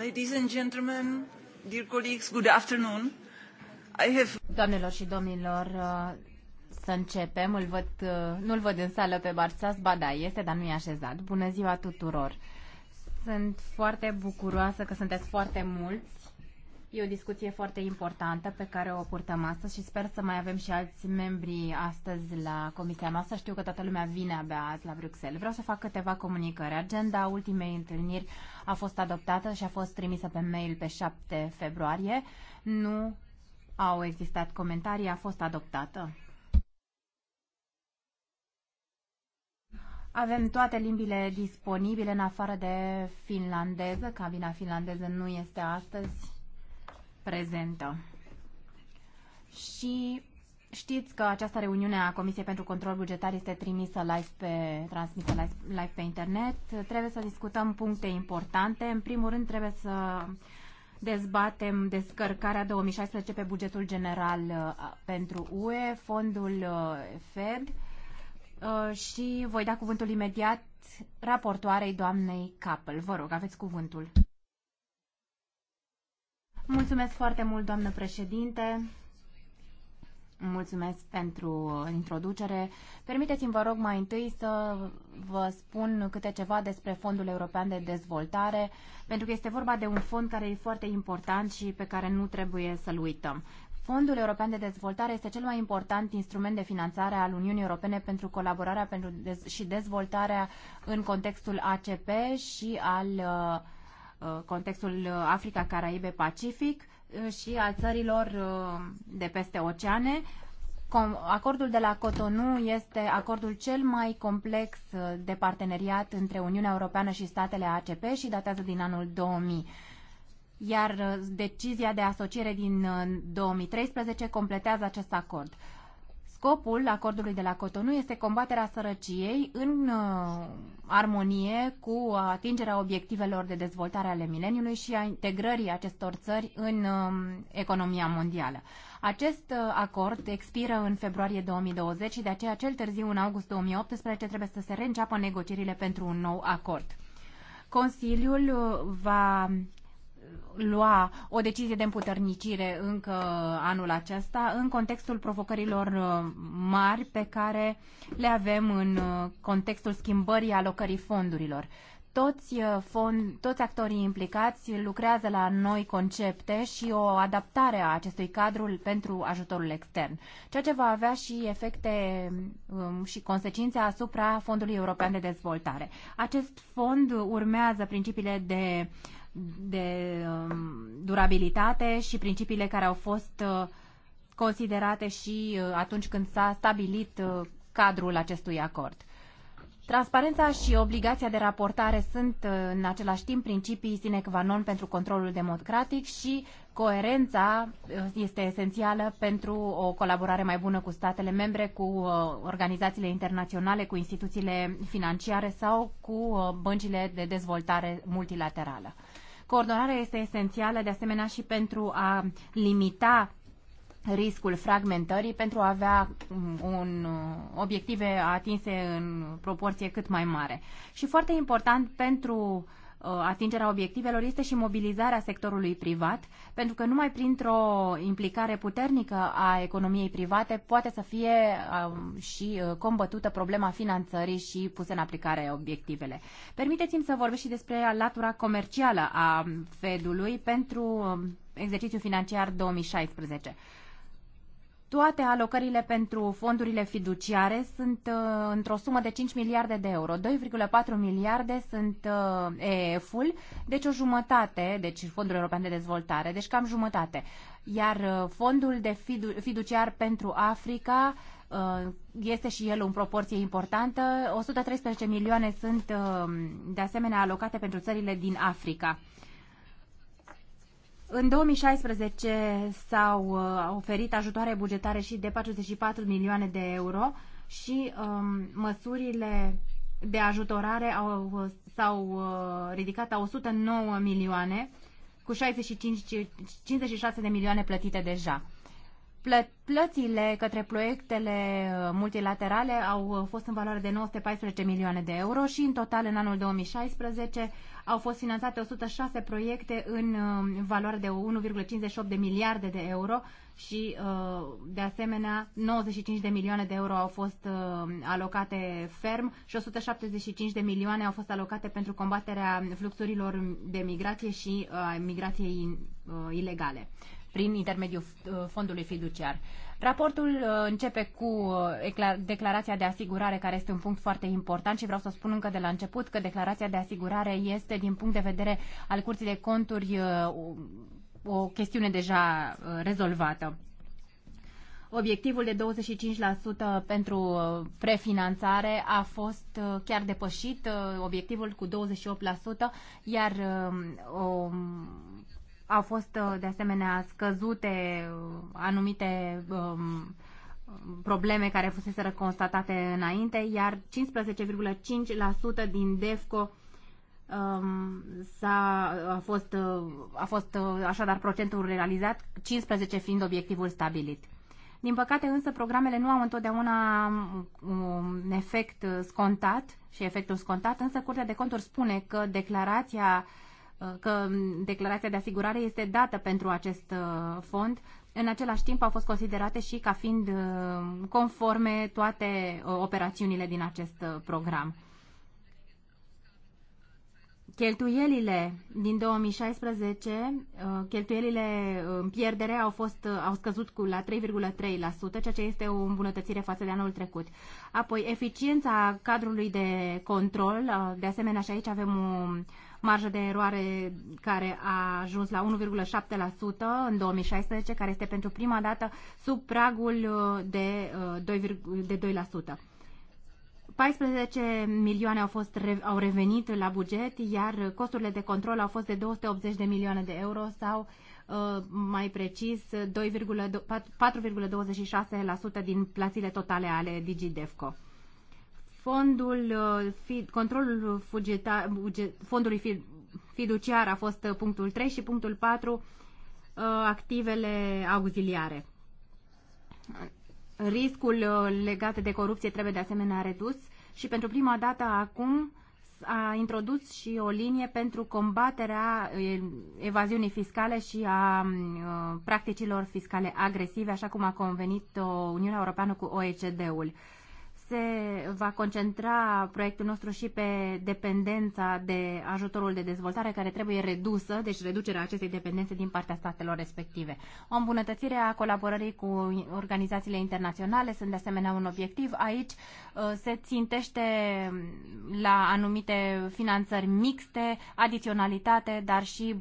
Ladies and gentlemen, dear colleagues, good afternoon. I have... Doamnelor și domnilor, uh, să începem. Îl văd, uh, nu-l văd în sală pe Barțas, ba da, este, dar nu e așezat. Bună ziua tuturor! Sunt foarte bucuroasă că sunteți foarte mulți E o discuție foarte importantă pe care o purtăm astăzi și sper să mai avem și alți membri astăzi la comisia noastră. Știu că toată lumea vine abia azi la Bruxelles. Vreau să fac câteva comunicări. Agenda ultimei întâlniri a fost adoptată și a fost trimisă pe mail pe 7 februarie. Nu au existat comentarii, a fost adoptată. Avem toate limbile disponibile în afară de finlandeză. Cabina finlandeză nu este astăzi prezentă. Și știți că această reuniune a Comisiei pentru Control Bugetar este trimisă live pe, transmisă live, live pe internet. Trebuie să discutăm puncte importante. În primul rând trebuie să dezbatem descărcarea 2016 pe bugetul general uh, pentru UE, fondul uh, FED uh, și voi da cuvântul imediat raportoarei doamnei Capel. Vă rog, aveți cuvântul. Mulțumesc foarte mult, doamnă președinte. Mulțumesc pentru introducere. Permiteți-mi, vă rog, mai întâi să vă spun câte ceva despre Fondul European de Dezvoltare, pentru că este vorba de un fond care e foarte important și pe care nu trebuie să-l uităm. Fondul European de Dezvoltare este cel mai important instrument de finanțare al Uniunii Europene pentru colaborarea pentru dez- și dezvoltarea în contextul ACP și al uh, Uh, contextul uh, Africa, Caraibe, Pacific uh, și a țărilor de peste oceane. Acordul de la Cotonou este acordul cel mai complex de parteneriat între Uniunea Europeană și statele ACP și datează din anul 2000 iar decizia de asociere din 2013 completează acest acord. Scopul acordului de la Cotonou este combaterea sărăciei în uh, armonie cu atingerea obiectivelor de dezvoltare ale mileniului și a integrării acestor țări în uh, economia mondială. Acest uh, acord expiră în februarie 2020 și de aceea cel târziu în august 2018 trebuie să se reînceapă negocierile pentru un nou acord. Consiliul uh, va lua o decizie de împuternicire încă anul acesta în contextul provocărilor uh, mari pe care le avem în uh, contextul schimbării alocării fondurilor. Toți, uh, fond, toți actorii implicați lucrează la noi concepte și o adaptare a acestui cadru pentru ajutorul extern, ceea ce va avea și efecte um, și consecințe asupra Fondului European de Dezvoltare. Acest fond urmează principiile de uh, de um, durabilitate și principiile care au fost uh, considerate și uh, atunci când s-a stabilit uh, cadrul acestui acord. Transparența și obligația de raportare sunt în același timp principii sine qua non pentru controlul democratic și coerența este esențială pentru o colaborare mai bună cu statele membre, cu organizațiile internaționale, cu instituțiile financiare sau cu băncile de dezvoltare multilaterală. Coordonarea este esențială de asemenea și pentru a limita riscul fragmentării pentru a avea mm, un uh, obiective atinse în proporție cât mai mare. Și foarte important pentru uh, Uh, atingerea obiectivelor este și mobilizarea sectorului privat, pentru că numai printr-o implicare puternică a economiei private poate să fie um, și uh, combătută problema finanțării și puse în aplicare obiectivele. Permiteți-mi să vorbesc și despre latura comercială a Fedului pentru um, exercițiul financiar 2016. Toate alocările pentru fondurile fiduciare sunt uh, într-o sumă de 5 miliarde de euro. 2,4 miliarde sunt uh, EF-ul, deci o jumătate, deci Fondul European de Dezvoltare, deci cam jumătate. Iar uh, fondul de fidu- fiduciar pentru Africa uh, este și el în proporție importantă. 113 milioane sunt uh, de asemenea alocate pentru țările din Africa. În 2016 s-au uh, oferit ajutoare bugetare și de 44 milioane de euro și um, măsurile de ajutorare au, s-au uh, ridicat la 109 milioane, cu 65, 56 de milioane plătite deja. Plă, plățile către proiectele uh, multilaterale au fost în valoare de 914 milioane de euro și în total în anul 2016 au fost finanțate 106 proiecte în um, valoare de 1,58 de miliarde de euro și, uh, de asemenea, 95 de milioane de euro au fost uh, alocate ferm și 175 de milioane au fost alocate pentru combaterea fluxurilor de migrație și uh, migrației ilegale prin intermediul uh, fondului fiduciar. Raportul uh, începe cu uh, declarația de asigurare, care este un punct foarte important și vreau să spun încă de la început că declarația de asigurare este, din punct de vedere al Curții de Conturi, o, chestiune deja rezolvată. Obiectivul de 25% pentru prefinanțare a fost chiar depășit, obiectivul cu 28%, iar um, o au fost, uh, de asemenea, scăzute uh, anumite um, probleme care fusese constatate înainte, iar 15,5% din DEFCO um, s-a, a, fost, uh, a fost așadar procentul realizat, 15 fiind obiectivul stabilit. Din păcate însă programele nu au întotdeauna un um, um, efect scontat și efectul scontat, însă Curtea de Conturi spune că declarația uh, Uh, că declarația de asigurare este dată pentru acest uh, fond. În același timp au fost considerate și ca fiind uh, conforme toate operațiunile din acest program. Cheltuielile din 2016, cheltuielile în pierdere au, fost, au scăzut cu la 3,3%, ceea ce este o îmbunătățire față de anul trecut. Apoi, eficiența cadrului de control, de asemenea și aici avem un marjă de eroare care a ajuns la 1,7% în 2016, care este pentru prima dată sub pragul uh, de, 2, uh, de 2%. 14 milioane au, fost, au revenit la buget, iar costurile de control au fost de 280 de milioane de euro sau uh, mai precis 4,26% din plățile totale ale DigiDefco. Fondul, uh, controlul fugeta, fondului fiduciar a fost uh, punctul 3 și punctul 4 uh, activele auxiliare. Riscul legat de corupție trebuie de asemenea redus și pentru prima dată acum a introdus și o linie pentru combaterea evaziunii fiscale și a practicilor fiscale agresive, așa cum a convenit Uniunea Europeană cu OECD-ul se va concentra proiectul nostru și pe dependența de ajutorul de dezvoltare care trebuie redusă, deci reducerea acestei dependențe din partea statelor respective. O îmbunătățire a colaborării cu organizațiile internaționale sunt de asemenea un obiectiv. Aici uh, se țintește la anumite finanțări mixte, adiționalitate, dar și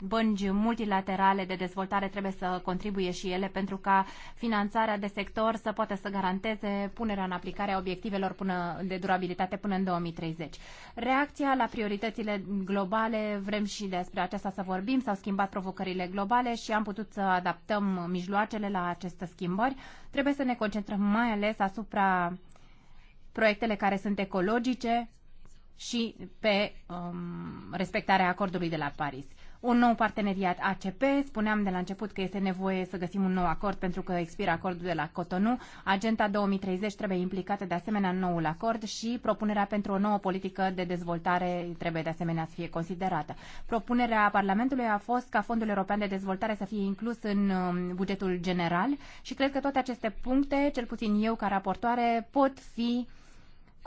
bănci multilaterale de dezvoltare trebuie să contribuie și ele pentru ca finanțarea de sector să poată să garanteze punerea în aplicare a obiectivelor până de durabilitate până în 2030. Reacția la prioritățile globale, vrem și despre aceasta să vorbim, s-au schimbat provocările globale și am putut să adaptăm mijloacele la aceste schimbări. Trebuie să ne concentrăm mai ales asupra proiectele care sunt ecologice și pe um, respectarea acordului de la Paris un nou parteneriat ACP. Spuneam de la început că este nevoie să găsim un nou acord pentru că expiră acordul de la Cotonou. Agenda 2030 trebuie implicată de asemenea în noul acord și propunerea pentru o nouă politică de dezvoltare trebuie de asemenea să fie considerată. Propunerea Parlamentului a fost ca Fondul European de Dezvoltare să fie inclus în um, bugetul general și cred că toate aceste puncte, cel puțin eu ca raportoare, pot fi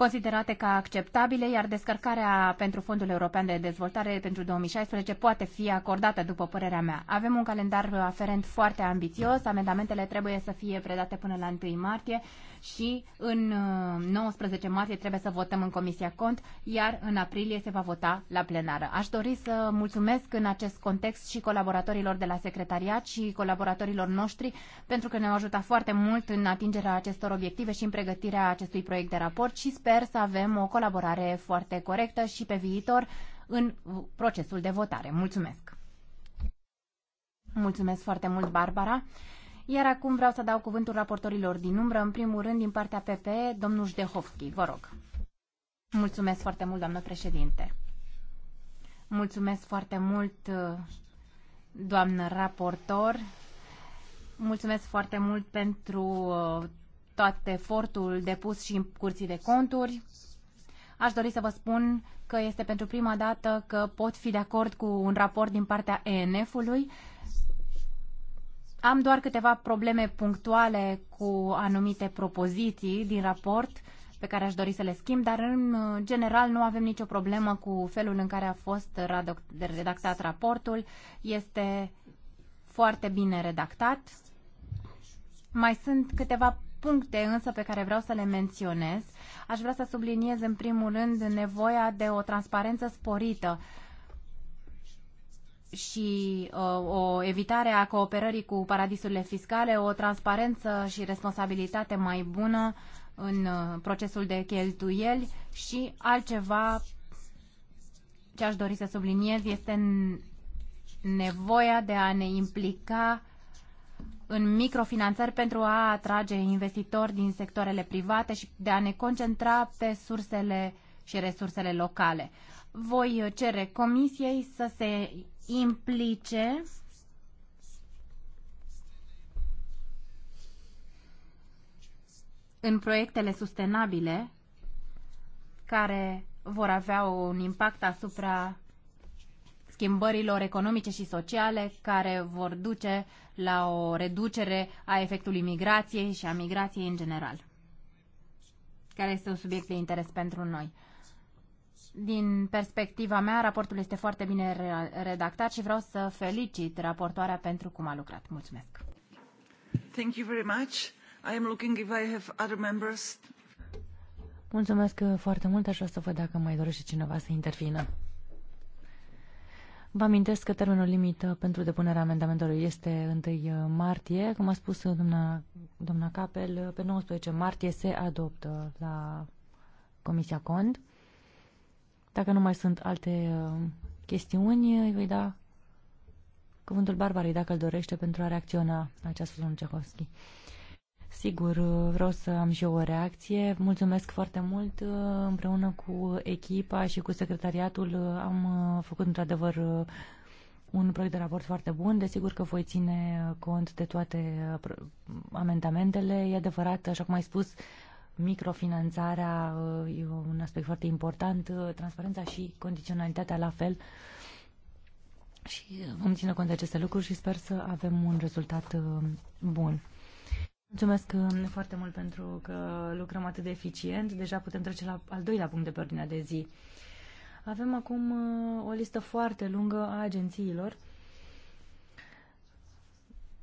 considerate ca acceptabile, iar descărcarea pentru Fondul European de Dezvoltare pentru 2016 poate fi acordată, după părerea mea. Avem un calendar aferent foarte ambițios, amendamentele trebuie să fie predate până la 1 martie, și în 19 uh, martie trebuie să votăm în Comisia Cont, iar în aprilie se va vota la plenară. Aș dori să mulțumesc în acest context și colaboratorilor de la secretariat și colaboratorilor noștri pentru că ne-au ajutat foarte mult în atingerea acestor obiective și în pregătirea acestui proiect de raport și sper să avem o colaborare foarte corectă și pe viitor în procesul de votare. Mulțumesc! Mulțumesc foarte mult, Barbara! Iar acum vreau să dau cuvântul raportorilor din umbră, în primul rând din partea PP, domnul Jdehovski. Vă rog. Mulțumesc foarte mult, doamnă președinte. Mulțumesc foarte mult, doamnă raportor. Mulțumesc foarte mult pentru tot efortul depus și în curții de conturi. Aș dori să vă spun că este pentru prima dată că pot fi de acord cu un raport din partea ENF-ului am doar câteva probleme punctuale cu anumite propoziții din raport pe care aș dori să le schimb, dar în general nu avem nicio problemă cu felul în care a fost redactat raportul. Este foarte bine redactat. Mai sunt câteva puncte însă pe care vreau să le menționez. Aș vrea să subliniez în primul rând nevoia de o transparență sporită și uh, o evitare a cooperării cu paradisurile fiscale, o transparență și responsabilitate mai bună în uh, procesul de cheltuieli și altceva ce aș dori să subliniez este nevoia de a ne implica în microfinanțări pentru a atrage investitori din sectoarele private și de a ne concentra pe sursele și resursele locale. Voi cere comisiei să se implice în proiectele sustenabile care vor avea un impact asupra schimbărilor economice și sociale care vor duce la o reducere a efectului migrației și a migrației în general, care este un subiect de interes pentru noi. Din perspectiva mea, raportul este foarte bine redactat și vreau să felicit raportoarea pentru cum a lucrat. Mulțumesc. Thank you very much. I am looking if I have other members. Mulțumesc foarte mult, Aș vrea să văd dacă mai dorește cineva să intervină. Vă amintesc că termenul limită pentru depunerea amendamentelor este 1 martie. Cum a spus doamna, doamna Capel, pe 19 martie se adoptă la Comisia Cond. Dacă nu mai sunt alte uh, chestiuni, îi voi da cuvântul Barbarei dacă îl dorește pentru a reacționa la ce a spus domnul Cehovski. Sigur, uh, vreau să am și eu o reacție. Mulțumesc foarte mult. Uh, împreună cu echipa și cu secretariatul am făcut într-adevăr un proiect de raport foarte bun. Desigur că voi ține cont de toate amendamentele. E adevărat, așa cum ai spus, microfinanțarea uh, e un aspect foarte important, uh, transparența și condiționalitatea la fel. Și uh, vom ține cont de aceste lucruri și sper să avem un rezultat bun. Mulțumesc foarte mult pentru că lucrăm atât de eficient. Deja putem trece la al doilea punct de pe ordinea de zi. Avem acum o listă foarte lungă a agențiilor.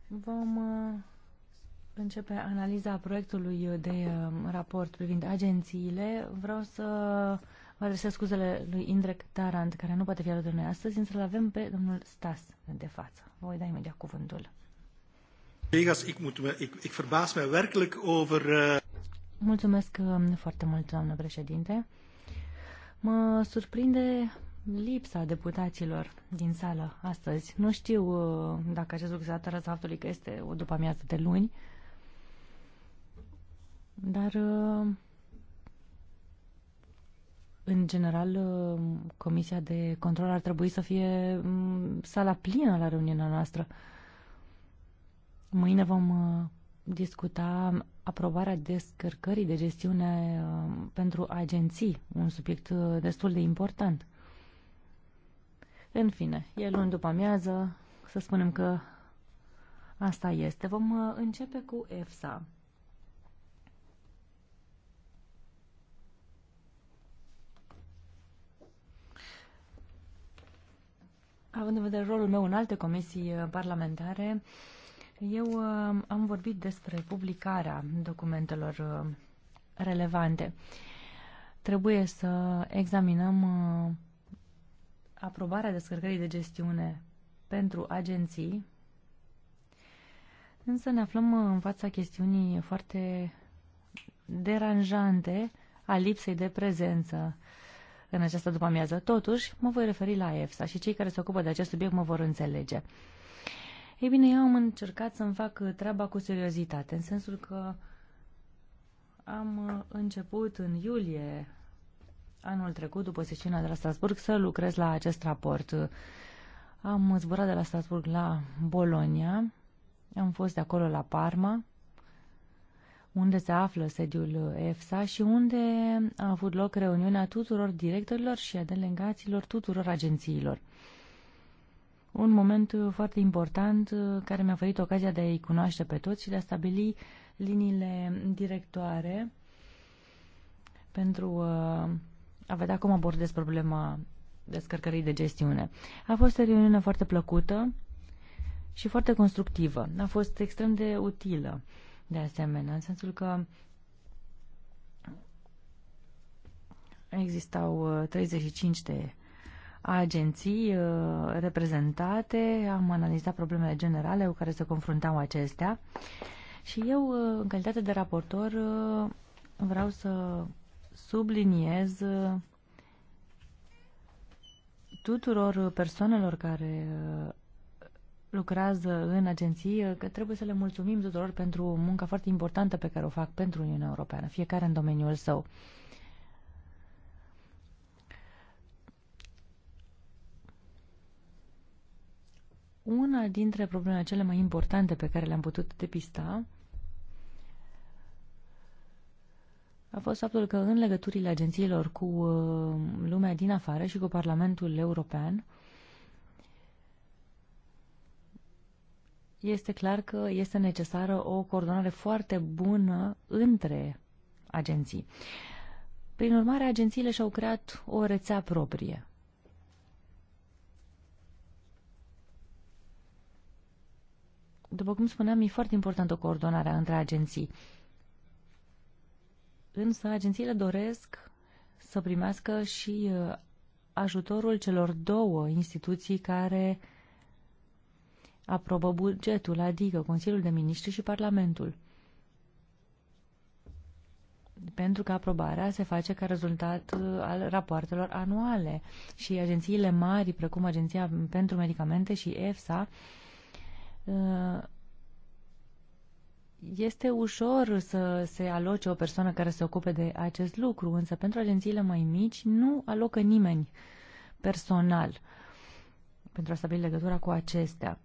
Vom începe analiza proiectului de uh, raport privind agențiile, vreau să vă adresez scuzele lui Indrek Tarant, care nu poate fi alături noi astăzi, însă îl avem pe domnul Stas de față. Voi da imediat cuvântul. Vegas, ik, moet me, ik, ik verbaas me werkelijk over... Eh, Mulțumesc um, foarte mult, doamnă președinte. Mă surprinde lipsa deputaților din sală astăzi. Nu știu uh, dacă acest lucru se datorează faptului că este o după amiază de luni, dar, uh, în general, uh, Comisia de Control ar trebui să fie mm, sala plină la reuniunea noastră. Mâine vom uh, discuta aprobarea descărcării de gestiune pentru agenții, un subiect destul de important. În fine, e luni după amiază, să spunem că asta este. Vom începe cu EFSA. Având în vedere rolul meu în alte comisii uh, parlamentare, eu uh, am vorbit despre publicarea documentelor uh, relevante. Trebuie să examinăm aprobarea descărcării de gestiune pentru agenții, însă ne aflăm în fața chestiunii foarte deranjante a lipsei de prezență în această după-amiază. Totuși, mă voi referi la EFSA și cei care se ocupă de acest subiect mă vor înțelege. Ei bine, eu am încercat să-mi fac treaba cu seriozitate, în sensul că am început în iulie anul trecut, după sesiunea de la Strasburg, să lucrez la acest raport. Am zburat de la Strasburg la Bologna, am fost de acolo la Parma, unde se află sediul EFSA și unde a avut loc reuniunea tuturor directorilor și a delegaților tuturor agențiilor. Un moment foarte important uh, care mi-a oferit ocazia de a-i cunoaște pe toți și de a stabili liniile directoare pentru uh, a vedea cum abordez problema descărcării de gestiune. A fost o reuniune foarte plăcută și foarte constructivă. A fost extrem de utilă de asemenea, în sensul că existau 35 uh, de agenții uh, reprezentate, am analizat problemele generale cu care se confruntau acestea și eu, uh, în calitate de raportor, vreau să subliniez tuturor persoanelor care lucrează în agenții, că trebuie să le mulțumim tuturor pentru munca foarte importantă pe care o fac pentru Uniunea Europeană, fiecare în domeniul său. Una dintre problemele cele mai importante pe care le-am putut depista a fost faptul că în legăturile agențiilor cu uh, lumea din afară și cu Parlamentul European, este clar că este necesară o coordonare foarte bună între agenții. Prin urmare, agențiile și-au creat o rețea proprie. După cum spuneam, e foarte importantă coordonarea între agenții. Însă, agențiile doresc să primească și uh, ajutorul celor două instituții care uh, aprobă bugetul, adică Consiliul de Ministri și Parlamentul. Pentru că aprobarea se face ca rezultat uh, al rapoartelor anuale și agențiile mari, precum Agenția pentru Medicamente și EFSA, uh, este ușor să se aloce o persoană care se ocupe de acest lucru, însă pentru agențiile mai mici nu alocă nimeni personal pentru a stabili legătura cu acestea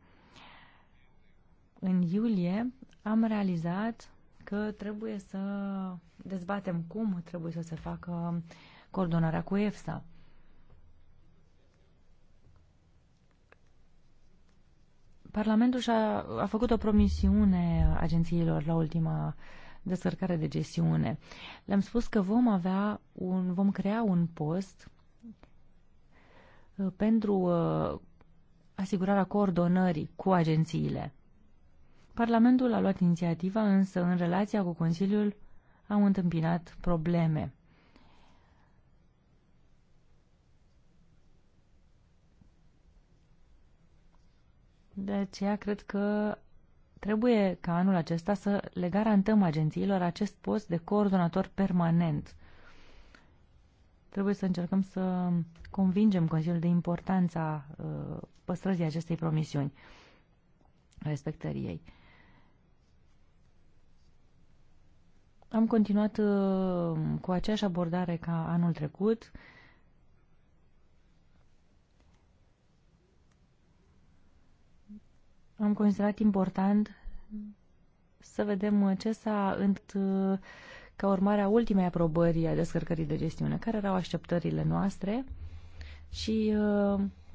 în iulie am realizat că trebuie să dezbatem cum trebuie să se facă coordonarea cu EFSA. Parlamentul și-a a făcut o promisiune agențiilor la ultima descărcare de gestiune. Le-am spus că vom avea un, vom crea un post uh, pentru uh, asigurarea coordonării cu agențiile. Parlamentul a luat inițiativa, însă în relația cu Consiliul au întâmpinat probleme. De aceea cred că trebuie ca anul acesta să le garantăm agențiilor acest post de coordonator permanent. Trebuie să încercăm să convingem Consiliul de importanța uh, păstrării acestei promisiuni, respectării ei. Am continuat uh, cu aceeași abordare ca anul trecut. Am considerat important să vedem uh, ce s-a uh, ca urmare a ultimei aprobări a descărcării de gestiune, care erau așteptările noastre și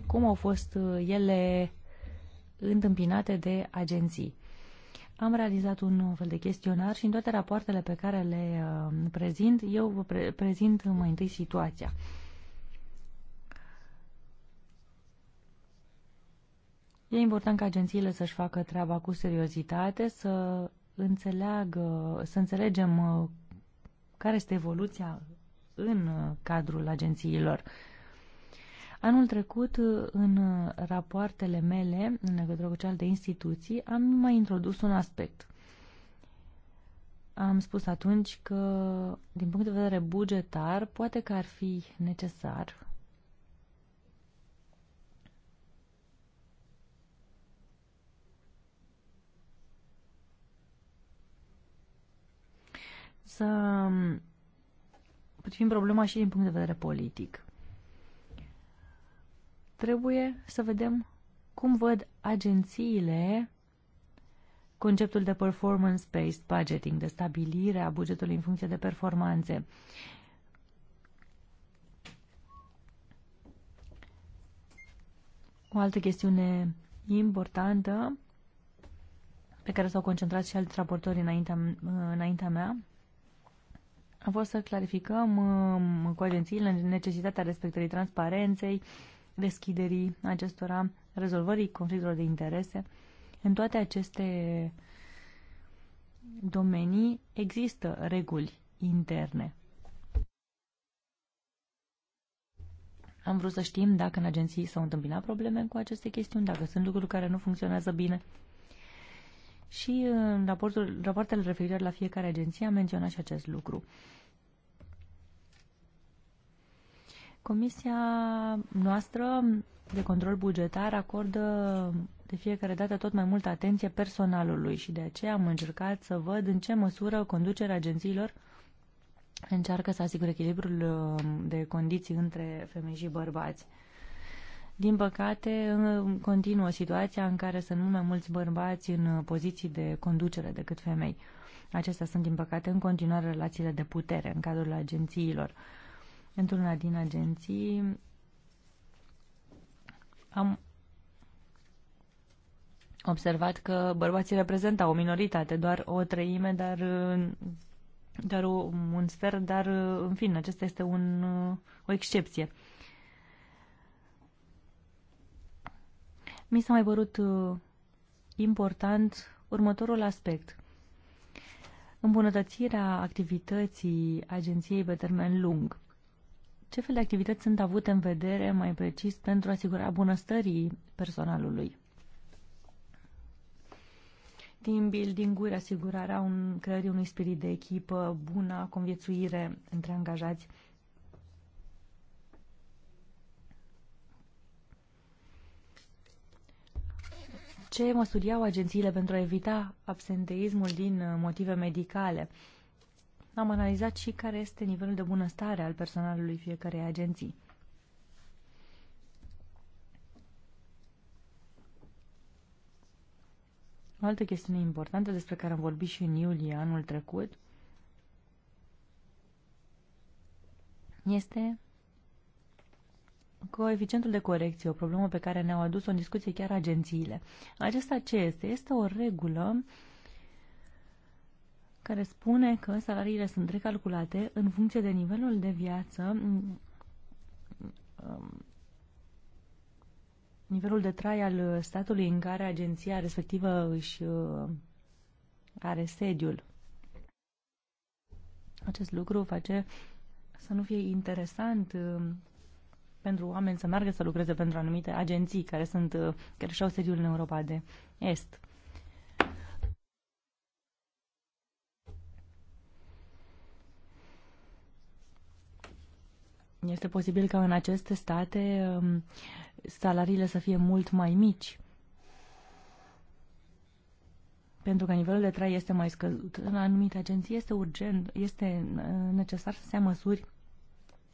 cum au fost ele întâmpinate de agenții. Am realizat un fel de chestionar și în toate rapoartele pe care le uh, prezint, eu vă pre prezint mai întâi situația. E important ca agențiile să-și facă treaba cu seriozitate, să înțeleagă, să înțelegem uh, care este evoluția în uh, cadrul agențiilor. Anul trecut, în rapoartele mele, în legătură cu cel de instituții, am mai introdus un aspect. Am spus atunci că, din punct de vedere bugetar, poate că ar fi necesar să privim mm, problema și din punct de vedere politic. Trebuie să vedem cum văd agențiile conceptul de performance-based budgeting, de stabilire a bugetului în funcție de performanțe. O altă chestiune importantă pe care s-au concentrat și alți raportori înaintea, înaintea mea a fost să clarificăm um, cu agențiile necesitatea respectării transparenței, deschiderii acestora, rezolvării conflictelor de interese. În toate aceste domenii există reguli interne. Am vrut să știm dacă în agenții s-au întâmpinat probleme cu aceste chestiuni, dacă sunt lucruri care nu funcționează bine. Și în raportul, rapoartele referitoare la fiecare agenție am menționat și acest lucru. Comisia noastră de control bugetar acordă de fiecare dată tot mai multă atenție personalului și de aceea am încercat să văd în ce măsură conducerea agențiilor încearcă să asigure echilibrul um, de condiții între femei și bărbați. Din păcate, continuă situația în care sunt mult mai mulți bărbați în uh, poziții de conducere decât femei. Acestea sunt, din păcate, în continuare relațiile de putere în cadrul agențiilor. Într-una din agenții am observat că bărbații reprezentau o minoritate, doar o treime, dar dar un sfert, dar în fine, acesta este un, o excepție. Mi s-a mai părut uh, important următorul aspect. Îmbunătățirea activității agenției pe termen lung. Ce fel de activități sunt avute în vedere mai precis pentru asigurarea bunăstării personalului? Team building-uri, asigurarea un, creării unui spirit de echipă, bună conviețuire între angajați. Ce măsuri agențiile pentru a evita absenteismul din uh, motive medicale? am analizat și care este nivelul de bunăstare al personalului fiecarei agenții. O altă chestiune importantă despre care am vorbit și în iulie anul trecut este coeficientul de corecție, o problemă pe care ne-au adus-o în discuție chiar agențiile. Acesta ce este? Este o regulă uh, care spune că salariile sunt recalculate în funcție de nivelul de viață, mm, um, nivelul de trai al statului în care agenția respectivă își uh, are sediul. Acest lucru face să nu fie interesant uh, pentru oameni să meargă să lucreze pentru anumite agenții care sunt uh, care și-au sediul în Europa de Est. Este posibil ca în aceste state um, salariile să fie mult mai mici pentru că nivelul de trai este mai scăzut. În anumite agenții este urgent, este uh, necesar să se ia măsuri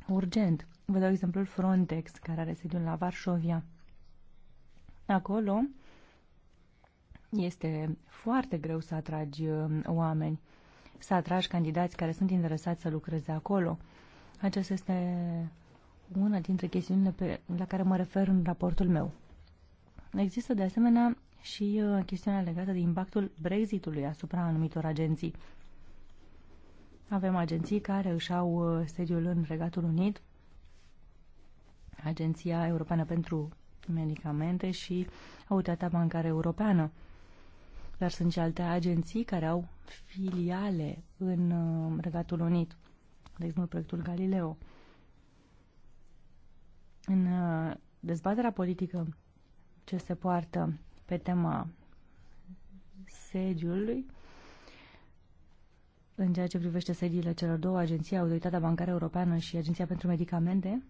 urgent. Vă dau exemplul Frontex, care are sediul la Varșovia. Acolo este foarte greu să atragi um, oameni, să atragi candidați care sunt interesați să lucreze acolo. Aceasta este una dintre chestiunile pe, la care mă refer în raportul meu. Există de asemenea și uh, chestiunea legată de impactul Brexitului asupra anumitor agenții. Avem agenții care își au uh, sediul în Regatul Unit, Agenția Europeană pentru Medicamente și Autoritatea Bancară Europeană. Dar sunt și alte agenții care au filiale în uh, Regatul Unit de exemplu proiectul Galileo. În uh, dezbaterea politică ce se poartă pe tema sediului, în ceea ce privește sediile celor două agenții, Autoritatea Bancară Europeană și Agenția pentru Medicamente,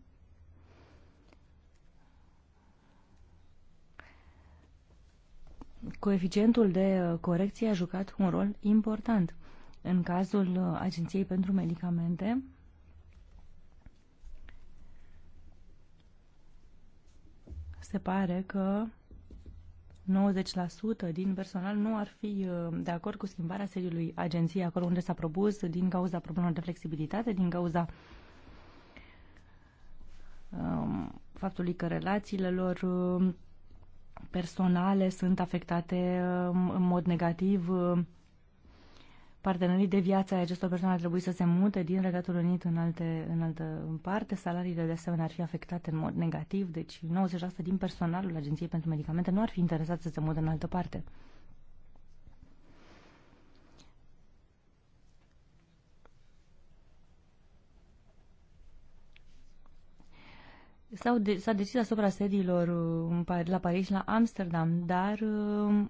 coeficientul de corecție a jucat un rol important în cazul uh, Agenției pentru Medicamente. Se pare că 90% din personal nu ar fi uh, de acord cu schimbarea sediului agenției acolo unde s-a propus din cauza problemelor de flexibilitate, din cauza um, faptului că relațiile lor uh, personale sunt afectate um, în mod negativ um, partenerii de viață ai acestor persoane ar trebui să se mute din Regatul Unit în, alte, în altă parte. Salariile de asemenea ar fi afectate în mod negativ, deci 90% din personalul Agenției pentru Medicamente nu ar fi interesat să se mute în altă parte. S-a de, decis asupra sediilor uh, la Paris și la Amsterdam, dar uh,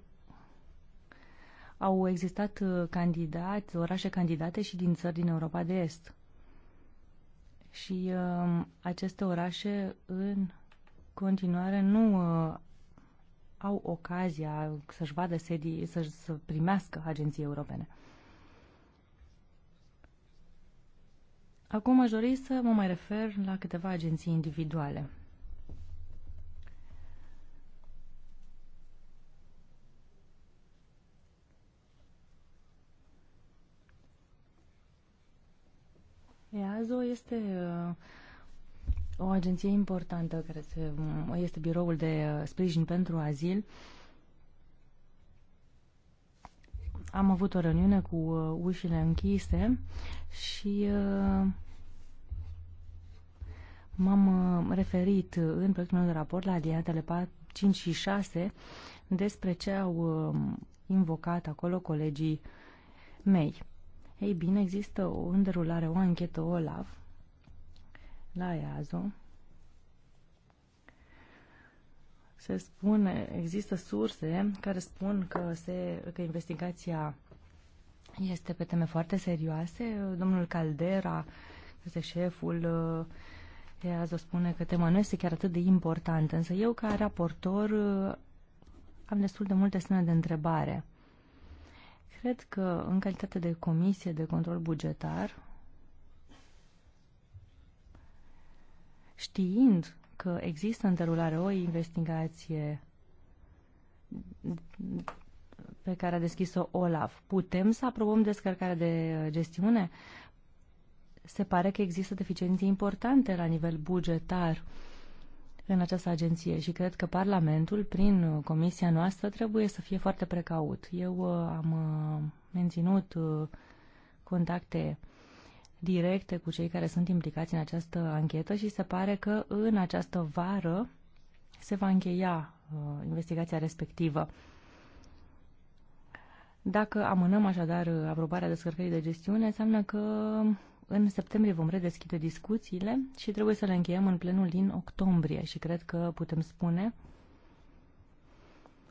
au existat uh, candidați, orașe candidate și din țări din Europa de Est. Și uh, aceste orașe în continuare nu uh, au ocazia să-și vadă sedii, să, să primească agenții europene. Acum aș dori să mă mai refer la câteva agenții individuale. EASO este uh, o agenție importantă care um, este biroul de uh, sprijin pentru azil. Am avut o reuniune cu uh, ușile închise și m-am referit în proiectul meu de raport la aliatele 5 și 6 despre ce au um, invocat acolo colegii mei. Ei bine, există o înderulare, o anchetă OLAF la EAZO. Se spune, există surse care spun că, se, că investigația este pe teme foarte serioase. Domnul Caldera, este șeful uh, EAZO, spune că tema nu este chiar atât de importantă, însă eu ca raportor uh, am destul de multe semne de întrebare Cred că în calitate de comisie de control bugetar, știind că există în derulare o investigație pe care a deschis-o Olaf, putem să aprobăm descărcarea de gestiune? Se pare că există deficiențe importante la nivel bugetar în această agenție și cred că Parlamentul, prin uh, comisia noastră, trebuie să fie foarte precaut. Eu uh, am uh, menținut contacte directe cu cei care sunt implicați în această anchetă și se pare că în această vară se va încheia investigația respectivă. Dacă amânăm așadar aprobarea descărcării de gestiune, înseamnă că în septembrie vom redeschide discuțiile și trebuie să le încheiem în plenul din octombrie și cred că putem spune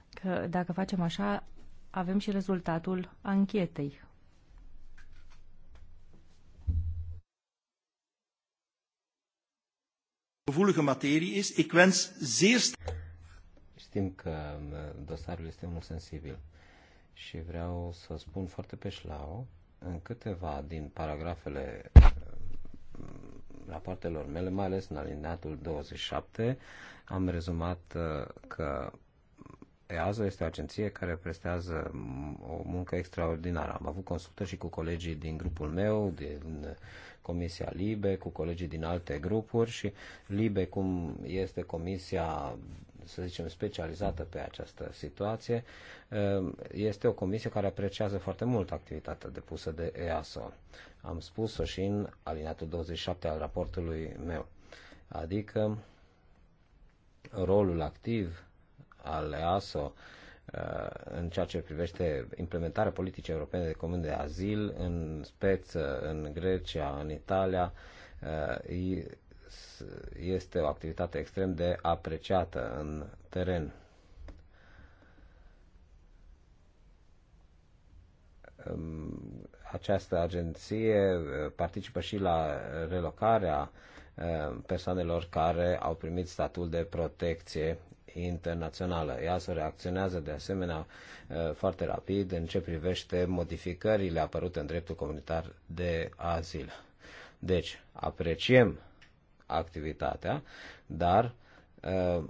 că dacă facem așa, avem și rezultatul anchetei. Gevoelige materie is, ik wens zeer... Știm că uh, dosarul este unul sensibil și vreau să spun foarte pe șlau în câteva din paragrafele mm, rapoartelor mele, mai ales în alineatul 27, am rezumat uh, că EASA este o agenție care prestează mm, o muncă extraordinară. Am avut consultări și cu colegii din grupul meu, din Comisia Libe, cu colegii din alte grupuri și Libe, cum este Comisia să zicem, specializată pe această situație, um, este o comisie care apreciază foarte mult activitatea depusă de EASO. Am spus-o și în alineatul 27 al raportului meu. Adică rolul activ al EASO uh, în ceea ce privește implementarea politicii europene de comun de azil în speță, în Grecia, în Italia, uh, deci, este o activitate extrem de apreciată în teren. Această agenție uh, participă și la relocarea uh, persoanelor care au primit statul de protecție internațională. Ea se reacționează de asemenea uh, foarte rapid în ce privește modificările apărute în dreptul comunitar de azil. Deci, apreciem activitatea, dar uh,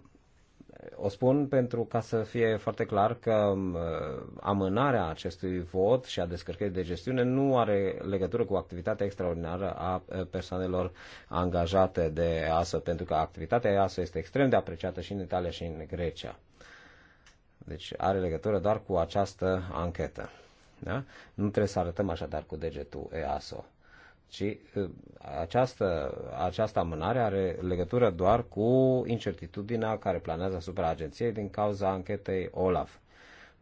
o spun pentru ca să fie foarte clar că uh, amânarea acestui vot și a descărcării de gestiune nu are legătură cu activitatea extraordinară a uh, persoanelor angajate de ASO, pentru că activitatea aso este extrem de apreciată și în Italia și în Grecia. Deci are legătură doar cu această anchetă. Da? Nu trebuie să arătăm așadar cu degetul EASO ci această, această amânare are legătură doar cu incertitudinea care planează asupra agenției din cauza anchetei OLAF.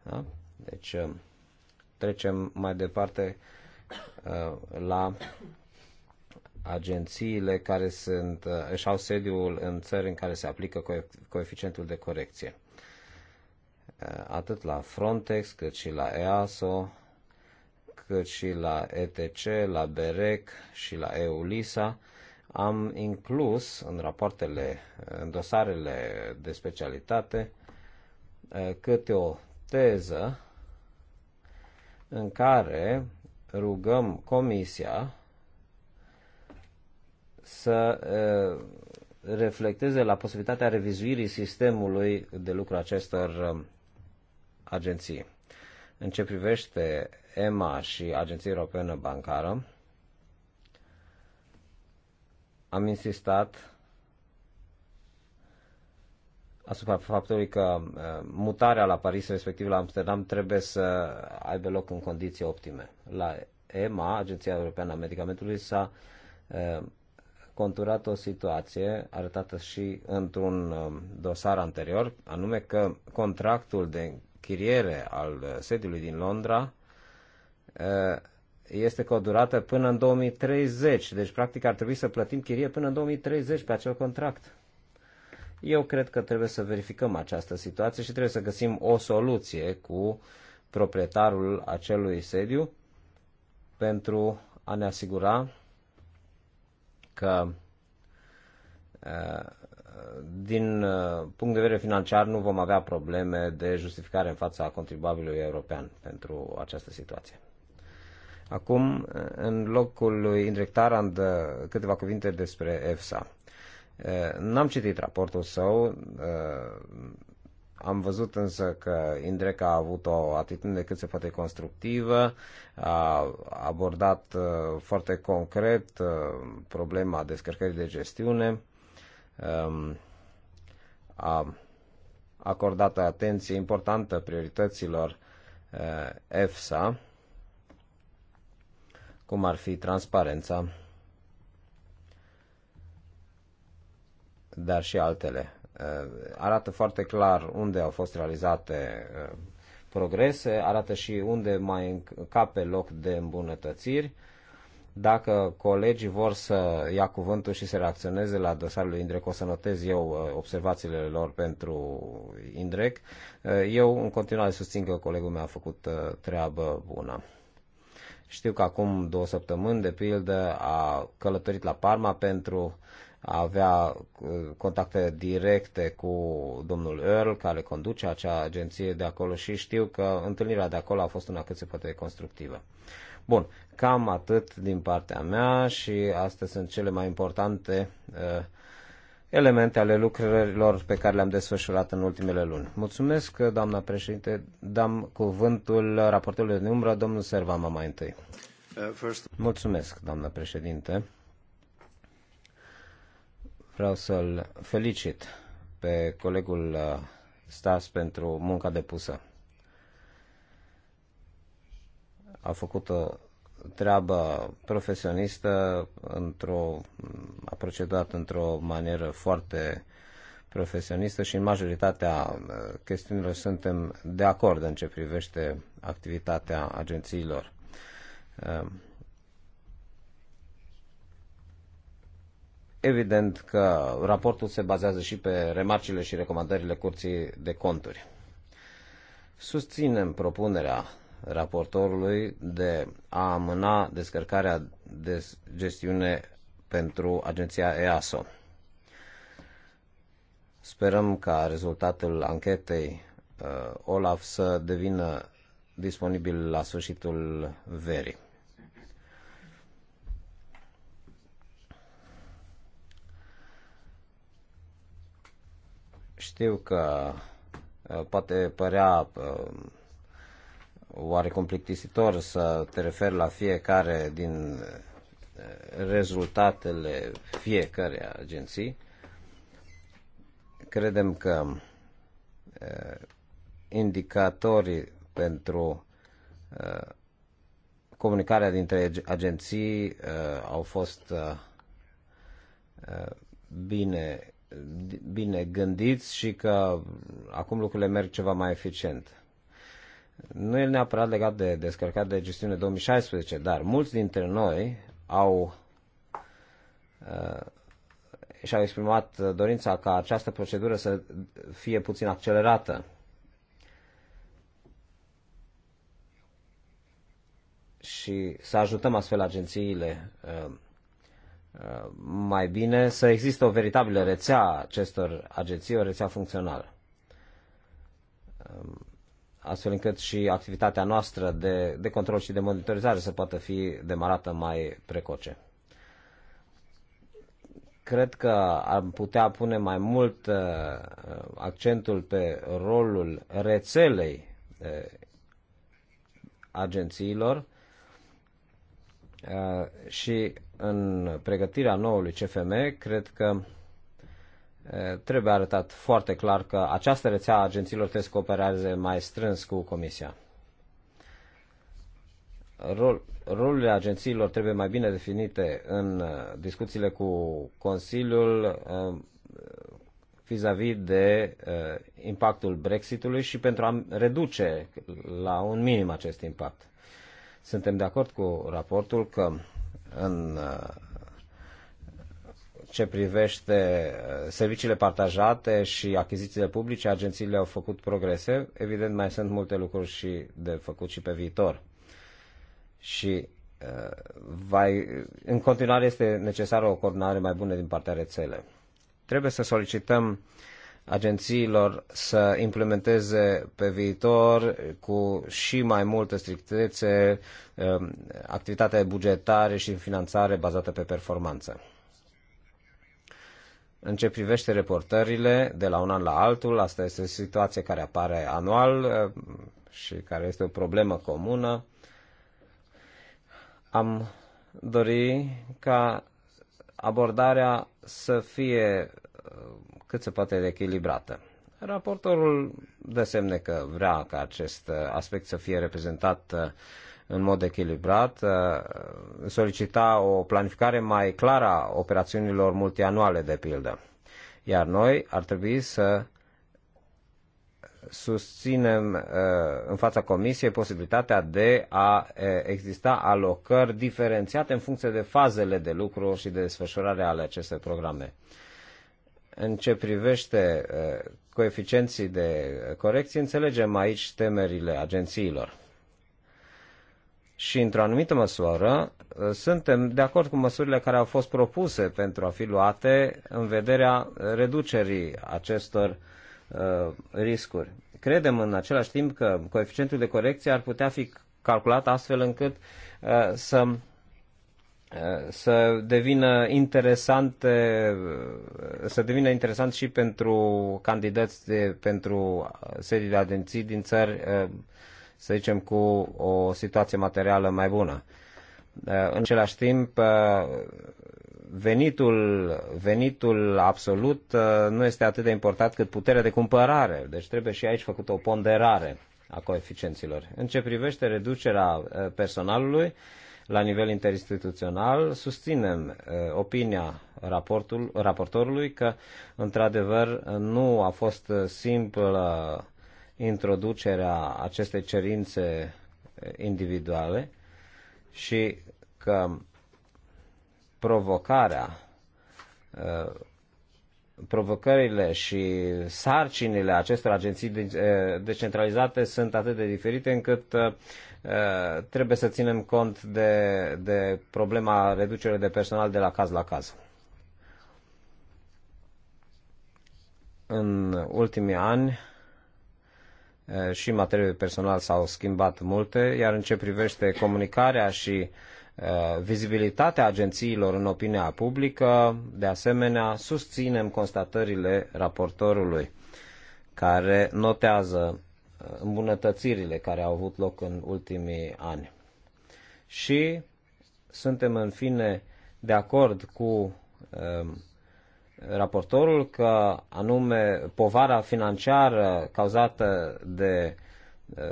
Da? Deci trecem mai departe la agențiile care sunt, își au sediul în țări în care se aplică coeficientul de corecție. Atât la Frontex cât și la EASO cât și la ETC, la BEREC și la EULISA, am inclus în rapoartele, în dosarele de specialitate, câte o teză în care rugăm Comisia să reflecteze la posibilitatea revizuirii sistemului de lucru acestor agenții. În ce privește EMA și Agenția Europeană Bancară, am insistat asupra faptului că uh, mutarea la Paris, respectiv la Amsterdam, trebuie să aibă loc în condiții optime. La EMA, Agenția Europeană a Medicamentului, s-a uh, conturat o situație arătată și într-un uh, dosar anterior, anume că contractul de închiriere al sediului din Londra Uh, este cu o durată până în 2030, deci practic ar trebui să plătim chirie până în 2030 pe acel contract. Eu cred că trebuie să verificăm această situație și trebuie să găsim o soluție cu proprietarul acelui sediu pentru a ne asigura că uh, din uh, punct de vedere financiar nu vom avea probleme de justificare în fața contribuabilului european pentru această situație. Acum, în locul lui Indrek Tarand, uh, câteva cuvinte despre EFSA. Uh, n-am citit raportul său, uh, am văzut însă că Indrek a avut o atitudine cât se poate constructivă, a abordat foarte concret problema descărcării de gestiune, um, a acordat atenție importantă priorităților EFSA, cum ar fi transparența, dar și altele. Uh, arată foarte clar unde au fost realizate uh, progrese, arată și unde mai încape loc de îmbunătățiri. Dacă colegii vor să ia cuvântul și să reacționeze la dosarul lui Indrec, o să notez eu uh, observațiile lor pentru Indrec. Eu în continuare susțin că colegul meu a făcut treabă bună. Știu că acum două săptămâni, de pildă, a călătorit la Parma pentru a avea uh, contacte directe cu domnul Earl, care conduce acea agenție de acolo și știu că întâlnirea de acolo a fost una cât se poate constructivă. Bun, cam atât din partea mea și astea sunt cele mai importante uh, elemente ale lucrărilor pe care le-am desfășurat în ultimele luni. Mulțumesc, doamna președinte. Dam cuvântul raportului de umbră, domnul Servama mai întâi. Uh, Mulțumesc, doamna președinte. Vreau să-l felicit pe colegul uh, Stas pentru munca depusă. A făcut o treabă profesionistă, într-o, a procedat într-o manieră foarte profesionistă și în majoritatea uh, chestiunilor suntem de acord în ce privește activitatea agențiilor. Uh, evident că raportul se bazează și pe remarcile și recomandările Curții de Conturi. Susținem propunerea raportorului de a amâna descărcarea de gestiune pentru agenția EASO. Sperăm ca rezultatul anchetei uh, OLAF să devină disponibil la sfârșitul verii. Știu că uh, poate părea uh, oarecum plictisitor să te referi la fiecare din eh, rezultatele fiecare agenții. Credem că eh, indicatorii pentru eh, comunicarea dintre agenții au fost bine, bine gândiți și că acum lucrurile merg ceva mai eficient nu e neapărat legat de descărcat de gestiune 2016, dar mulți dintre noi au uh, și-au exprimat dorința ca această procedură să fie puțin accelerată. Și să ajutăm astfel agențiile uh, uh, mai bine să existe o veritabilă rețea acestor agenții, o rețea funcțională. Uh, astfel încât și activitatea noastră de, de control și de monitorizare să poată fi demarată mai precoce. Cred că am putea pune mai mult uh, accentul pe rolul rețelei uh, agențiilor uh, și în pregătirea noului CFM, cred că uh, trebuie arătat foarte clar că această rețea a agențiilor trebuie să coopereze mai strâns cu Comisia. Rol, rolurile agențiilor trebuie mai bine definite în uh, discuțiile cu Consiliul uh, vis-a-vis -vis de uh, impactul Brexitului și pentru a reduce la un minim acest impact. Suntem de acord cu raportul că în ce privește uh, serviciile partajate și achizițiile publice, agențiile au făcut progrese. Evident, mai sunt multe lucruri și de făcut și pe viitor. Și uh, va, în continuare este necesară o coordonare mai bună din partea rețelei. Trebuie să solicităm agențiilor să implementeze pe viitor cu și mai multă strictețe um, activitatea bugetară și finanțare bazată pe performanță. În ce privește reportările de la un an la altul, asta este o situație care apare anual uh, și care este o problemă comună. Am dori ca abordarea să fie uh, cât se poate de echilibrată. Raportorul dă semne că vrea ca acest uh, aspect să fie reprezentat în mod echilibrat, uh, solicita o planificare mai clară a operațiunilor multianuale, de pildă. Iar noi ar trebui să susținem uh, în fața Comisiei posibilitatea de a uh, exista alocări diferențiate în funcție de fazele de lucru și de desfășurare ale acestor programe. În ce privește coeficienții de corecție, înțelegem aici temerile agențiilor și, într-o anumită măsură, ă, suntem de acord cu măsurile care au fost propuse pentru a fi luate în vederea reducerii acestor uh, riscuri. Credem în același timp că coeficientul de corecție ar putea fi calculat astfel încât uh, să să devină interesant să devină interesant și pentru candidați de, pentru sedii de agenții din țări să zicem, cu o situație materială mai bună. În același timp, uh, venitul, venitul absolut uh, nu este atât de important cât puterea de cumpărare, deci trebuie și aici făcută o ponderare a coeficienților. În ce privește reducerea uh, personalului, la nivel interinstituțional, susținem opinia raportul, raportorului că, într-adevăr, nu a fost simplă introducerea acestei cerințe individuale și că provocarea, uh, provocările și sarcinile acestor agenții uh, decentralizate sunt atât de diferite încât uh, trebuie să ținem cont de, de problema reducerii de personal de la caz la caz. În ultimii ani, și materialul personal s-au schimbat multe, iar în ce privește comunicarea și vizibilitatea agențiilor în opinia publică, de asemenea, susținem constatările raportorului care notează îmbunătățirile care au avut loc în ultimii ani. Și suntem în fine de acord cu raportorul că anume povara financiară cauzată de uh,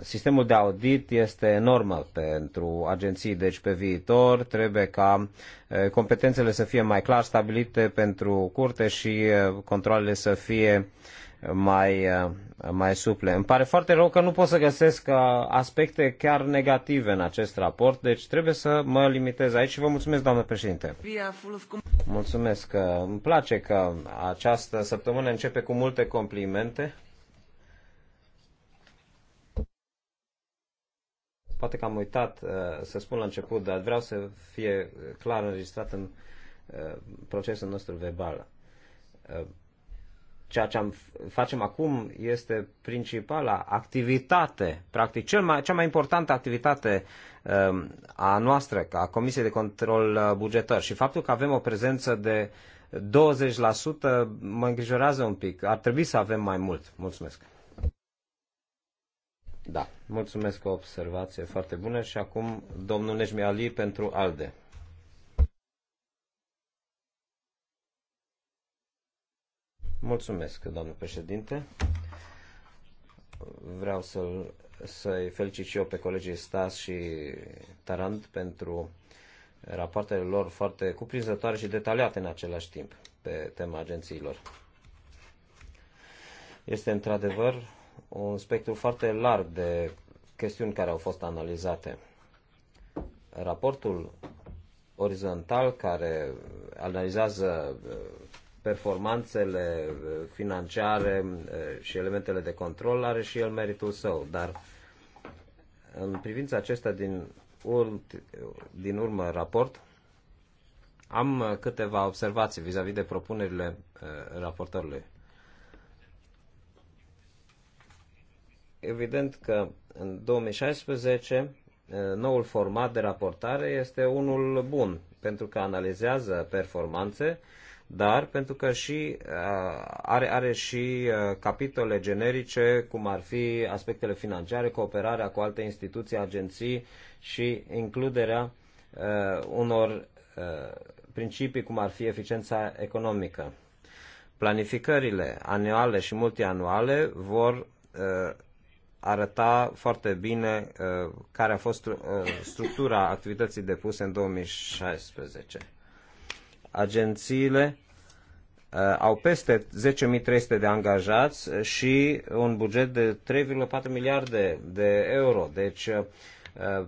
sistemul de audit este enormă pentru agenții, deci pe viitor trebuie ca uh, competențele să fie mai clar stabilite pentru curte și uh, controlele să fie uh, mai, uh, mai suple. Îmi pare foarte rău că nu pot să găsesc uh, aspecte chiar negative în acest raport, deci trebuie să mă limitez aici și vă mulțumesc, doamnă președinte. Mulțumesc. Uh, îmi place că această săptămână începe cu multe complimente. Poate că am uitat uh, să spun la început, dar vreau să fie clar înregistrat în uh, procesul nostru verbal. Uh, Ceea ce am, facem acum este principala activitate, practic cel mai, cea mai importantă activitate um, a noastră, a Comisiei de Control uh, Bugetar. Și faptul că avem o prezență de 20% mă îngrijorează un pic. Ar trebui să avem mai mult. Mulțumesc. Da, mulțumesc o observație foarte bună și acum domnul Nejmi Ali pentru ALDE. Mulțumesc, doamnă președinte. Vreau să i să felicit și eu pe colegii Stas și Tarand pentru rapoartele lor foarte cuprinzătoare și detaliate în același timp pe tema agențiilor. Este într-adevăr un spectru foarte larg de chestiuni care au fost analizate. Raportul orizontal care analizează performanțele eh, financiare eh, și elementele de control are și el meritul său, dar în privința acesta din, ur- din urmă raport, am eh, câteva observații vis-a-vis -vis de propunerile raportorului. Evident că în 2016 noul format de raportare este unul bun, pentru că analizează performanțe dar pentru că și uh, are, are și uh, capitole generice, cum ar fi aspectele financiare, cooperarea cu alte instituții, agenții și includerea uh, unor principii cum ar fi eficiența economică. Planificările anuale și multianuale vor arăta foarte bine care a fost structura activității depuse în 2016 agențiile Uh, au peste 10.300 de angajați și un buget de 3,4 miliarde de euro. Deci uh, uh,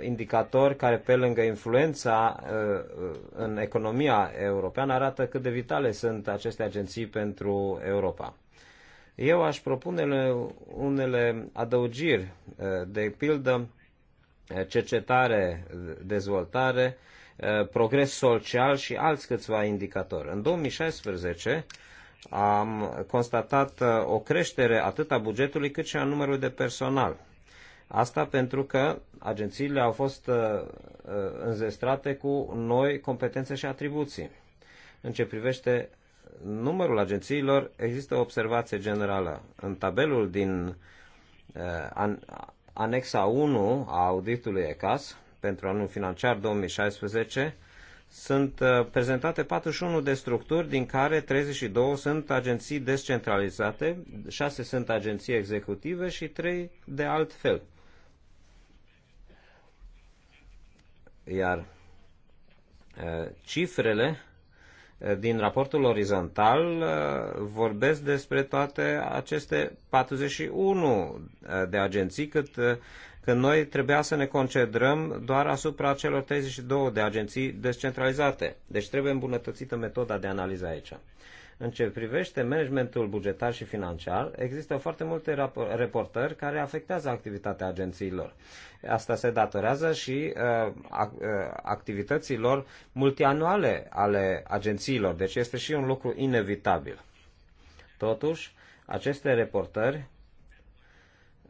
indicatori care pe lângă influența în economia europeană arată cât de vitale sunt aceste agenții pentru Europa. Eu aș propune unele adăugiri, de pildă cercetare, dezvoltare, Uh, progres social și alți câțiva indicatori. În 2016 am constatat uh, o creștere atât a bugetului cât și a numărului de personal. Asta pentru că agențiile au fost uh, înzestrate cu noi competențe și atribuții. În ce privește numărul agențiilor, există o observație generală. În tabelul din anexa 1 a auditului ECAS, pentru anul financiar 2016 sunt uh, prezentate 41 de structuri, din care 32 sunt agenții descentralizate, 6 sunt agenții executive și 3 de alt fel. Iar uh, cifrele uh, din raportul orizontal vorbesc despre toate aceste 41 de agenții, cât că noi trebuia să ne concentrăm doar asupra celor 32 de agenții descentralizate. Deci trebuie îmbunătățită metoda de analiză aici. În ce privește managementul bugetar și financiar, există foarte multe reportări care afectează activitatea agențiilor. Asta se datorează și uh, uh, activităților multianuale ale agențiilor, deci este și un lucru inevitabil. Totuși, aceste reportări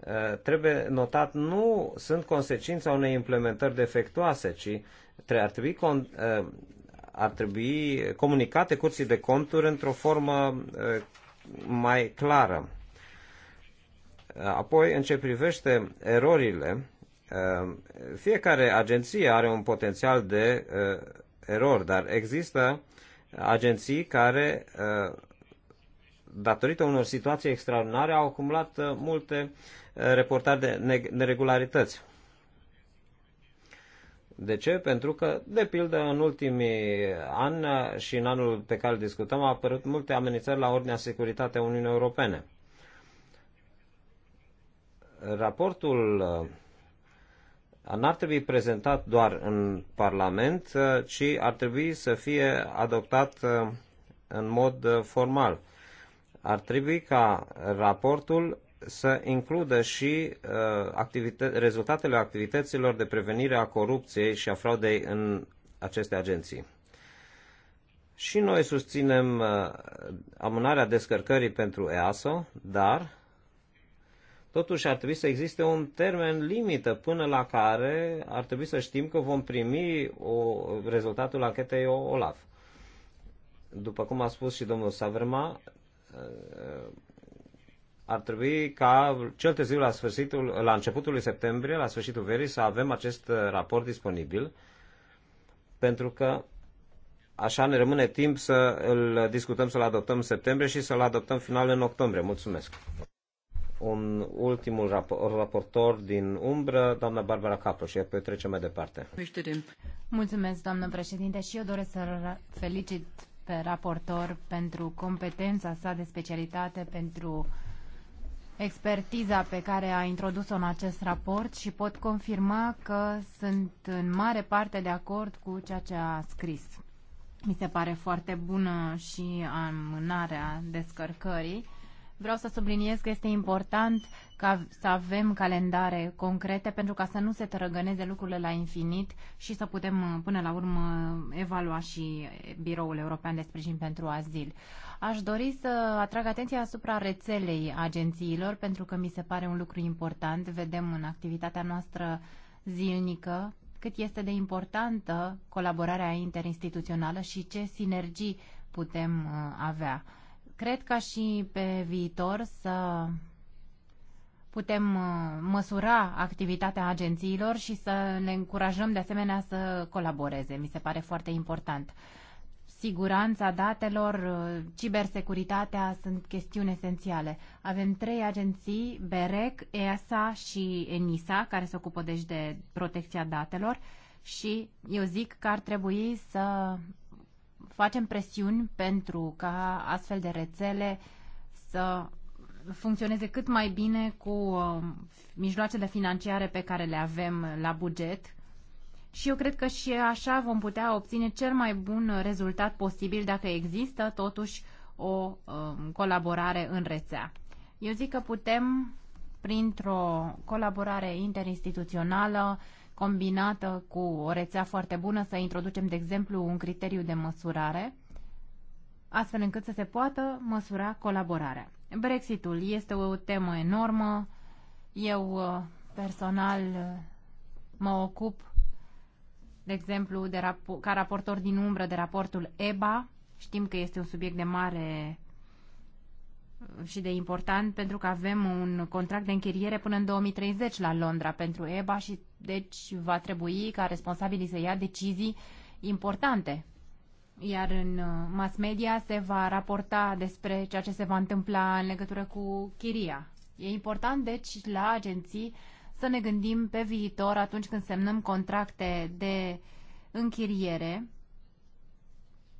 Eh, trebuie notat, nu sunt consecința unei implementări defectuoase, ci ar trebui, eh, ar trebui comunicate curții de conturi într-o formă eh, mai clară. Apoi, în ce privește erorile, fiecare agenție are un potențial de erori, dar există agenții care datorită unor situații extraordinare, au acumulat uh, multe uh, reportari de neregularități. De ce? Pentru că, de pildă, în ultimii ani uh, și în anul pe care îl discutăm, au apărut multe amenințări la ordinea securitatea Uniunii Europene. Raportul n-ar trebui prezentat doar în Parlament, ci ar trebui să fie adoptat în mod formal ar trebui ca raportul să includă și uh, activită- rezultatele activităților de prevenire a corupției și a fraudei în aceste agenții. Și noi susținem uh, amânarea descărcării pentru EASO, dar totuși ar trebui să existe un termen limită până la care ar trebui să știm că vom primi o, rezultatul anchetei OLAF. După cum a spus și domnul Saverma, Uh, uh, ar trebui ca cel târziu la, sfârșitul, la începutul lui septembrie, la sfârșitul verii, să avem acest uh, raport disponibil, pentru că așa ne rămâne timp să îl discutăm, să-l adoptăm în septembrie și să-l adoptăm final în octombrie. Mulțumesc! Un ultimul rapor, raportor din umbră, doamna Barbara Capro, și apoi trecem mai departe. Mulțumesc, doamnă președinte, și eu doresc să felicit pe raportor pentru competența sa de specialitate, pentru expertiza pe care a introdus-o în acest raport și pot confirma că sunt în mare parte de acord cu ceea ce a scris. Mi se pare foarte bună și amânarea descărcării Vreau să subliniez că este important ca să avem calendare concrete pentru ca să nu se tărăgăneze lucrurile la infinit și să putem uh, până la urmă evalua și Biroul European de Sprijin pentru Azil. Aș dori să atrag atenția asupra rețelei agențiilor pentru că mi se pare un lucru important. Vedem în activitatea noastră zilnică cât este de importantă colaborarea interinstituțională și ce sinergii putem uh, avea. Cred ca și pe viitor să putem uh, măsura activitatea agențiilor și să le încurajăm de asemenea să colaboreze. Mi se pare foarte important. Siguranța datelor, uh, cibersecuritatea sunt chestiuni esențiale. Avem trei agenții, BEREC, EASA și ENISA, care se ocupă deci de protecția datelor și eu zic că ar trebui să facem presiuni pentru ca astfel de rețele să funcționeze cât mai bine cu um, mijloacele financiare pe care le avem la buget și eu cred că și așa vom putea obține cel mai bun rezultat posibil dacă există totuși o um, colaborare în rețea. Eu zic că putem, printr-o colaborare interinstituțională, combinată cu o rețea foarte bună, să introducem, de exemplu, un criteriu de măsurare, astfel încât să se poată măsura colaborarea. Brexitul este o temă enormă. Eu personal mă ocup, de exemplu, de rapo- ca raportor din umbră de raportul EBA. Știm că este un subiect de mare și de important pentru că avem un contract de închiriere până în 2030 la Londra pentru EBA și deci va trebui ca responsabilii să ia decizii importante. Iar în uh, mass media se va raporta despre ceea ce se va întâmpla în legătură cu chiria. E important deci la agenții să ne gândim pe viitor atunci când semnăm contracte de închiriere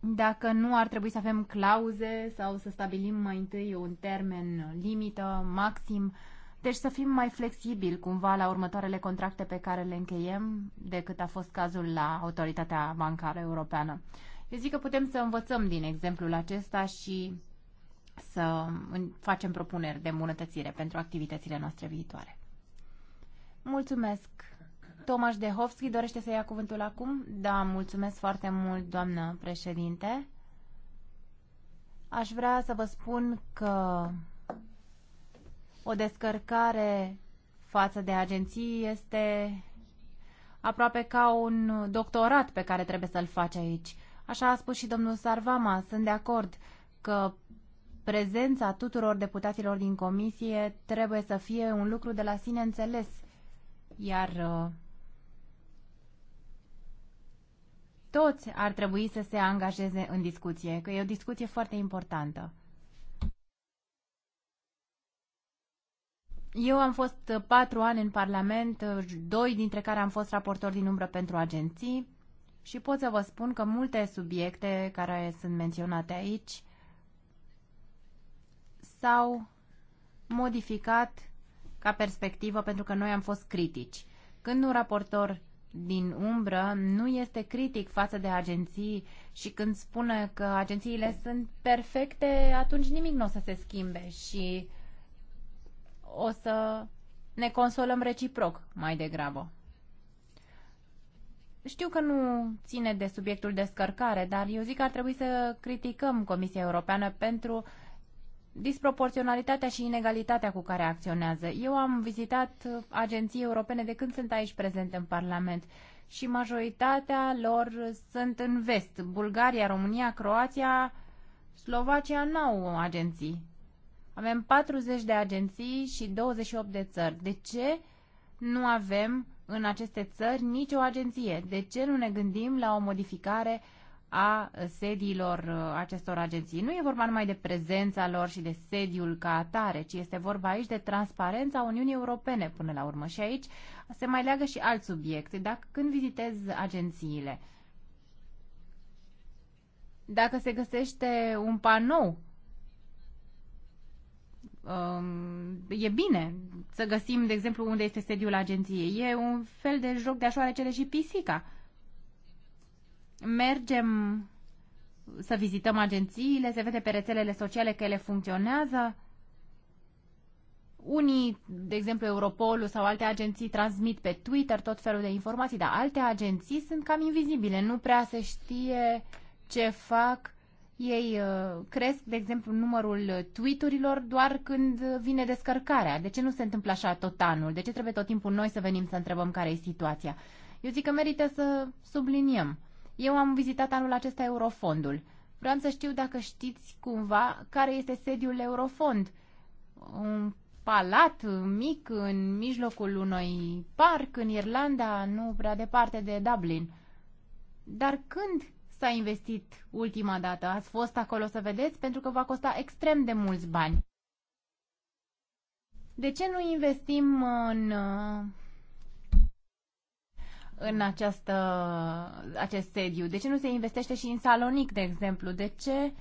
dacă nu ar trebui să avem clauze sau să stabilim mai întâi un termen limită, maxim, deci să fim mai flexibili cumva la următoarele contracte pe care le încheiem decât a fost cazul la Autoritatea Bancară Europeană. Eu zic că putem să învățăm din exemplul acesta și să facem propuneri de îmbunătățire pentru activitățile noastre viitoare. Mulțumesc! Tomaș Dehovski dorește să ia cuvântul acum? Da, mulțumesc foarte mult, doamnă președinte. Aș vrea să vă spun că o descărcare față de agenții este aproape ca un doctorat pe care trebuie să-l faci aici. Așa a spus și domnul Sarvama, sunt de acord că prezența tuturor deputaților din comisie trebuie să fie un lucru de la sine înțeles. Iar uh, toți ar trebui să se angajeze în discuție, că e o discuție foarte importantă. Eu am fost patru ani în Parlament, doi dintre care am fost raportor din umbră pentru agenții și pot să vă spun că multe subiecte care sunt menționate aici s-au modificat ca perspectivă pentru că noi am fost critici. Când un raportor din umbră nu este critic față de agenții și când spune că agențiile sunt perfecte, atunci nimic nu o să se schimbe și o să ne consolăm reciproc mai degrabă. Știu că nu ține de subiectul descărcare, dar eu zic că ar trebui să criticăm Comisia Europeană pentru uh, disproporționalitatea și inegalitatea cu care acționează. Eu am vizitat uh, agenții europene de când sunt aici prezent în Parlament și majoritatea lor sunt în vest. Bulgaria, România, Croația, Slovacia nu au agenții. Avem 40 de agenții și 28 de țări. De ce nu avem în aceste țări nicio agenție? De ce nu ne gândim la o modificare a sediilor uh, acestor agenții. Nu e vorba numai de prezența lor și de sediul ca atare, ci este vorba aici de transparența Uniunii Europene până la urmă. Și aici se mai leagă și alt subiect. Dacă când vizitez agențiile, dacă se găsește un panou um, e bine să găsim, de exemplu, unde este sediul agenției. E un fel de joc de așa și pisica mergem să vizităm agențiile, se vede pe rețelele sociale că ele funcționează. Unii, de exemplu Europolul sau alte agenții, transmit pe Twitter tot felul de informații, dar alte agenții sunt cam invizibile, nu prea se știe ce fac. Ei uh, cresc, de exemplu, numărul tweeturilor doar când vine descărcarea. De ce nu se întâmplă așa tot anul? De ce trebuie tot timpul noi să venim să întrebăm care e situația? Eu zic că merită să subliniem eu am vizitat anul acesta Eurofondul. Vreau să știu dacă știți cumva care este sediul Eurofond. Un palat mic în mijlocul unui parc în Irlanda, nu prea departe de Dublin. Dar când s-a investit ultima dată? Ați fost acolo să vedeți? Pentru că va costa extrem de mulți bani. De ce nu investim în uh, în această, acest sediu? De ce nu se investește și în Salonic, de exemplu? De ce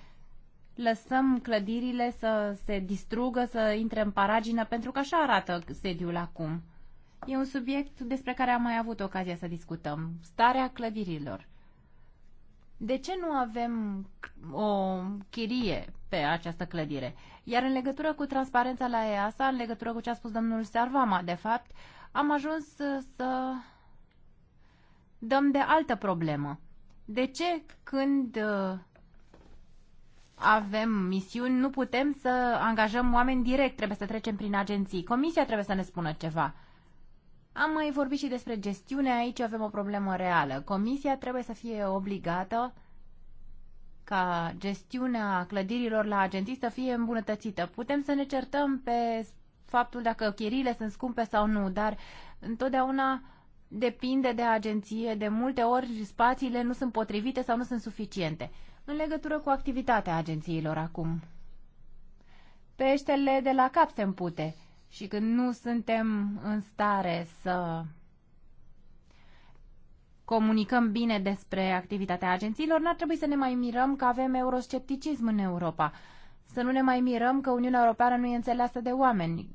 lăsăm clădirile să se distrugă, să intre în paragină? Pentru că așa arată sediul acum. E un subiect despre care am mai avut ocazia să discutăm. Starea clădirilor. De ce nu avem o chirie pe această clădire? Iar în legătură cu transparența la EASA, în legătură cu ce a spus domnul Sarvama, de fapt, am ajuns să dăm de altă problemă. De ce când uh, avem misiuni, nu putem să angajăm oameni direct, trebuie să trecem prin agenții. Comisia trebuie să ne spună ceva. Am mai vorbit și despre gestiune, aici avem o problemă reală. Comisia trebuie să fie obligată ca gestiunea clădirilor la agenții să fie îmbunătățită. Putem să ne certăm pe faptul dacă chirile sunt scumpe sau nu, dar întotdeauna depinde de agenție, de multe ori spațiile nu sunt potrivite sau nu sunt suficiente. În legătură cu activitatea agențiilor acum. Peștele de la cap se împute și când nu suntem în stare să comunicăm bine despre activitatea agențiilor, n-ar trebui să ne mai mirăm că avem euroscepticism în Europa. Să nu ne mai mirăm că Uniunea Europeană nu e înțeleasă de oameni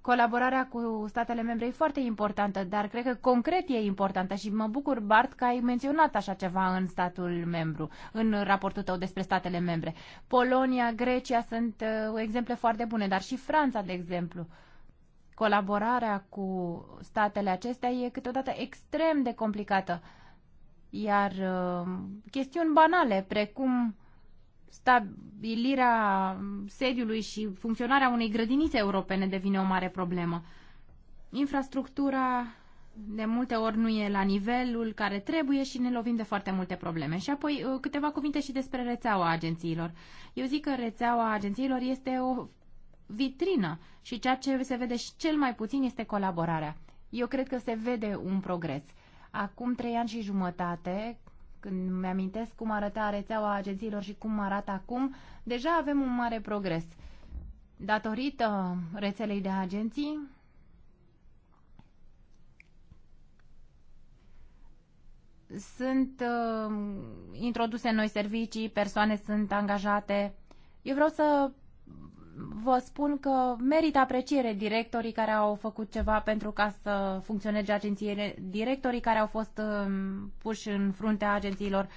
colaborarea cu statele membre e foarte importantă, dar cred că concret e importantă și mă bucur, Bart, că ai menționat așa ceva în statul membru, în raportul tău despre statele membre. Polonia, Grecia sunt uh, exemple foarte bune, dar și Franța, de exemplu. Colaborarea cu statele acestea e câteodată extrem de complicată, iar uh, chestiuni banale, precum uh, stabilirea sediului și funcționarea unei grădinițe europene devine o mare problemă. Infrastructura de multe ori nu e la nivelul care trebuie și ne lovim de foarte multe probleme. Și apoi uh, câteva cuvinte și despre rețeaua agențiilor. Eu zic că rețeaua agențiilor este o vitrină și ceea ce se vede și cel mai puțin este colaborarea. Eu cred că se vede un progres. Acum trei ani și jumătate, când mi-amintesc cum arăta rețeaua agențiilor și cum arată acum, deja avem un mare progres. Datorită rețelei de agenții, sunt uh, introduse noi servicii, persoane sunt angajate. Eu vreau să vă spun că merită apreciere directorii care au făcut ceva pentru ca să funcționeze agențiile, directorii care au fost um, puși în fruntea agențiilor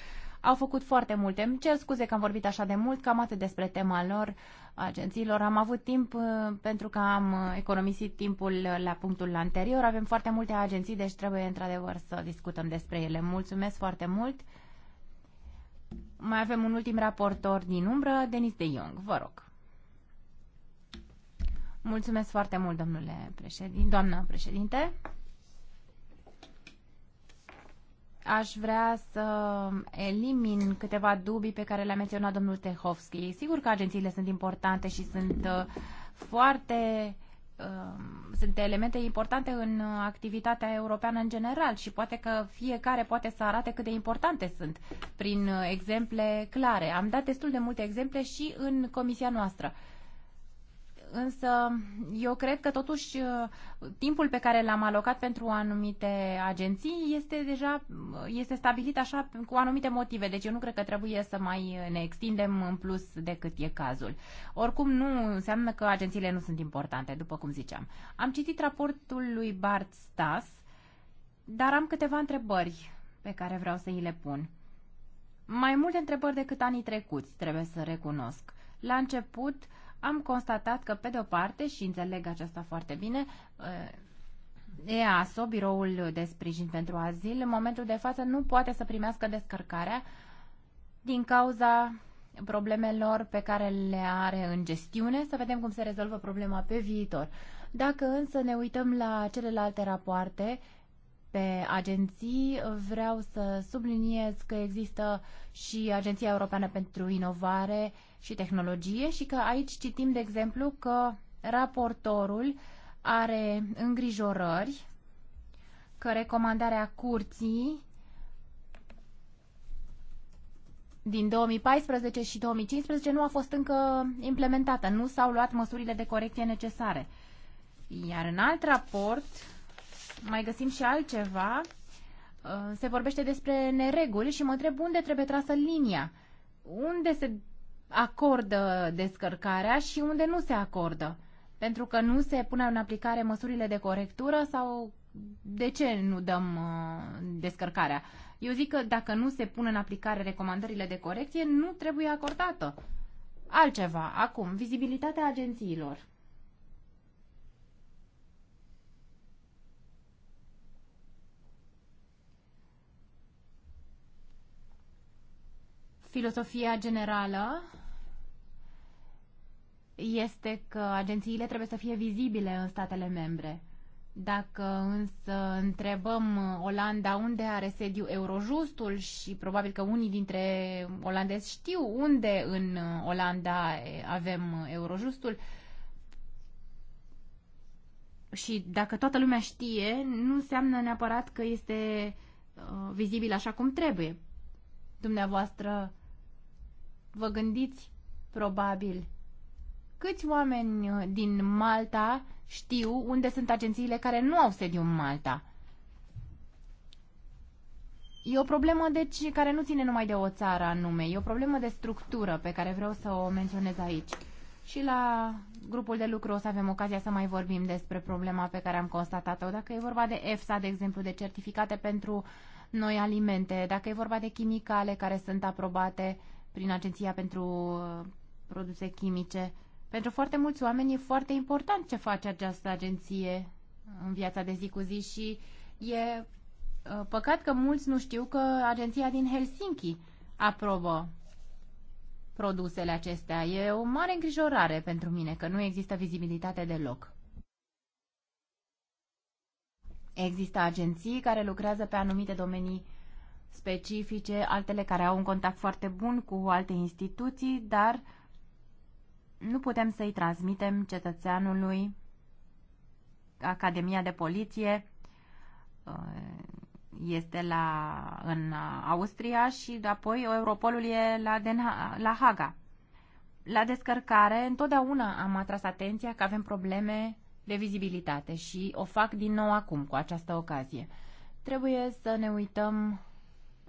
au făcut foarte multe. Îmi cer scuze că am vorbit așa de mult, cam atât despre tema lor, agențiilor. Am avut timp uh, pentru că am uh, economisit timpul uh, la punctul anterior. Avem foarte multe agenții, deci trebuie într-adevăr să discutăm despre ele. Mulțumesc foarte mult! Mai avem un ultim raportor din umbră, Denis de Jong. Vă rog! Mulțumesc foarte mult, domnule președinte, doamna președinte. Aș vrea să elimin câteva dubii pe care le-a menționat domnul Tehovski. Sigur că agențiile sunt importante și sunt uh, foarte um, sunt elemente importante în activitatea europeană în general și poate că fiecare poate să arate cât de importante sunt prin uh, exemple clare. Am dat destul de multe exemple și în comisia noastră însă eu cred că totuși uh, timpul pe care l-am alocat pentru anumite agenții este deja uh, este stabilit așa cu anumite motive, deci eu nu cred că trebuie să mai uh, ne extindem în plus decât e cazul. Oricum nu înseamnă că agențiile nu sunt importante, după cum ziceam. Am citit raportul lui Bart Stas, dar am câteva întrebări pe care vreau să îi le pun. Mai multe întrebări decât anii trecuți, trebuie să recunosc. La început, am constatat că, pe de-o parte, și înțeleg aceasta foarte bine, EASO, Biroul de Sprijin pentru Azil, în momentul de față nu poate să primească descărcarea din cauza problemelor pe care le are în gestiune, să vedem cum se rezolvă problema pe viitor. Dacă însă ne uităm la celelalte rapoarte pe agenții, vreau să subliniez că există și Agenția Europeană pentru Inovare și Tehnologie și că aici citim, de exemplu, că raportorul are îngrijorări că recomandarea curții din 2014 și 2015 nu a fost încă implementată, nu s-au luat măsurile de corecție necesare. Iar în alt raport, mai găsim și altceva. Uh, se vorbește despre nereguli și mă întreb unde trebuie trasă linia. Unde se acordă descărcarea și unde nu se acordă? Pentru că nu se pune în aplicare măsurile de corectură sau de ce nu dăm uh, descărcarea? Eu zic că dacă nu se pun în aplicare recomandările de corecție, nu trebuie acordată. Altceva, acum, vizibilitatea agențiilor. Filosofia generală este că agențiile trebuie să fie vizibile în statele membre. Dacă însă întrebăm Olanda unde are sediu Eurojustul și probabil că unii dintre olandezi știu unde în Olanda avem Eurojustul și dacă toată lumea știe, nu înseamnă neapărat că este uh, vizibil așa cum trebuie. Dumneavoastră Vă gândiți, probabil, câți oameni uh, din Malta știu unde sunt agențiile care nu au sediu în Malta? E o problemă, deci, care nu ține numai de o țară anume, e o problemă de structură pe care vreau să o menționez aici. Și la grupul de lucru o să avem ocazia să mai vorbim despre problema pe care am constatat-o. Dacă e vorba de EFSA, de exemplu, de certificate pentru noi alimente, dacă e vorba de chimicale care sunt aprobate prin Agenția pentru uh, Produse Chimice. Pentru foarte mulți oameni e foarte important ce face această agenție în viața de zi cu zi și e uh, păcat că mulți nu știu că agenția din Helsinki aprobă produsele acestea. E o mare îngrijorare pentru mine că nu există vizibilitate deloc. Există agenții care lucrează pe anumite domenii specifice, altele care au un contact foarte bun cu alte instituții, dar nu putem să-i transmitem cetățeanului Academia de Poliție uh, este la, în Austria și apoi Europolul e la, Den, la Haga. La descărcare, întotdeauna am atras atenția că avem probleme de vizibilitate și o fac din nou acum, cu această ocazie. Trebuie să ne uităm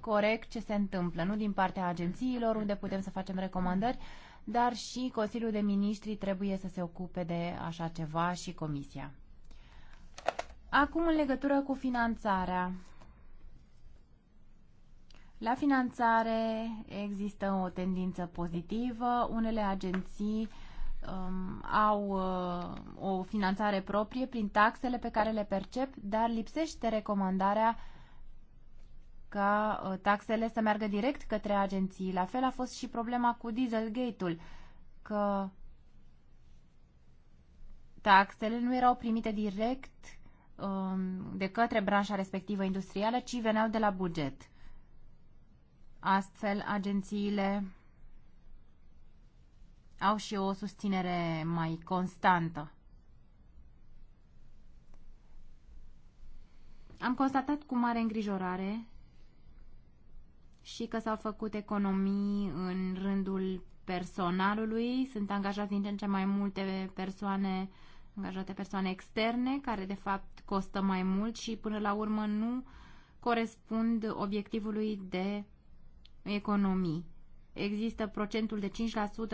corect ce se întâmplă, nu din partea agențiilor, unde putem să facem recomandări, dar și Consiliul de Ministri trebuie să se ocupe de așa ceva și Comisia. Acum, în legătură cu finanțarea. La finanțare există o tendință pozitivă. Unele agenții um, au uh, o finanțare proprie prin taxele pe care le percep, dar lipsește recomandarea uh, ca uh, taxele să meargă direct către agenții. La fel a fost și problema cu Dieselgate-ul, că taxele nu erau primite direct um, de către branșa respectivă industrială, ci veneau de la buget. Astfel, agențiile au și o susținere mai constantă. Am constatat cu mare îngrijorare și că s-au făcut economii în rândul personalului. Sunt angajați din ce în ce mai multe persoane, angajate persoane externe, care de fapt costă mai mult și până la urmă nu corespund obiectivului de economii. Există procentul de 5%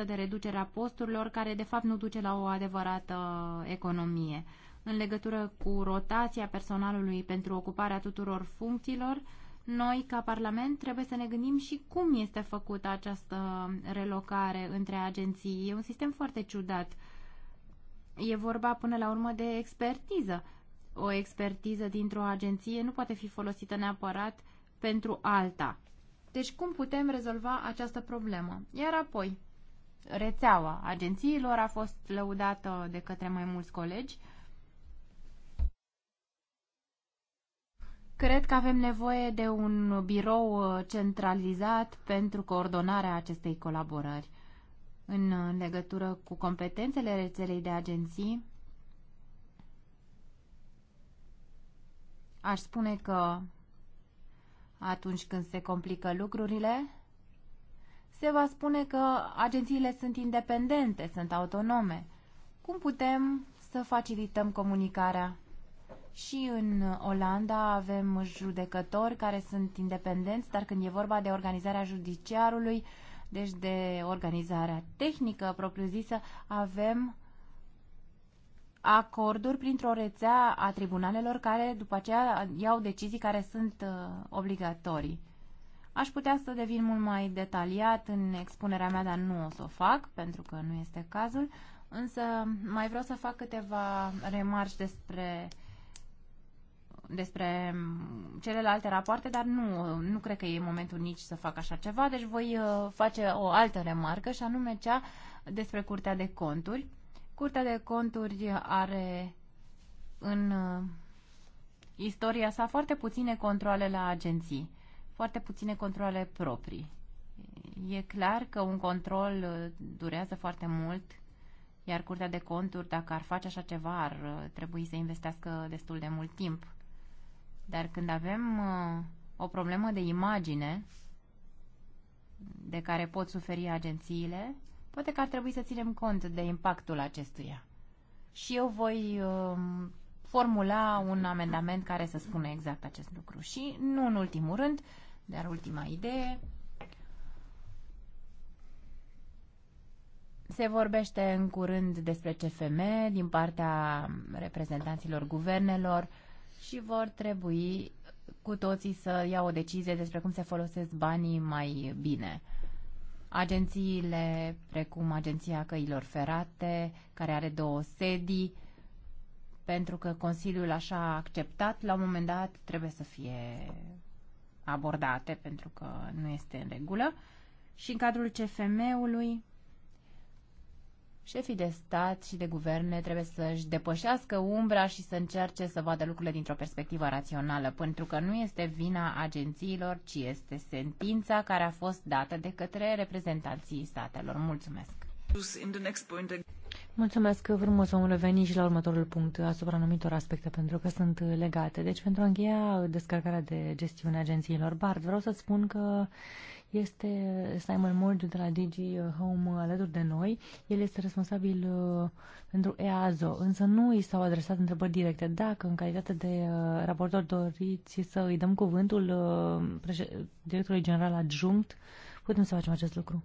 de reducere a posturilor care de fapt nu duce la o adevărată economie. În legătură cu rotația personalului pentru ocuparea tuturor funcțiilor, noi, ca Parlament, trebuie să ne gândim și cum este făcută această relocare între agenții. E un sistem foarte ciudat. E vorba până la urmă de expertiză. O expertiză dintr-o agenție nu poate fi folosită neapărat pentru alta. Deci cum putem rezolva această problemă? Iar apoi, rețeaua agențiilor a fost lăudată de către mai mulți colegi. Cred că avem nevoie de un birou uh, centralizat pentru coordonarea acestei colaborări. În uh, legătură cu competențele rețelei de agenții, aș spune că atunci când se complică lucrurile, se va spune că agențiile sunt independente, sunt autonome. Cum putem să facilităm comunicarea și în Olanda avem judecători care sunt independenți, dar când e vorba de organizarea judiciarului, deci de organizarea tehnică propriu-zisă, avem acorduri printr-o rețea a tribunalelor care după aceea iau decizii care sunt uh, obligatorii. Aș putea să devin mult mai detaliat în expunerea mea, dar nu o să o fac, pentru că nu este cazul, însă mai vreau să fac câteva remarci despre despre mm, celelalte rapoarte, dar nu, nu cred că e momentul nici să fac așa ceva, deci voi uh, face o altă remarcă și anume cea despre Curtea de Conturi. Curtea de Conturi are în uh, istoria sa foarte puține controle la agenții, foarte puține controle proprii. E clar că un control uh, durează foarte mult, iar Curtea de Conturi, dacă ar face așa ceva, ar trebui să investească destul de mult timp. Dar când avem uh, o problemă de imagine de care pot suferi agențiile, poate că ar trebui să ținem cont de impactul acestuia. Și eu voi uh, formula un amendament care să spună exact acest lucru. Și nu în ultimul rând, dar ultima idee, Se vorbește în curând despre CFM din partea reprezentanților guvernelor și vor trebui cu toții să ia o decizie despre cum se folosesc banii mai bine. Agențiile precum Agenția Căilor Ferate, care are două sedii, pentru că Consiliul așa a acceptat, la un moment dat trebuie să fie abordate pentru că nu este în regulă. Și în cadrul CFM-ului Șefii de stat și de guverne trebuie să-și depășească umbra și să încerce să vadă lucrurile dintr-o perspectivă rațională, pentru că nu este vina agențiilor, ci este sentința care a fost dată de către reprezentanții statelor. Mulțumesc! Mulțumesc frumos, vom reveni și la următorul punct asupra anumitor aspecte, pentru că sunt legate. Deci, pentru a încheia descărcarea de gestiune agențiilor BARD, vreau să spun că este Simon Mordu de la Digi Home alături de noi. El este responsabil uh, pentru EASO, însă nu i s-au adresat întrebări directe. Dacă, în calitate de uh, raportor, doriți să îi dăm cuvântul uh, directorului general adjunct, putem să facem acest lucru.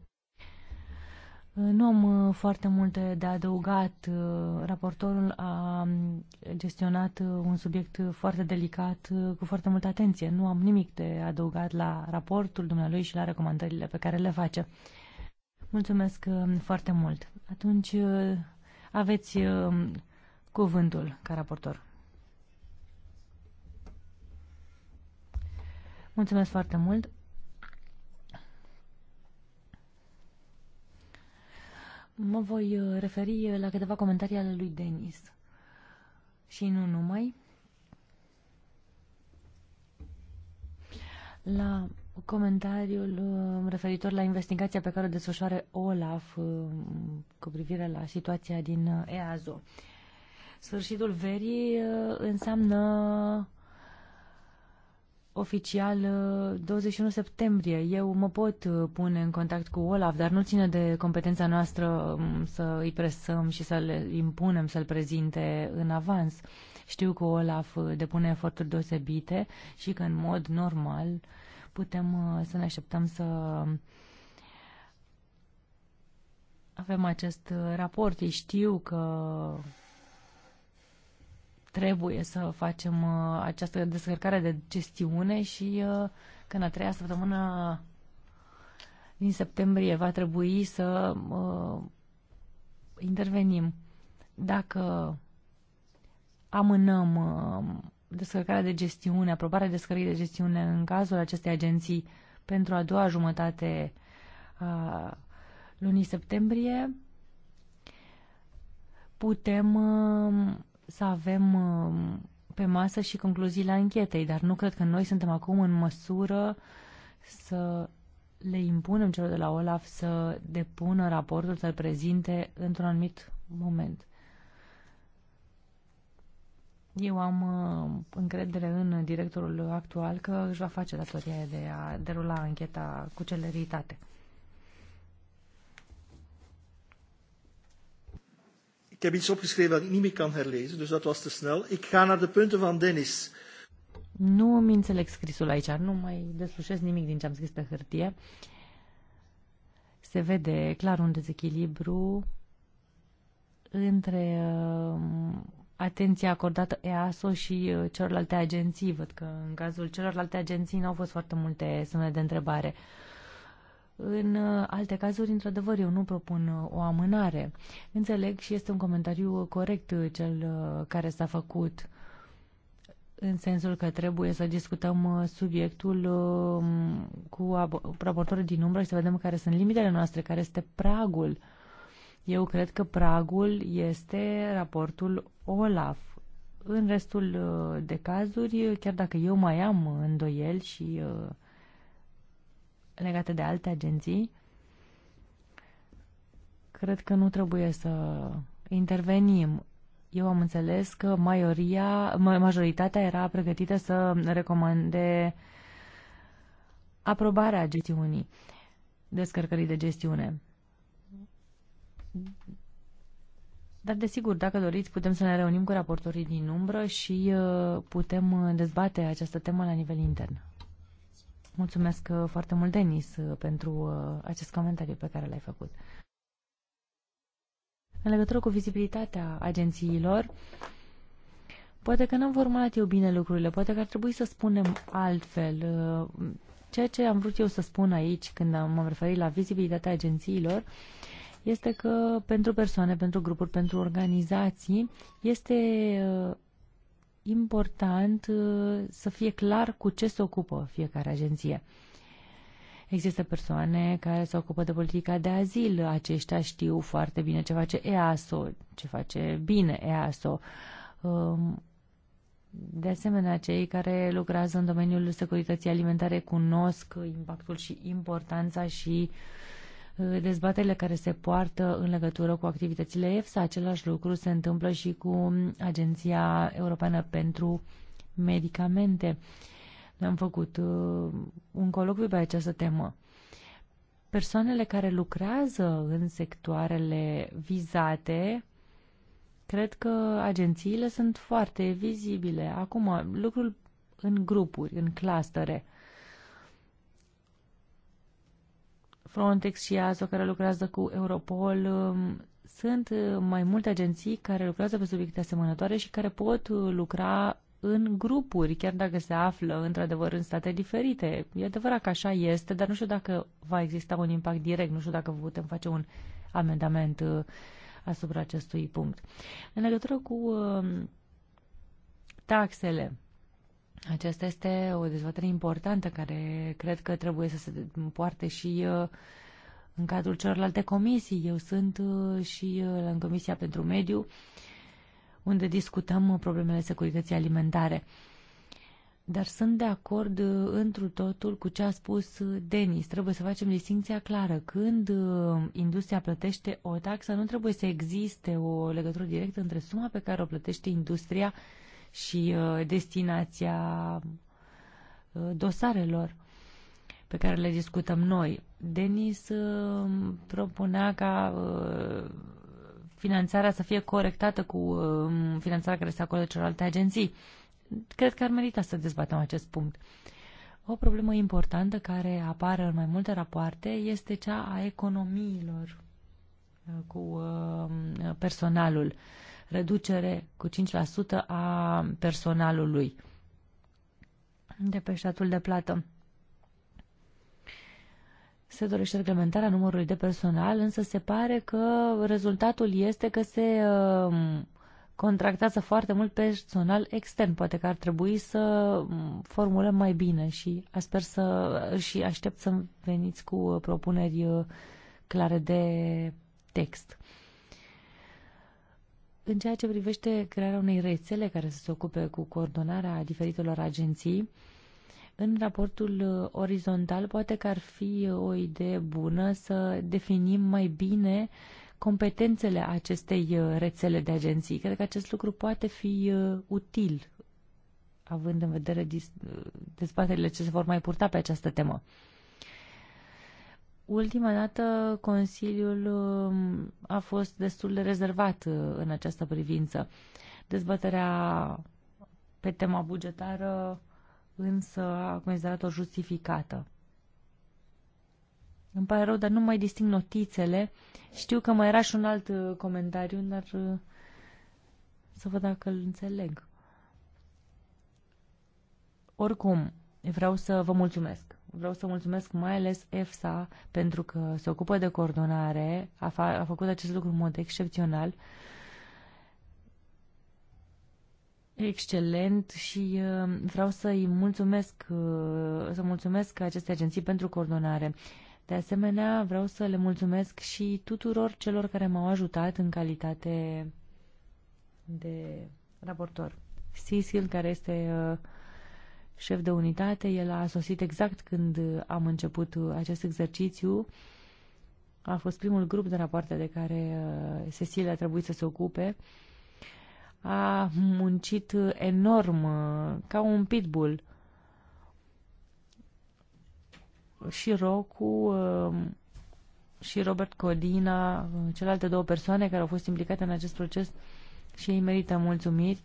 Nu am uh, foarte multe de adăugat. Uh, raportorul a um, gestionat uh, un subiect foarte delicat cu foarte multă atenție. Nu am nimic de adăugat la raportul dumnealui și la recomandările pe care le face. Mulțumesc foarte mult. Atunci aveți cuvântul ca raportor. Mulțumesc foarte mult. Mă voi uh, referi uh, la câteva comentarii ale lui Denis. Și nu numai. La comentariul uh, referitor la investigația pe care o desfășoare Olaf cu privire la situația din EAZO. Sfârșitul verii înseamnă oficial 21 uh, septembrie. Eu mă pot uh, pune în contact cu Olaf, dar nu ține de competența noastră um, să îi presăm și să le impunem să-l prezinte în avans. Știu că Olaf uh, depune eforturi deosebite și că în mod normal putem să ne așteptăm să avem acest raport. Ei știu că trebuie să facem uh, această descărcare de gestiune și uh, că în a treia săptămână din septembrie va trebui să uh, intervenim. Dacă amânăm descărcarea de gestiune, aprobarea descărcării de gestiune în cazul acestei agenții pentru a doua jumătate a lunii septembrie, putem să avem um, pe masă și concluziile anchetei, dar nu cred că noi suntem acum în măsură să le impunem celor de la Olaf să depună raportul, să-l prezinte într-un anumit moment. Eu am um, încredere în directorul actual că își va face datoria de a derula ancheta cu celeritate. heb iets opgeschreven dat ik niet meer kan herlezen, dus dat was te snel. Ik ga naar de punten van Dennis. Nu îmi înțeleg scrisul aici, nu mai deslușesc nimic din ce am scris pe hârtie. Se vede clar un dezechilibru între uh, atenția acordată EASO și uh, celorlalte agenții. Văd că în cazul celorlalte agenții nu au fost foarte multe semne de întrebare. Uh, în uh, alte cazuri, într-adevăr, eu nu propun uh, o amânare. Înțeleg și este un comentariu corect uh, cel care s-a făcut în sensul că trebuie să discutăm subiectul um, cu raportorul din umbră și să vedem care sunt limitele noastre, care este pragul. Eu cred că pragul este raportul OLAF. În restul de cazuri, chiar dacă eu mai am îndoieli și uh, legate de alte agenții, cred că nu trebuie să intervenim. Eu am înțeles că majoria, majoritatea era pregătită să recomande aprobarea gestiunii, descărcării de gestiune. Dar, desigur, dacă doriți, putem să ne reunim cu raportorii din umbră și uh, putem uh, dezbate această temă la nivel intern. Mulțumesc uh, foarte mult, Denis, uh, pentru uh, acest comentariu pe care l-ai făcut. În legătură cu vizibilitatea agențiilor, poate că n-am formulat eu bine lucrurile, poate că ar trebui să spunem altfel. Ceea ce am vrut eu să spun aici când m-am referit la vizibilitatea agențiilor este că pentru persoane, pentru grupuri, pentru organizații este important uh, să fie clar cu ce se ocupă fiecare agenție. Există persoane care se ocupă de politica de azil, aceștia știu foarte bine ce face EASO, ce face bine EASO. Um, de asemenea, cei care lucrează în domeniul securității alimentare cunosc impactul și importanța și uh, Eh, dezbaterile care se poartă în legătură cu activitățile EFSA. Același lucru se întâmplă și cu mm, Agenția Europeană pentru Medicamente. ne am făcut eh, un colocviu pe această temă. Persoanele care lucrează în sectoarele vizate cred că agențiile sunt foarte vizibile. Acum, lucrul în grupuri, în clastere. Frontex și ASO care lucrează cu Europol. Um, sunt uh, mai multe agenții care lucrează pe subiecte asemănătoare și care pot uh, lucra în grupuri, chiar dacă se află într-adevăr în state diferite. E adevărat că așa este, dar nu știu dacă va exista un impact direct, nu știu dacă putem face un amendament uh, asupra acestui punct. În legătură cu um, taxele, aceasta este o dezbatere importantă care cred că trebuie să se poarte și uh, în cadrul celorlalte comisii. Eu sunt uh, și uh, în Comisia pentru Mediu, unde discutăm problemele securității alimentare. Dar sunt de acord întru totul cu ce a spus Denis. Trebuie să facem distinția clară. Când industria plătește o taxă, nu trebuie să existe o legătură directă între suma pe care o plătește industria și uh, destinația uh, dosarelor pe care le discutăm noi. Denis uh, propunea ca finanțarea să fie corectată cu finanțarea care se acordă celorlalte agenții. Cred că ar merita să dezbatem acest punct. O problemă importantă care apare în mai multe rapoarte este cea a economiilor cu personalul reducere cu 5% a personalului de pe statul de plată. Se dorește reglementarea numărului de personal, însă se pare că rezultatul este că se um, contractează foarte mult personal extern. Poate că ar trebui să um, formulăm mai bine și sper să și aștept să veniți cu propuneri uh, clare de text. În ceea ce privește crearea unei rețele care să se ocupe cu coordonarea diferitelor agenții, în raportul uh, orizontal poate că ar fi uh, o idee bună să definim mai bine competențele acestei uh, rețele de agenții. Cred că acest lucru poate fi util, având în vedere dezbaterile ce se vor mai purta pe această temă. Ultima dată Consiliul um, a fost destul de rezervat uh, în această privință. Dezbaterea pe tema bugetară însă a considerat-o justificată. Îmi pare rău, dar nu mai disting notițele. Știu că mai era și un alt uh, comentariu, dar uh, să văd dacă îl înțeleg. Oricum, vreau să vă mulțumesc vreau să mulțumesc mai ales EFSA pentru că se ocupă de coordonare, a, fa- a făcut acest lucru în mod excepțional, excelent și uh, vreau să-i mulțumesc, uh, să mulțumesc aceste agenții pentru coordonare. De asemenea, vreau să le mulțumesc și tuturor celor care m-au ajutat în calitate de raportor. Cecil, care este uh, șef de unitate. El a sosit exact când am început acest exercițiu. A fost primul grup de rapoarte de care uh, Cecilia a trebuit să se ocupe. A muncit enorm, uh, ca un pitbull. Și Rocu uh, și Robert Codina, celelalte două persoane care au fost implicate în acest proces și ei merită mulțumiri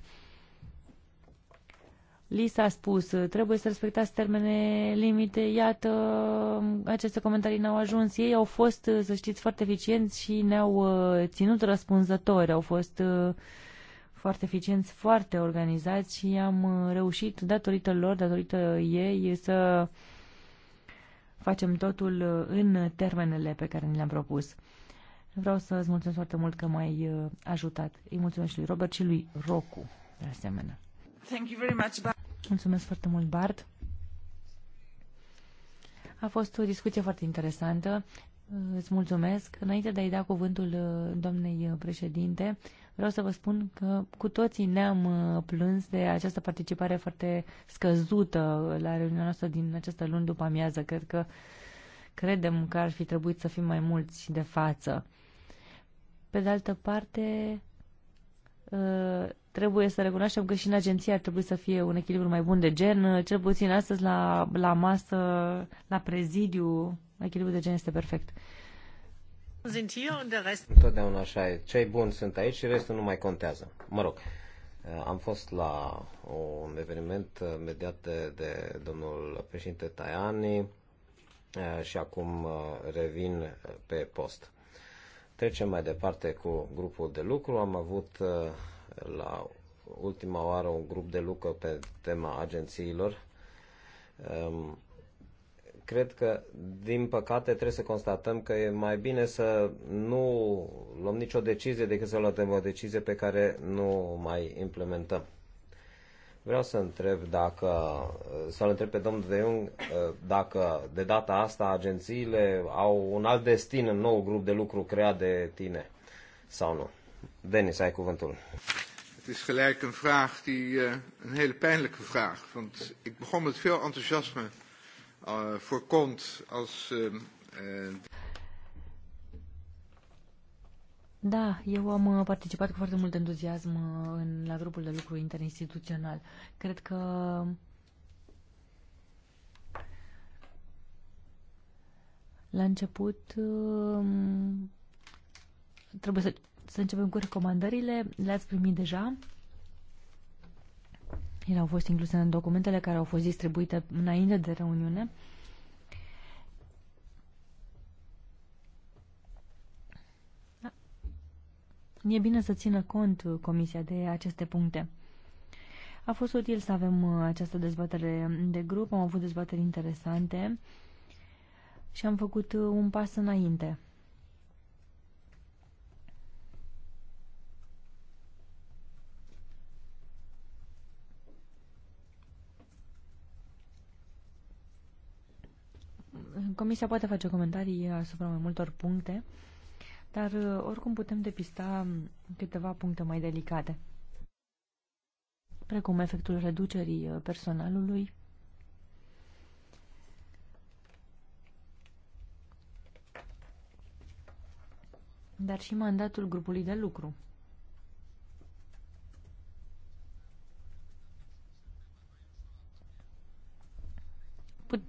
li s-a spus, trebuie să respectați termene limite, iată, aceste comentarii n-au ajuns. Ei au fost, să știți, foarte eficienți și ne-au uh, ținut răspunzători, au fost uh, foarte eficienți, foarte organizați și am uh, reușit, datorită lor, datorită ei, să facem totul în termenele pe care ni le-am propus. Vreau să îți mulțumesc foarte mult că m-ai ajutat. Îi mulțumesc și lui Robert și lui Rocu, de asemenea. Thank you very much. Mulțumesc foarte mult, Bart. A fost o discuție foarte interesantă. Îți mulțumesc. Înainte de a-i da cuvântul uh, doamnei uh, președinte, vreau să vă spun că cu toții ne-am uh, plâns de această participare foarte scăzută la reuniunea noastră din această luni după amiază. Cred că credem că ar fi trebuit să fim mai mulți de față. Pe de altă parte, trebuie să recunoaștem că și în agenție ar trebui să fie un echilibru mai bun de gen. Cel puțin astăzi la, la masă, la prezidiu, echilibrul de gen este perfect. Sunt unde Întotdeauna așa e. Cei buni sunt aici și restul nu mai contează. Mă rog, am fost la un eveniment mediat de, de domnul președinte Tajani și acum uh, revin pe post. Trecem mai departe cu grupul de lucru. Am avut uh, la ultima oară un grup de lucru pe tema agențiilor. Ehm, cred că, din păcate, trebuie să constatăm că e mai bine să nu luăm nicio decizie decât să luăm o decizie pe care nu mai implementăm. Vreau să întreb dacă, să-l întreb pe domnul De Jung eh, dacă de data asta agențiile au un alt destin în nou grup de lucru creat de tine sau nu. Denis, ai cuvântul is gelijk een vraag die uh, een hele pijnlijke vraag. Want ik begon met veel enthousiasme uh, eh, voor Kont als. Uh, uh... Da, eu am participat cu foarte mult entuziasm în, la grupul de lucru interinstituțional. Cred că la început ehm, trebuie să să începem cu recomandările. Le-ați primit deja. Ele au fost incluse în documentele care au fost distribuite înainte de reuniune. E bine să țină cont Comisia de aceste puncte. A fost util să avem uh, această dezbatere de grup, am avut dezbateri interesante și am făcut uh, un pas înainte. Comisia poate face comentarii asupra mai multor puncte, dar uh, oricum putem depista câteva puncte mai delicate, precum efectul reducerii uh, personalului, dar și mandatul grupului de lucru.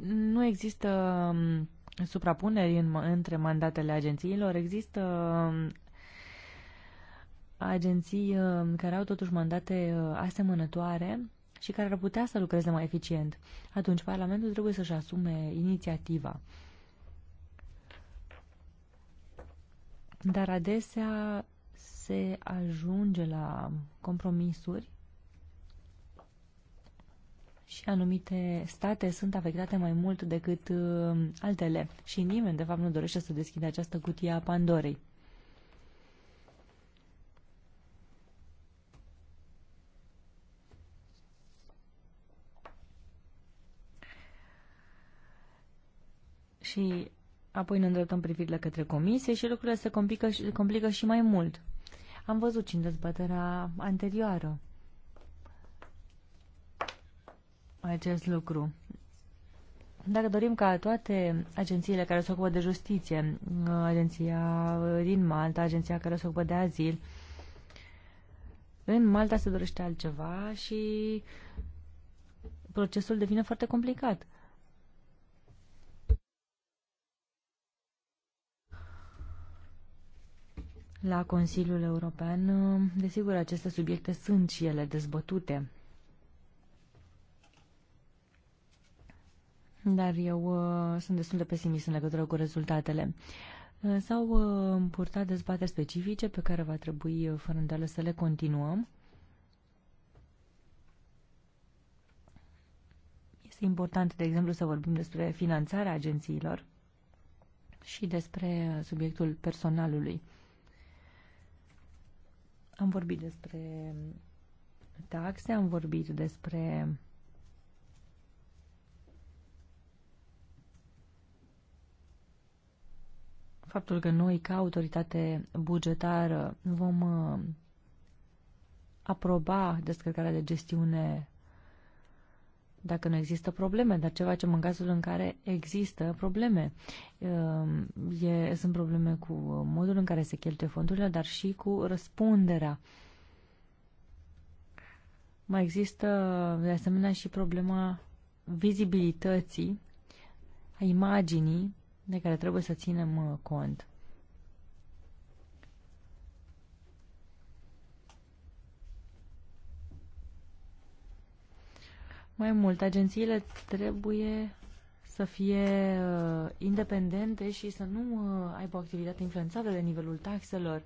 nu există um, suprapuneri în, între mandatele agențiilor, există um, agenții um, care au totuși mandate uh, asemănătoare și care ar putea să lucreze mai eficient. Atunci Parlamentul trebuie să-și asume inițiativa. Dar adesea se ajunge la compromisuri și anumite state sunt afectate mai mult decât uh, altele și nimeni, de fapt, nu dorește să deschide această cutie a Pandorei. Și apoi ne îndreptăm privirile către comisie și lucrurile se complică, și complică și mai mult. Am văzut și în dezbaterea anterioară acest lucru. Dacă dorim ca toate agențiile care se ocupă de justiție, agenția din Malta, agenția care se ocupă de azil, în Malta se dorește altceva și procesul devine foarte complicat. La Consiliul European, desigur, aceste subiecte sunt și ele dezbătute. dar eu uh, sunt destul de pesimist în legătură cu rezultatele. Uh, s-au uh, purtat dezbateri specifice pe care va trebui, uh, fără îndoială, să le continuăm. Este important, de exemplu, să vorbim despre finanțarea agențiilor și despre uh, subiectul personalului. Am vorbit despre taxe, am vorbit despre faptul că noi, ca autoritate bugetară, vom uh, aproba descărcarea de gestiune dacă nu există probleme, dar ce facem în cazul în care există probleme? Uh, e, sunt probleme cu modul în care se cheltuie fondurile, dar și cu răspunderea. Mai există, de asemenea, și problema vizibilității, a imaginii de care trebuie să ținem uh, cont. Mai mult, agențiile trebuie să fie uh, independente și să nu uh, aibă o activitate influențată de nivelul taxelor.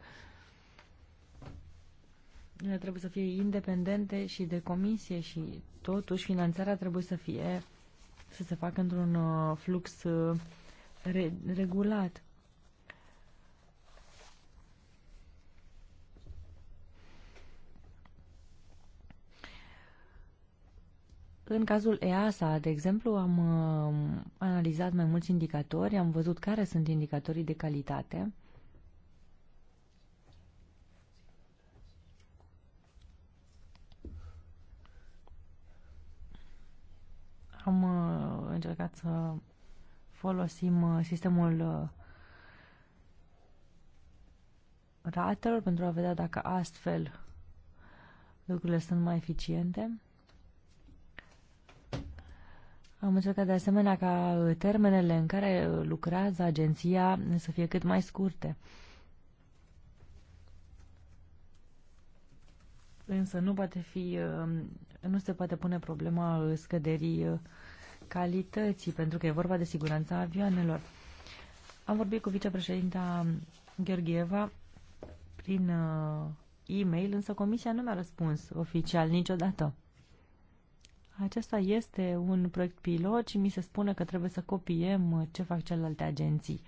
Ele trebuie să fie independente și de comisie și totuși finanțarea trebuie să fie să se facă într-un uh, flux uh, re regulat. În cazul EASA, de exemplu, am uh, analizat mai mulți indicatori, am văzut care sunt indicatorii de calitate. Am uh, încercat să folosim uh, sistemul uh, ratelor pentru a vedea dacă astfel lucrurile sunt mai eficiente. Am încercat de asemenea ca termenele în care lucrează agenția să fie cât mai scurte. Însă nu poate fi, uh, nu se poate pune problema scăderii calității, pentru că e vorba de siguranța avioanelor. Am vorbit cu vicepreședinta Gheorgheva prin uh, e-mail, însă comisia nu mi-a răspuns oficial niciodată. Acesta este un proiect pilot și mi se spune că trebuie să copiem uh, ce fac celelalte agenții.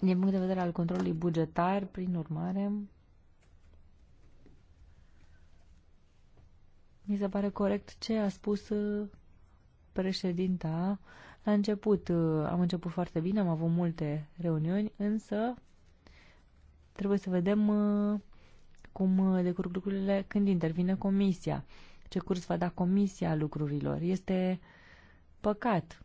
Din punct de vedere al controlului bugetar, prin urmare, mi se pare corect ce a spus uh, președinta la început. Uh, am început foarte bine, am avut multe reuniuni, însă trebuie să vedem uh, cum decurg lucrurile când intervine comisia. Ce curs va da comisia lucrurilor. Este păcat.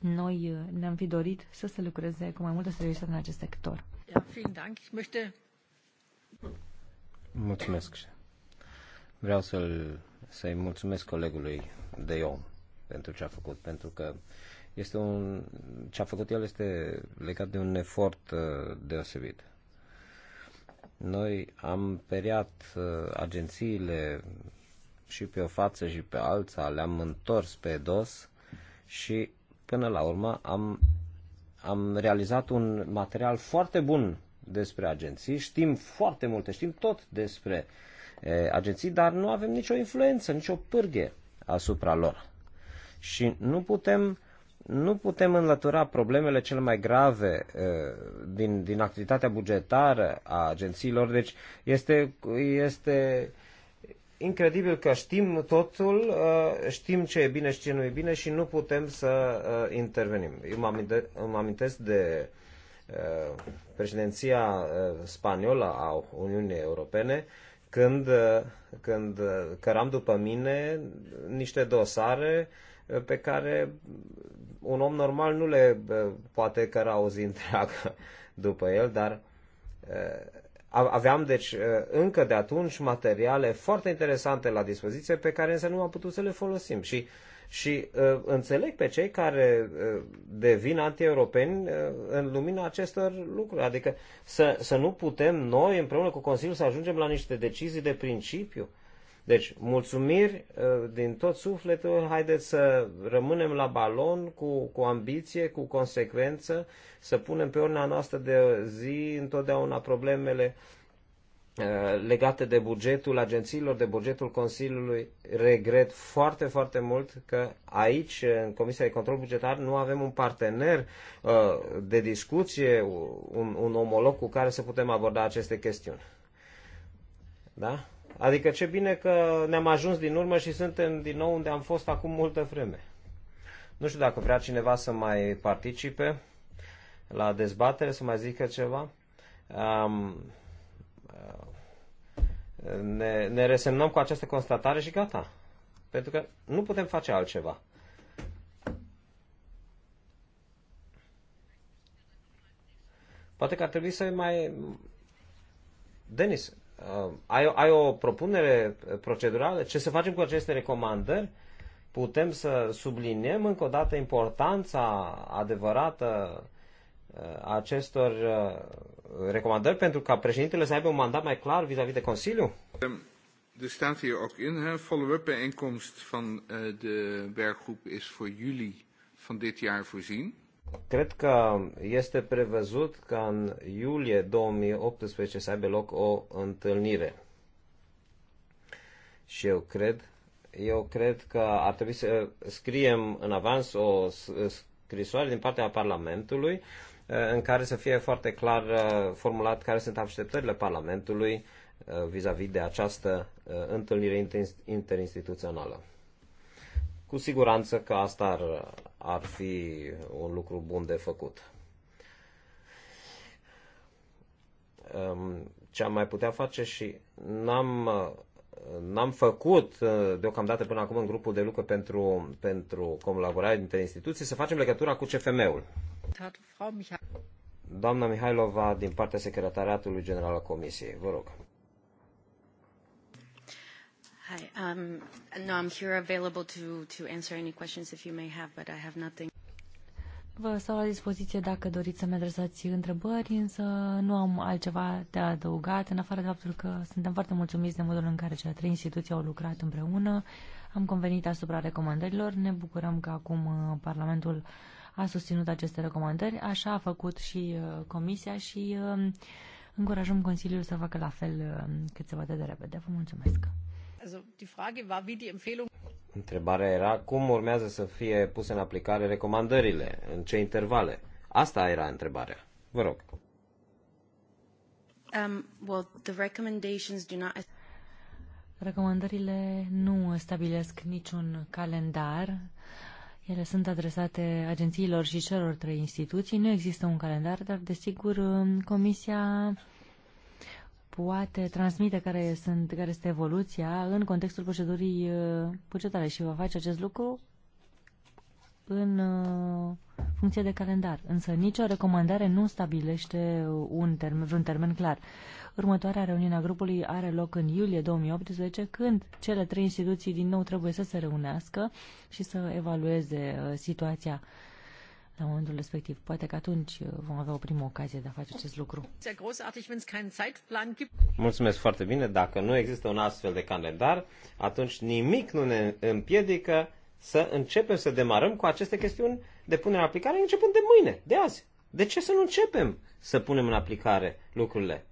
Noi ne-am fi dorit să se lucreze cu mai multă seriozitate în acest sector. Ja, vielen Dank. Ich möchte Mulțumesc. Vreau să-l, să-i mulțumesc colegului de om pentru ce a făcut, pentru că este un, ce a făcut el este legat de un efort uh, deosebit. Noi am periat uh, agențiile și pe o față și pe alta, le-am întors pe dos și până la urmă am, am realizat un material foarte bun despre agenții, știm foarte multe, știm tot despre e, agenții, dar nu avem nicio influență, nicio pârghie asupra lor. Și nu putem, nu putem înlătura problemele cele mai grave e, din, din activitatea bugetară a agențiilor, deci este, este incredibil că știm totul, știm ce e bine și ce nu e bine și nu putem să intervenim. Eu mă amintesc de președinția eh, spaniolă a Uniunii Europene când, eh, când eh, căram după mine niște dosare pe care un om normal nu le poate căra o zi întreagă după el, dar aveam deci încă de atunci materiale foarte interesante la dispoziție pe care însă nu am putut să le folosim și uh, și uh, înțeleg pe cei care uh, devin anti-europeni uh, în lumina acestor lucruri. Adică să, să nu putem noi, împreună cu Consiliul, să ajungem la niște decizii de principiu. Deci, mulțumiri uh, din tot sufletul, haideți să rămânem la balon cu, cu ambiție, cu consecvență, să punem pe urna noastră de zi întotdeauna problemele uh, Uh, legate de bugetul agențiilor, de bugetul Consiliului, regret foarte, foarte mult că aici, în Comisia de Control Bugetar, nu avem un partener uh, de discuție, un, un omolog cu care să putem aborda aceste chestiuni. Da? Adică ce bine că ne-am ajuns din urmă și suntem din nou unde am fost acum multă vreme. Nu știu dacă vrea cineva să mai participe la dezbatere, să mai zică ceva. Um, ne, ne resemnăm cu această constatare și gata. Pentru că nu putem face altceva. Poate că ar trebui să mai... Denis, uh, ai, ai o propunere procedurală? Ce să facem cu aceste recomandări? Putem să subliniem încă o dată importanța adevărată Uh, acestor uh, recomandări pentru ca președintele să aibă un mandat mai clar vis-a-vis -vis de Consiliu? Ehm, er staat hier ook in, hè, follow-up bijeenkomst van uh, de werkgroep is voor juli van dit jaar voorzien. Cred că este prevăzut ca în iulie 2018 să aibă loc o întâlnire. Și eu cred, eu cred că ar trebui să scriem în avans o scrisoare din partea Parlamentului Eh, în care să fie foarte clar eh, formulat care sunt așteptările Parlamentului eh, vis-a-vis -vis de această întâlnire interinstituțională. Cu siguranță că asta ar, ar fi un lucru bun de făcut. Ehm, ce am mai putea face și n-am, n-am făcut deocamdată până acum în grupul de lucru pentru, pentru colaborare dintre instituții, să facem legătura cu CFM-ul Doamna Mihailova, din partea Secretariatului General al Comisiei, vă rog. Hi. Um, no, I'm here available to, to answer any questions if you may have, but I have nothing. Vă stau la dispoziție dacă doriți să-mi adresați întrebări, însă nu am altceva de adăugat, în afară de faptul că suntem foarte mulțumiți de modul în care cele trei instituții au lucrat împreună. Am convenit asupra recomandărilor. Ne bucurăm că acum uh, Parlamentul a susținut aceste recomandări, așa a făcut și uh, Comisia și um, încurajăm Consiliul să facă la fel uh, cât se poate de repede. Vă mulțumesc! Întrebarea era cum urmează să fie puse în aplicare recomandările, în ce intervale. Asta era întrebarea. Vă rog. Um, well, the recommendations do not... Recomandările nu stabilesc niciun calendar. Ele sunt adresate agențiilor și celor trei instituții. Nu există un calendar, dar desigur um, Comisia poate transmite care, sunt, care este evoluția în contextul procedurii uh, bugetare și va face acest lucru în uh, funcție de calendar, însă nicio recomandare nu stabilește un termen, vreun termen clar. Următoarea reuniune a grupului are loc în iulie 2018, când cele trei instituții din nou trebuie să se reunească și să evalueze uh, situația la momentul respectiv. Poate că atunci uh, vom avea o primă ocazie de a face acest lucru. Mulțumesc foarte bine. Dacă nu există un astfel de calendar, atunci nimic nu ne împiedică să începem să demarăm cu aceste chestiuni de punere în aplicare începând de mâine, de azi. De ce să nu începem să punem în aplicare lucrurile?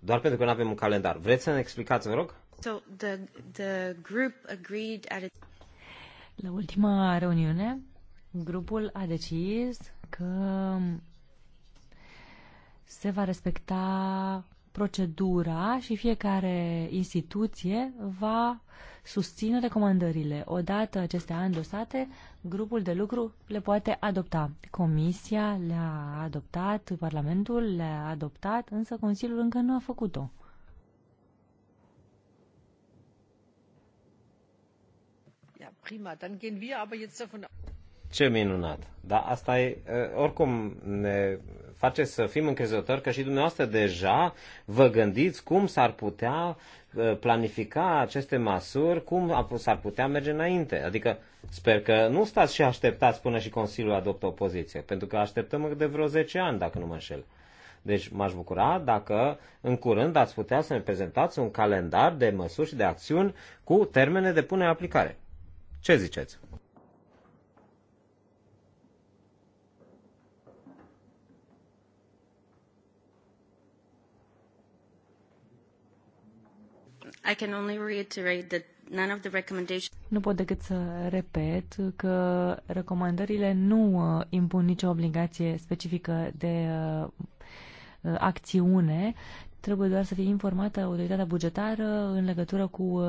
Doar pentru că nu avem un calendar. Vreți să ne explicați, vă rog? So the, the group agreed at its... La ultima reuniune, grupul a decis că se va respecta procedura și fiecare instituție va susțin recomandările. Odată acestea îndosate, grupul de lucru le poate adopta. Comisia le-a adoptat, Parlamentul le-a adoptat, însă Consiliul încă nu a făcut-o. prima, dann gehen wir aber jetzt davon ce minunat! Dar asta e, oricum, ne face să fim încrezători că și dumneavoastră deja vă gândiți cum s-ar putea planifica aceste măsuri, cum s-ar putea merge înainte. Adică sper că nu stați și așteptați până și Consiliul adoptă o poziție, pentru că așteptăm de vreo 10 ani, dacă nu mă înșel. Deci m-aș bucura dacă în curând ați putea să ne prezentați un calendar de măsuri și de acțiuni cu termene de pune în aplicare. Ce ziceți? I can only reiterate that none of the recommendations... Nu pot decât să repet că recomandările nu uh, impun nicio obligație specifică de uh, uh, acțiune, trebuie doar să fie informată autoritatea bugetară în legătură cu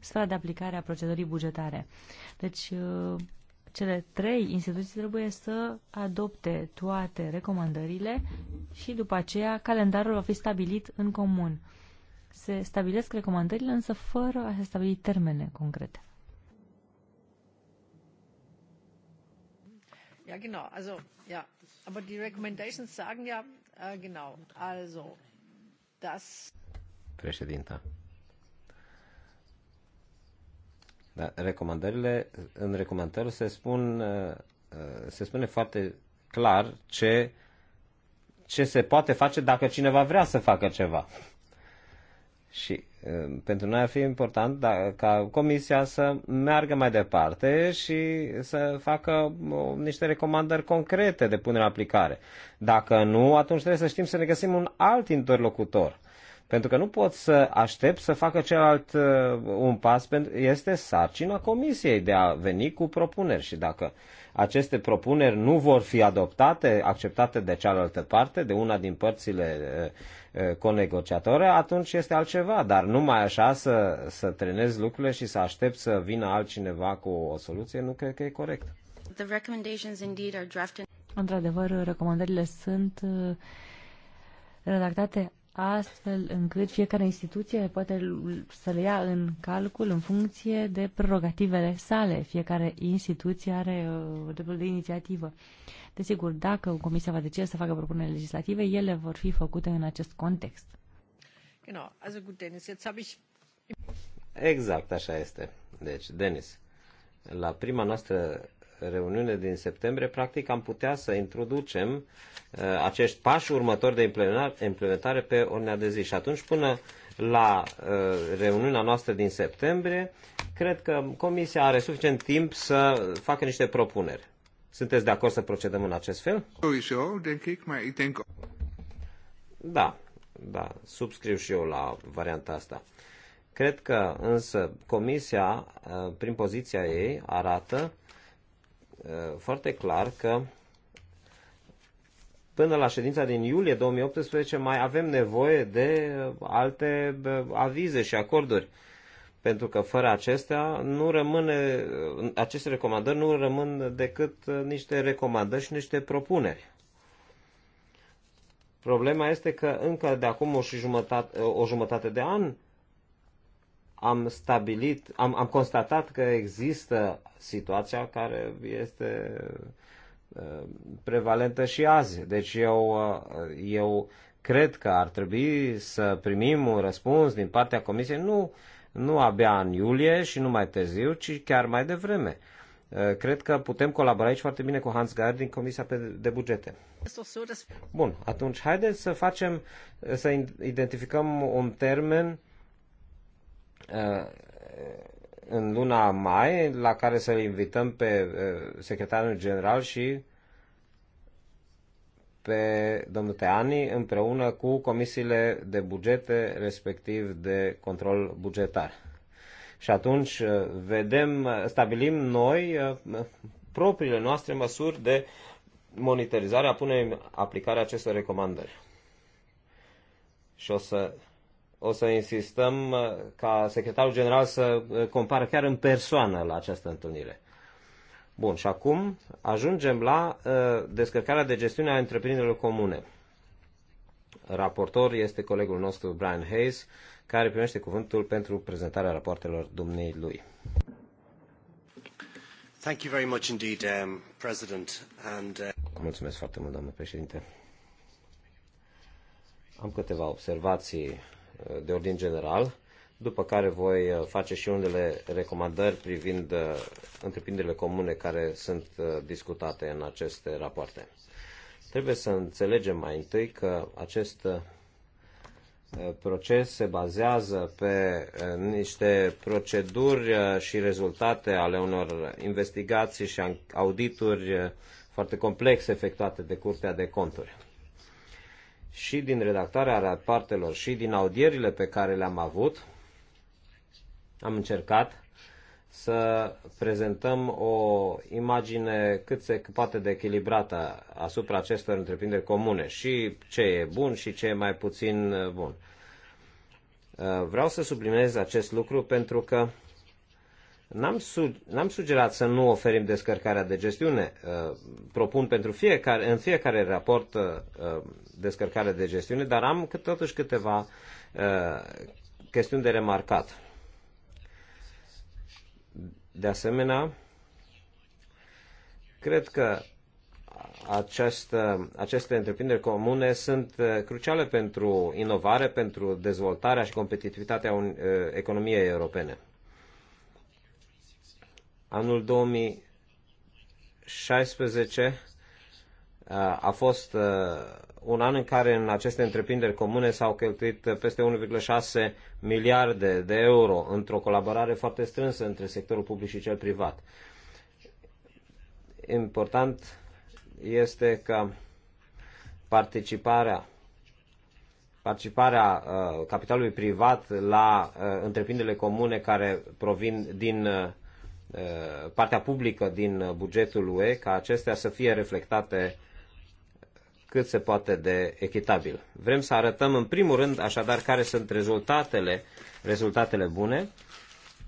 sfera de aplicare a procedurii bugetare. Deci, cele trei instituții trebuie să adopte toate recomandările și după aceea calendarul va fi stabilit în comun. Se stabilesc recomandările, însă fără a se stabili termene concrete. Ja, genau. Also, ja. Aber die recommendations sagen ja, äh, genau. Also, das. Președinta. Da, recomandările, în recomandări se, spun, uh, uh, se spune foarte clar ce, ce se poate face dacă cineva vrea să facă ceva. Și um, pentru noi ar fi important da, ca Comisia să meargă mai departe și să facă niște recomandări concrete de punere în aplicare. Dacă nu, atunci trebuie să știm să ne găsim un alt interlocutor. Pentru că nu pot să aștept să facă celălalt uh, un pas, este sarcina Comisiei de a veni cu propuneri și dacă aceste propuneri nu vor fi adoptate, acceptate de cealaltă parte, de una din părțile uh, conegociatoră, atunci este altceva, dar numai așa să, să trenezi lucrurile și să aștepți să vină altcineva cu o soluție, nu cred că e corect. Într-adevăr, recomandările sunt uh, redactate astfel încât fiecare instituție poate să le ia în calcul în funcție de prerogativele sale. Fiecare instituție are uh, dreptul de inițiativă. Desigur, dacă Comisia va decide să facă propuneri legislative, ele vor fi făcute în acest context. Exact, așa este. Deci, Denis, la prima noastră reuniune din septembrie, practic am putea să introducem uh, acești pași următori de implementare pe ordinea de zi. Și atunci, până la uh, reuniunea noastră din septembrie, cred că Comisia are suficient timp să facă niște propuneri. Sunteți de acord să procedăm în acest fel? Da, da, subscriu și eu la varianta asta. Cred că însă Comisia, uh, prin poziția ei, arată Uh, foarte clar că până la ședința din iulie 2018 mai avem nevoie de uh, alte uh, avize și acorduri. Pentru că fără acestea nu rămâne, aceste recomandări nu rămân decât niște recomandări și niște propuneri. Problema este că încă de acum o, și jumătate, o jumătate de an am stabilit, am, am constatat că există situația care este uh, prevalentă și azi. Deci eu, uh, eu cred că ar trebui să primim un răspuns din partea Comisiei, nu, nu abia în iulie și nu mai târziu, ci chiar mai devreme. Uh, cred că putem colabora aici foarte bine cu Hans Gard din Comisia de Bugete. Bun, atunci haideți să facem, să identificăm un termen Uh, în luna mai, la care să-l invităm pe uh, secretarul general și pe domnul Teani împreună cu comisiile de bugete, respectiv de control bugetar. Și atunci uh, vedem, stabilim noi propriile noastre măsuri de monitorizare a punerii în aplicare acestor recomandări. Și o să o să insistăm uh, ca secretarul general să uh, compare chiar în persoană la această întâlnire. Bun, și acum ajungem la uh, descărcarea de gestiune a întreprinderilor comune. Raportor este colegul nostru Brian Hayes, care primește cuvântul pentru prezentarea rapoartelor dumnei lui. Thank you very much indeed, um, President. And, uh... Mulțumesc foarte mult, doamnă președinte. Am câteva observații de ordin general, după care voi uh, face și unele recomandări privind uh, întreprinderile comune care sunt uh, discutate în aceste rapoarte. Trebuie să înțelegem mai întâi că acest proces se bazează pe niște proceduri și rezultate ale unor investigații și audituri foarte complexe efectuate de Curtea de Conturi și din redactarea rapoartelor și din audierile pe care le-am avut, am încercat să prezentăm o imagine cât se poate de echilibrată asupra acestor întreprinderi comune și ce e bun și ce e mai puțin uh, bun. Uh, vreau să subliniez acest lucru pentru că N-am, su- sugerat să nu oferim descărcarea de gestiune. Uh, propun pentru fiecare, în fiecare raport uh, uh, descărcarea de gestiune, dar am cât, totuși câteva chestiuni de remarcat. De asemenea, cred că această, aceste întreprinderi comune sunt cruciale pentru inovare, pentru dezvoltarea și competitivitatea economiei europene. Anul 2016 uh, a fost uh, un an în care în aceste întreprinderi comune s-au cheltuit uh, peste 1,6 miliarde de euro într-o colaborare foarte strânsă între sectorul public și cel privat. Important este că participarea participarea capitalului privat la întreprinderile comune care provin din Uh, partea publică din bugetul UE, ca acestea să fie reflectate cât se poate de echitabil. Vrem să arătăm în primul rând așadar care sunt rezultatele, rezultatele bune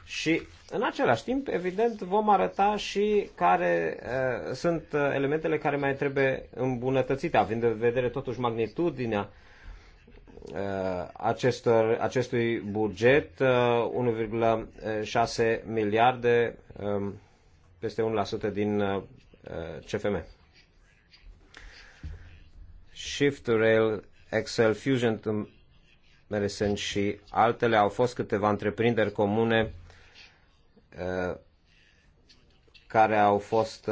și în același timp, evident, vom arăta și care uh, sunt uh, elementele care mai trebuie îmbunătățite, având în vedere totuși magnitudinea Uh, acestor, acestui buget, 1,6 uh, miliarde, um, peste 1% din uh, CFM. Shift to Rail, Excel, Fusion to Medicine și altele au fost câteva întreprinderi comune care au fost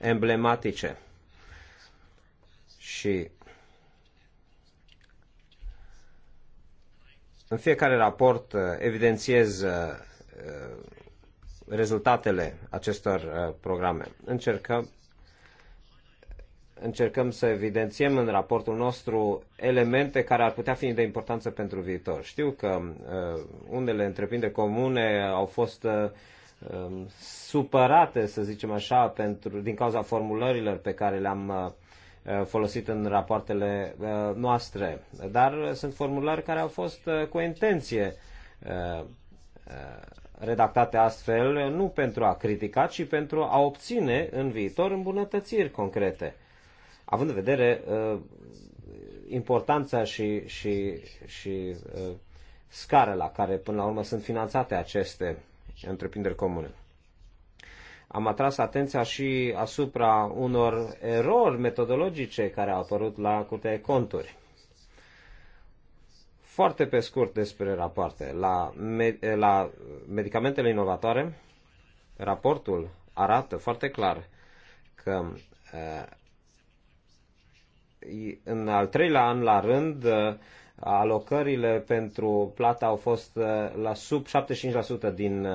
emblematice. Și În fiecare raport uh, evidențiez uh, rezultatele acestor uh, programe. Încercăm, încercăm să evidențiem în raportul nostru elemente care ar putea fi de importanță pentru viitor. Știu că unele întreprinderi comune au fost um, supărate, să zicem așa, pentru, din cauza formulărilor pe care le-am Eh, folosit în rapoartele eh, noastre, dar sunt formulări care au fost eh, cu intenție redactate astfel, nu pentru a critica, ci pentru a obține în viitor îmbunătățiri concrete. Având în vedere importanța și, și, și scara la care până la urmă sunt finanțate aceste întreprinderi comune am atras atenția și asupra unor erori metodologice care au apărut la Curtea Conturi. Foarte pe scurt despre rapoarte. La, me- la medicamentele inovatoare, raportul arată foarte clar că uh, în al treilea an la rând uh, alocările pentru plata au fost uh, la sub 75% din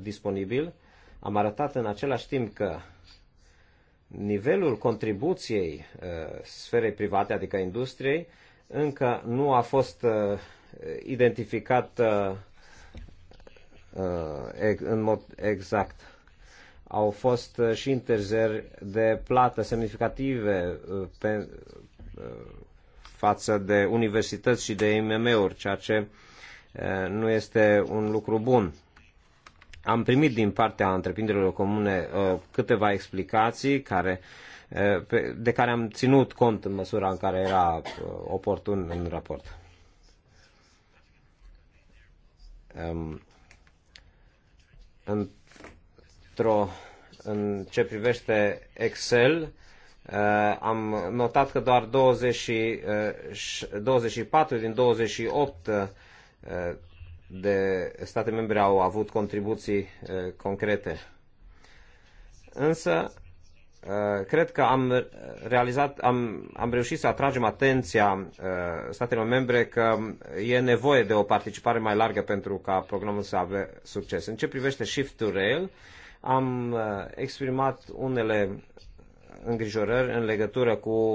disponibil am arătat în același timp că nivelul contribuției uh, sferei private, adică industriei, încă nu a fost uh, identificat uh, în mod exact. Au fost și interzeri de plată semnificative pe, față de universități și de IMM-uri, ceea ce nu este un lucru bun. Am primit din partea întreprinderilor comune uh, câteva explicații care, uh, de care am ținut cont în măsura în care era uh, oportun în raport. Um, într-o, în ce privește Excel, am notat că doar 20, 24 din 28 de state membre au avut contribuții eh, concrete. Însă, eh, cred că am realizat, am, am reușit să atragem atenția eh, statelor membre că e nevoie de o participare mai largă pentru ca programul să aibă succes. În ce privește Shift to Rail, am exprimat unele îngrijorări în legătură cu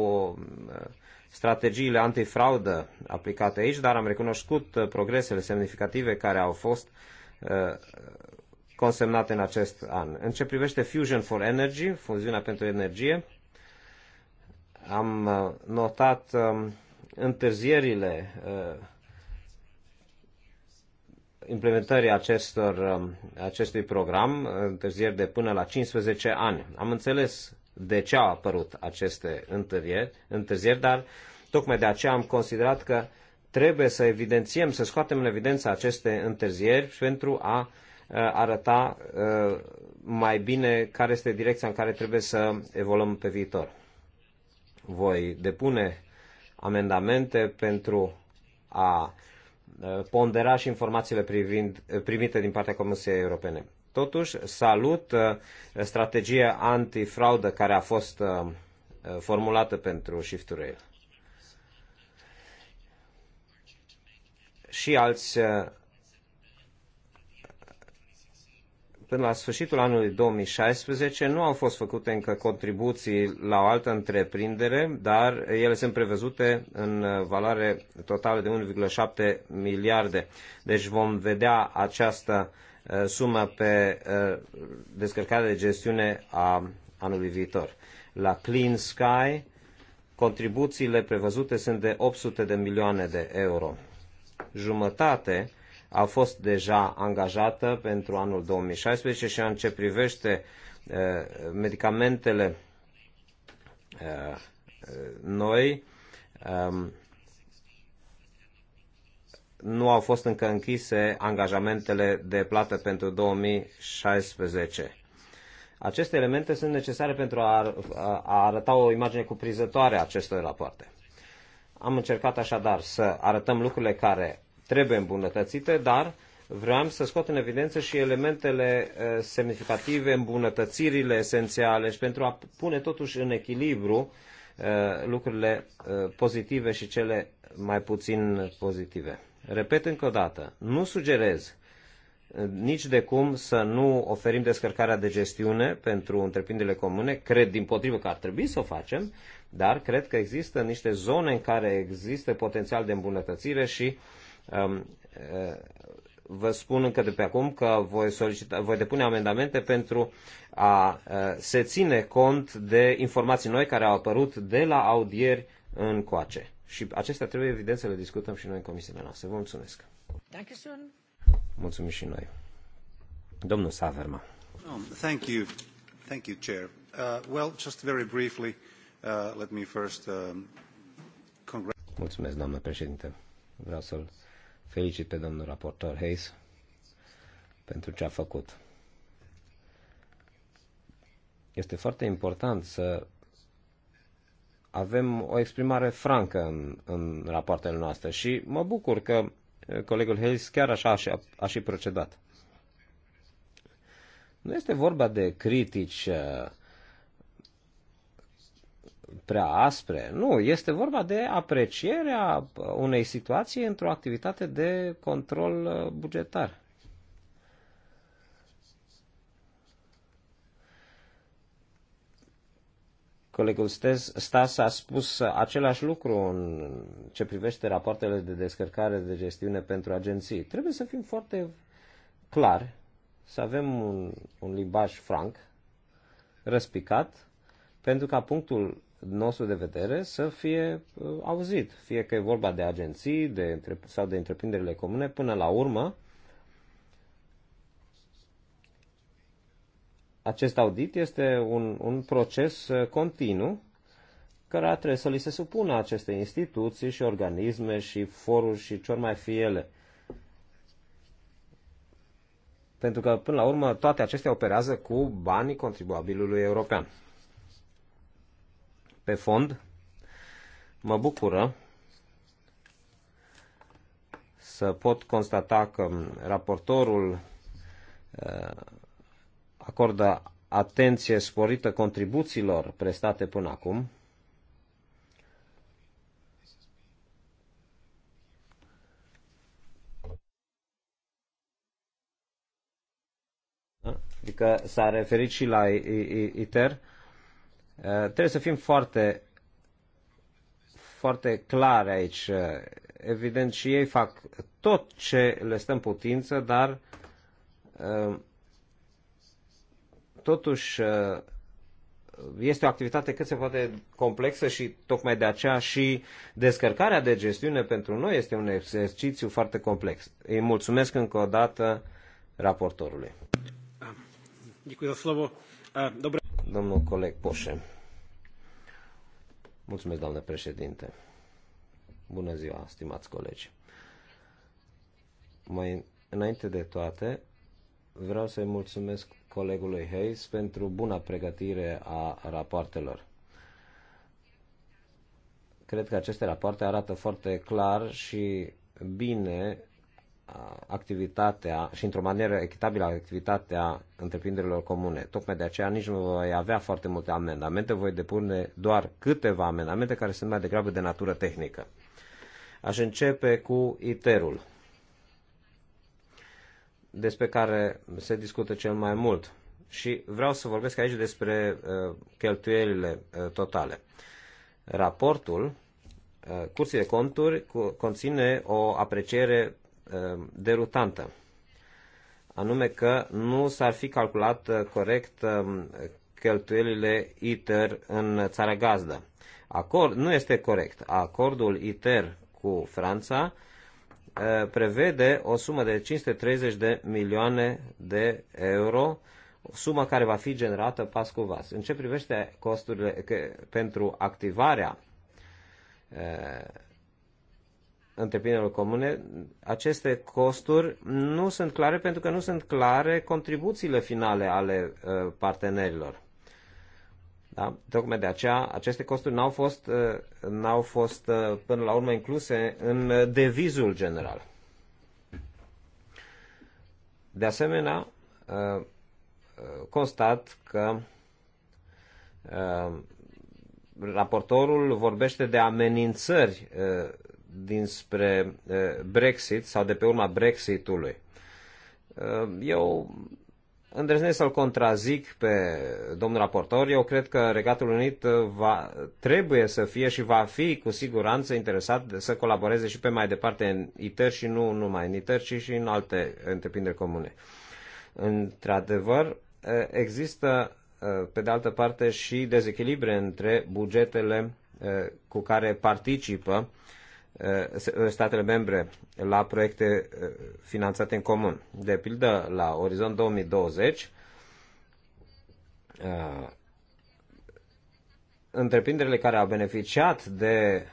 strategiile antifraudă aplicate aici, dar am recunoscut uh, progresele semnificative care au fost uh, consemnate în acest an. În ce privește Fusion for Energy, fuziunea pentru energie, am uh, notat um, întârzierile implementării acestor, um, acestui program, întârzieri de până la 15 ani. Am înțeles de ce au apărut aceste întârzieri, întârzieri dar tocmai de aceea am considerat că trebuie să evidențiem, să scoatem în evidență aceste întârzieri pentru a uh, arăta uh, mai bine care este direcția în care trebuie să evoluăm pe viitor. Voi depune amendamente pentru a uh, pondera și informațiile privind, primite din partea Comisiei Europene. Totuși, salut uh, strategia antifraudă care a fost uh, formulată pentru Shift Rail. Și alți uh, până la sfârșitul anului 2016 nu au fost făcute încă contribuții la o altă întreprindere, dar ele sunt prevăzute în valoare totală de 1,7 miliarde. Deci vom vedea această Uh, suma pe uh, descărcarea de gestiune a anului viitor. La Clean Sky, contribuțiile prevăzute sunt de 800 de milioane de euro. Jumătate a fost deja angajată pentru anul 2016 și în ce privește uh, medicamentele noi, um, nu au fost încă închise angajamentele de plată pentru 2016. Aceste elemente sunt necesare pentru a, arăta o imagine cuprizătoare a acestor rapoarte. Am încercat așadar să arătăm lucrurile care trebuie îmbunătățite, dar vreau să scot în evidență și elementele semnificative, îmbunătățirile esențiale și pentru a pune totuși în echilibru lucrurile pozitive și cele mai puțin pozitive. Repet încă o dată, nu sugerez eh, nici de cum să nu oferim descărcarea de gestiune pentru întreprinderile comune. Cred din potrivă că ar trebui să o facem, dar cred că există niște zone în care există potențial de îmbunătățire și um, vă spun încă de pe acum că voi, solicita, voi depune amendamente pentru a eh, se ține cont de informații noi care au apărut de la audieri încoace. Și acestea trebuie, evident, să le discutăm și noi în comisiile noastre. Vă mulțumesc. Mulțumim și noi. Domnul Saverma. Um, thank you. Thank you, Chair. Uh, well, just very briefly, uh, let me first um, Mulțumesc, doamnă președinte. Vreau să-l felicit pe domnul raportor Hayes pentru ce a făcut. Este foarte important să avem o exprimare francă în, în rapoartele noastre și mă bucur că uh, colegul Hayes chiar așa a, a și procedat. Nu este vorba de critici uh, prea aspre, nu, este vorba de aprecierea unei situații într-o activitate de control uh, bugetar. Colegul Stas a spus același lucru în ce privește rapoartele de descărcare de gestiune pentru agenții. Trebuie să fim foarte clari, să avem un, un limbaj franc, răspicat, pentru ca punctul nostru de vedere să fie uh, auzit, fie că e vorba de agenții de, sau de întreprinderile comune, până la urmă acest audit este un, un proces uh, continuu care trebuie să li se supună aceste instituții și organisme și foruri și ce mai fie ele. Pentru că, până la urmă, toate acestea operează cu banii contribuabilului european. Pe fond, mă bucură să pot constata că raportorul uh, acordă atenție sporită contribuțiilor prestate până acum. Adică s-a referit și la ITER. Trebuie să fim foarte, foarte clare aici. Evident, și ei fac tot ce le stă în putință, dar totuși uh, este o activitate cât se poate complexă și tocmai de aceea și descărcarea de gestiune pentru noi este un exercițiu foarte complex. Îi mulțumesc încă o dată raportorului. Eh, Domnul coleg Poșe. Mulțumesc, doamnă președinte. Bună ziua, stimați colegi. Mai înainte de toate, vreau să-i mulțumesc colegului Hayes pentru buna pregătire a rapoartelor. Cred că aceste rapoarte arată foarte clar și bine activitatea și într-o manieră echitabilă activitatea întreprinderilor comune. Tocmai de aceea nici nu voi avea foarte multe amendamente, voi depune doar câteva amendamente care sunt mai degrabă de natură tehnică. Aș începe cu ITER-ul despre care se discută cel mai mult. Și vreau să vorbesc aici despre uh, cheltuielile uh, totale. Raportul uh, Curții de Conturi cu, conține o apreciere uh, derutantă, anume că nu s-ar fi calculat uh, corect uh, cheltuielile ITER în țara gazdă. Acord, nu este corect. Acordul ITER cu Franța uh, Uh, prevede o sumă de 530 de milioane de euro, sumă care va fi generată pas cu vas. În ce privește costurile pentru activarea uh, întreprinderilor comune, aceste costuri nu sunt clare pentru că nu sunt clare contribuțiile finale ale uh, partenerilor. Da? Tocmai de aceea aceste costuri n-au fost, uh, n-au fost uh, până la urmă incluse în uh, devizul general. De asemenea, constat că raportorul vorbește de amenințări dinspre Brexit sau de pe urma Brexitului. Eu îndrăznesc să-l contrazic pe domnul raportor. Eu cred că Regatul Unit uh, va, trebuie să fie și va fi cu siguranță interesat să colaboreze și pe mai departe în ITER și nu numai în ITER, ci și în alte întreprinderi comune. Într-adevăr, uh, există uh, pe de altă parte și dezechilibre între bugetele cu care participă Uh, uh, statele membre la proiecte uh, finanțate în comun. De pildă, la Orizont 2020, întreprinderile care au beneficiat de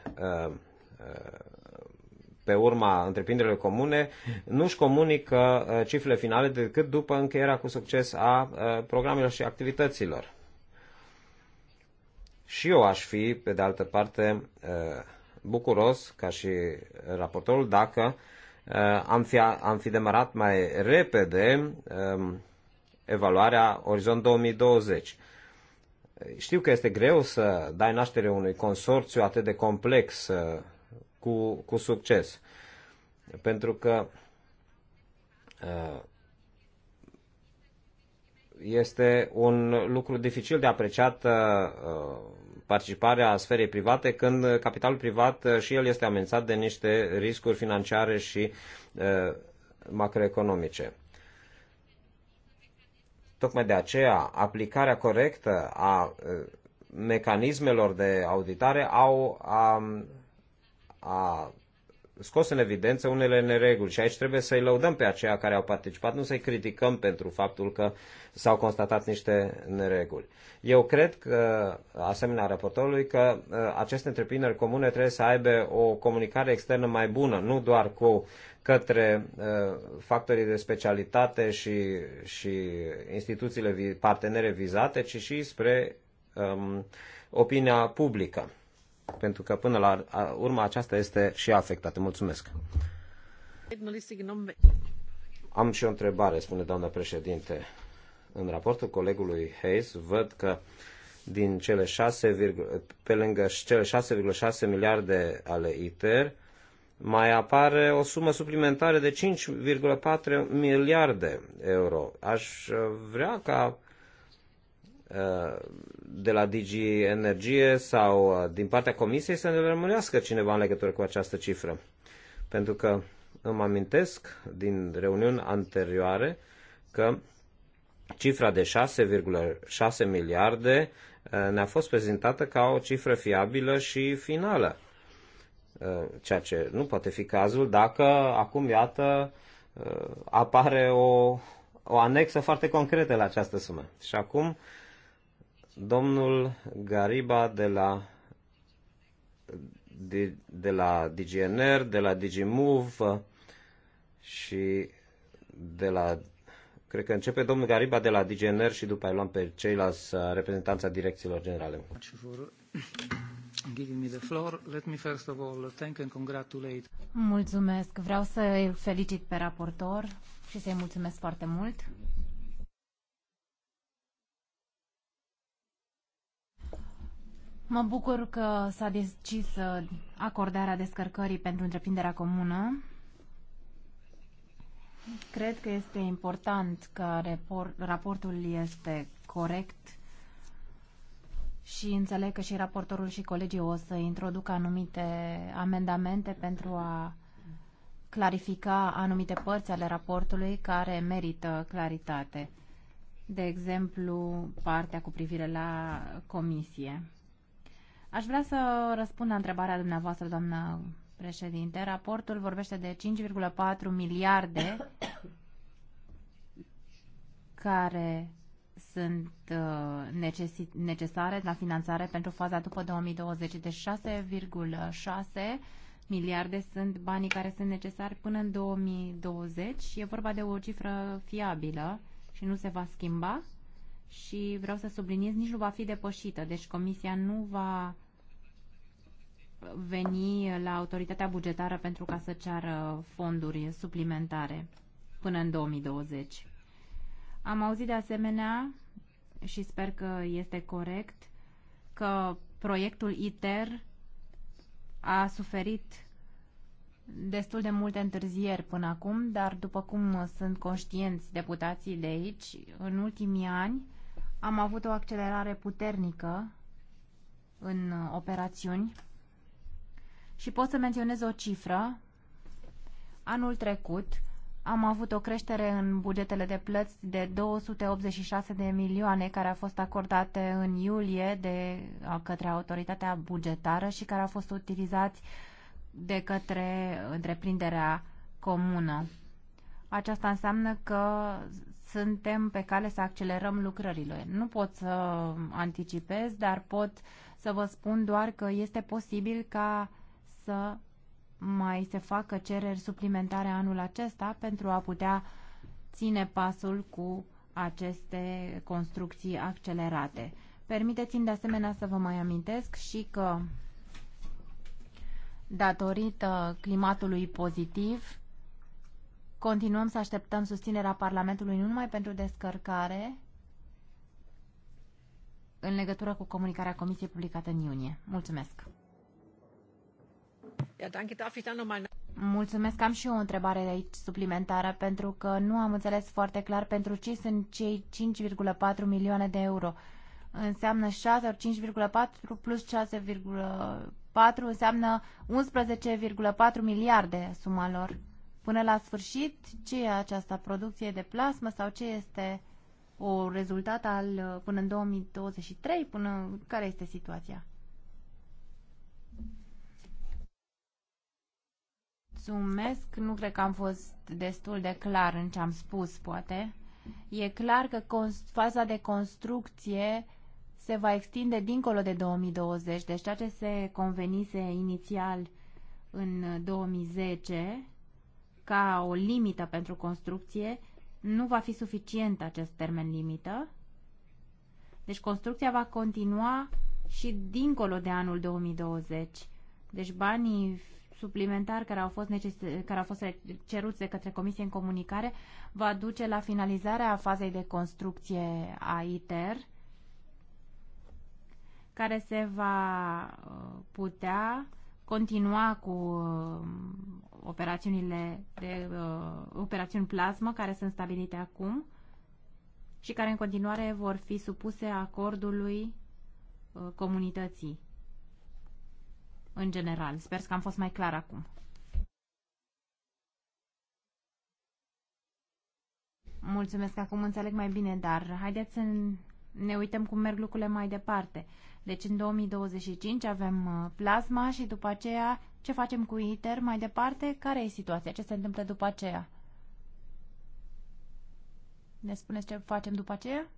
pe urma întreprinderilor comune nu își comunică cifrele finale decât după încheierea cu succes a programelor și activităților. Și eu aș fi, pe de altă parte, bucuros, ca și raportorul, dacă uh, am fi, am fi demarat mai repede um, evaluarea Orizont 2020. Știu că este greu să dai naștere unui consorțiu atât de complex uh, cu, cu succes, pentru că uh, este un lucru dificil de apreciat participarea a sferei private când capitalul privat uh, și el este amenințat de niște riscuri financiare și uh, macroeconomice. Tocmai de aceea, aplicarea corectă a uh, mecanismelor de auditare au um, a, a scos în evidență unele nereguli și aici trebuie să-i lăudăm pe aceia care au participat, nu să-i criticăm pentru faptul că s-au constatat niște nereguli. Eu cred că, asemenea raportorului, că uh, aceste întreprinderi comune trebuie să aibă o comunicare externă mai bună, nu doar cu către uh, factorii de specialitate și, și instituțiile partenere vizate, ci și spre um, opinia publică pentru că până la urmă aceasta este și afectată. Mulțumesc. Am și o întrebare, spune doamna președinte. În raportul colegului Hayes văd că din cele 6, pe lângă cele 6,6 miliarde ale ITER, mai apare o sumă suplimentară de 5,4 miliarde euro. Aș vrea ca Uh, de la Digi Energie sau uh, din partea Comisiei să ne rămânească cineva în legătură cu această cifră. Pentru că îmi amintesc din reuniuni anterioare că cifra de 6,6 miliarde uh, ne-a fost prezentată ca o cifră fiabilă și finală, ceea ce nu poate fi cazul dacă acum, iată, apare o, o anexă foarte concretă la această sumă. Și acum Domnul Gariba de la, de, de la DGNR, de la DigiMove și de la Cred că începe domnul Gariba de la DGNR și după aia luăm pe ceilalți uh, reprezentanța direcțiilor generale. Mulțumesc. Vreau să îl felicit pe raportor și să-i mulțumesc foarte mult. Mă bucur că s-a decis uh, acordarea descărcării pentru întreprinderea comună. Cred că este important că raportul este corect și înțeleg că și raportorul și colegii o să introducă anumite amendamente pentru a clarifica anumite părți ale raportului care merită claritate. De exemplu, partea cu privire la comisie. Aș vrea să răspund la întrebarea dumneavoastră, doamnă președinte. Raportul vorbește de 5,4 miliarde care sunt uh, necesare la finanțare pentru faza după 2020. De 6,6 miliarde sunt banii care sunt necesari până în 2020. E vorba de o cifră fiabilă și nu se va schimba și vreau să subliniez, nici nu va fi depășită. Deci Comisia nu va veni la autoritatea bugetară pentru ca să ceară fonduri suplimentare până în 2020. Am auzit de asemenea și sper că este corect că proiectul ITER a suferit destul de multe întârzieri până acum, dar după cum sunt conștienți deputații de aici, în ultimii ani am avut o accelerare puternică în uh, operațiuni și pot să menționez o cifră. Anul trecut am avut o creștere în bugetele de plăți de 286 de milioane care a fost acordate în iulie de către autoritatea bugetară și care au fost utilizați de către întreprinderea comună. Aceasta înseamnă că suntem pe cale să accelerăm lucrările. Nu pot să anticipez, dar pot să vă spun doar că este posibil ca să mai se facă cereri suplimentare anul acesta pentru a putea ține pasul cu aceste construcții accelerate. Permiteți-mi de asemenea să vă mai amintesc și că datorită climatului pozitiv Continuăm să așteptăm susținerea Parlamentului nu numai pentru descărcare în legătură cu comunicarea Comisiei publicată în iunie. Mulțumesc! Mulțumesc, am și eu o întrebare aici suplimentară, pentru că nu am înțeles foarte clar pentru ce sunt cei 5,4 milioane de euro. Înseamnă 6 ori 5,4 plus 6,4 înseamnă 11,4 miliarde suma lor până la sfârșit ce e această producție de plasmă sau ce este o rezultat al până în 2023, până care este situația? Mulțumesc, nu cred că am fost destul de clar în ce am spus, poate. E clar că faza de construcție se va extinde dincolo de 2020, deci ceea ce se convenise inițial în 2010 ca o limită pentru construcție, nu va fi suficient acest termen limită. Deci construcția va continua și dincolo de anul 2020. Deci banii suplimentari care au fost, neces- care au fost ceruți de către Comisie în comunicare va duce la finalizarea fazei de construcție a ITER care se va uh, putea continua cu uh, operațiunile de uh, operațiuni plasmă care sunt stabilite acum și care în continuare vor fi supuse acordului uh, comunității în general. Sper că am fost mai clar acum. Mulțumesc, acum înțeleg mai bine, dar haideți să ne uităm cum merg lucrurile mai departe. Deci în 2025 avem uh, plasma și după aceea ce facem cu ITER mai departe? Care e situația? Ce se întâmplă după aceea? Ne spuneți ce facem după aceea?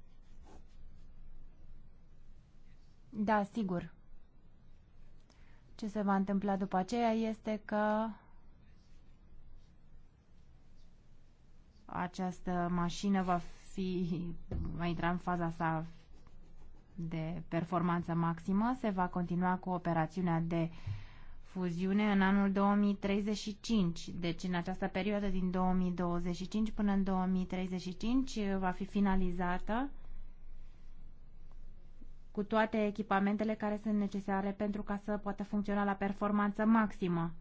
Da, sigur. Ce se va întâmpla după aceea este că această mașină va fi va intra în faza sa de performanță maximă. Se va continua cu operațiunea de fuziune în anul 2035. Deci în această perioadă din 2025 până în 2035 uh, va fi finalizată cu toate echipamentele care sunt necesare pentru ca să poată funcționa la performanță maximă.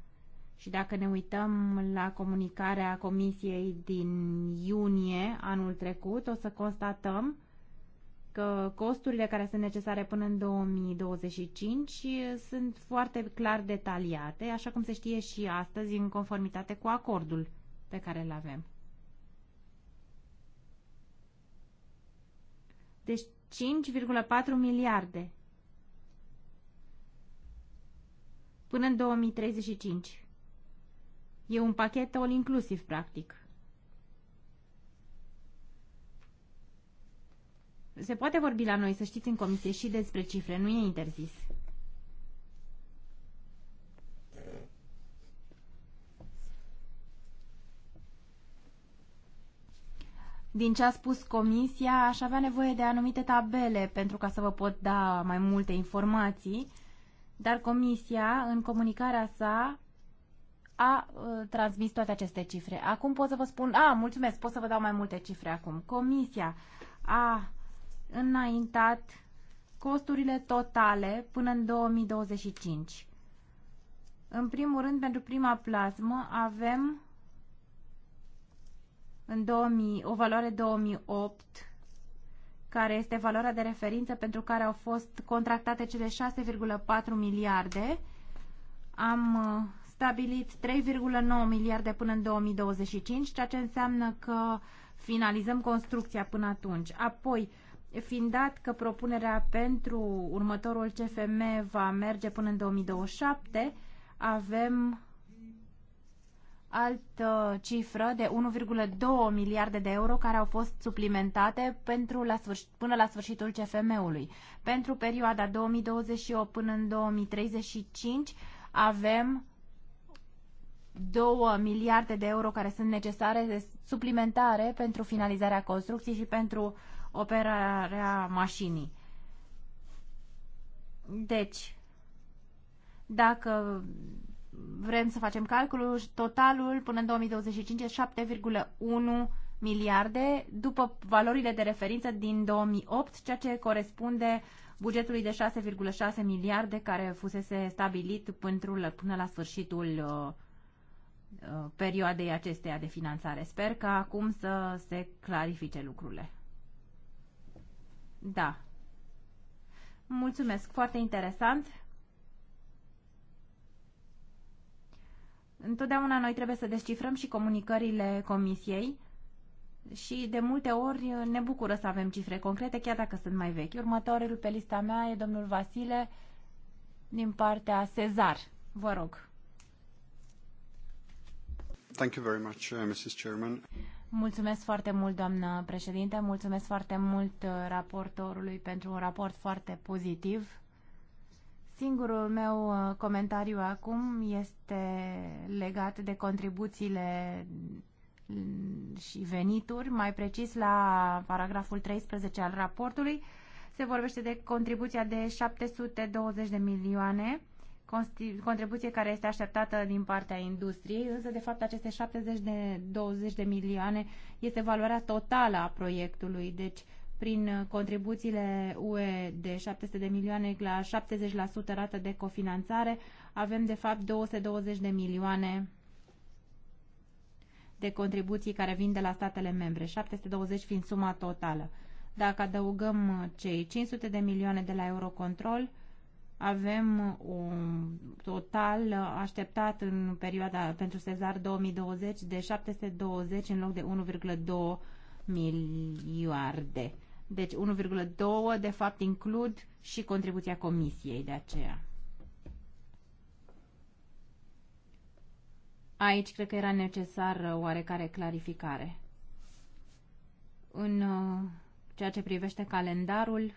Și dacă ne uităm la comunicarea Comisiei din iunie anul trecut, o să constatăm că costurile care sunt necesare până în 2025 sunt foarte clar detaliate, așa cum se știe și astăzi, în conformitate cu acordul pe care îl avem. Deci 5,4 miliarde până în 2035. E un pachet all inclusiv, practic. se poate vorbi la noi, să știți, în comisie și despre cifre, nu e interzis. Din ce a spus comisia, aș avea nevoie de anumite tabele pentru ca să vă pot da mai multe informații, dar comisia, în comunicarea sa, a uh, transmis toate aceste cifre. Acum pot să vă spun, a, mulțumesc, pot să vă dau mai multe cifre acum. Comisia a înaintat costurile totale până în 2025. În primul rând, pentru prima plasmă avem în 2000, o valoare 2008 care este valoarea de referință pentru care au fost contractate cele 6,4 miliarde. Am uh, stabilit 3,9 miliarde până în 2025, ceea ce înseamnă că finalizăm construcția până atunci. Apoi, fiind dat că propunerea pentru următorul CFM va merge până în 2027, avem altă cifră de 1,2 miliarde de euro care au fost suplimentate pentru la sfârș- până la sfârșitul CFM-ului. Pentru perioada 2028 până în 2035 avem 2 miliarde de euro care sunt necesare de suplimentare pentru finalizarea construcției și pentru operarea mașinii. Deci, dacă vrem să facem calculul, totalul până în 2025 e 7,1 miliarde după valorile de referință din 2008, ceea ce corespunde bugetului de 6,6 miliarde care fusese stabilit pentru până la sfârșitul uh, uh, perioadei acesteia de finanțare. Sper că acum să se clarifice lucrurile. Da. Mulțumesc, foarte interesant. Întotdeauna noi trebuie să descifrăm și comunicările comisiei și de multe ori ne bucură să avem cifre concrete, chiar dacă sunt mai vechi. Următorul pe lista mea e domnul Vasile din partea Cezar. Vă rog. Thank you very much, uh, Mrs. Chairman. Mulțumesc foarte mult, doamnă președinte, mulțumesc foarte mult uh, raportorului pentru un raport foarte pozitiv. Singurul meu uh, comentariu acum este legat de contribuțiile mm, și venituri, mai precis la paragraful 13 al raportului. Se vorbește de contribuția de 720 de milioane contribuție care este așteptată din partea industriei, însă de fapt aceste 70 de 20 de milioane este valoarea totală a proiectului, deci prin contribuțiile UE de 700 de milioane la 70% rată de cofinanțare, avem de fapt 220 de milioane de contribuții care vin de la statele membre, 720 fiind suma totală. Dacă adăugăm cei 500 de milioane de la Eurocontrol, avem un total așteptat în perioada pentru Sezar 2020 de 720 în loc de 1,2 miliarde. Deci 1,2 de fapt includ și contribuția comisiei de aceea. Aici cred că era necesară oarecare clarificare. În uh, ceea ce privește calendarul,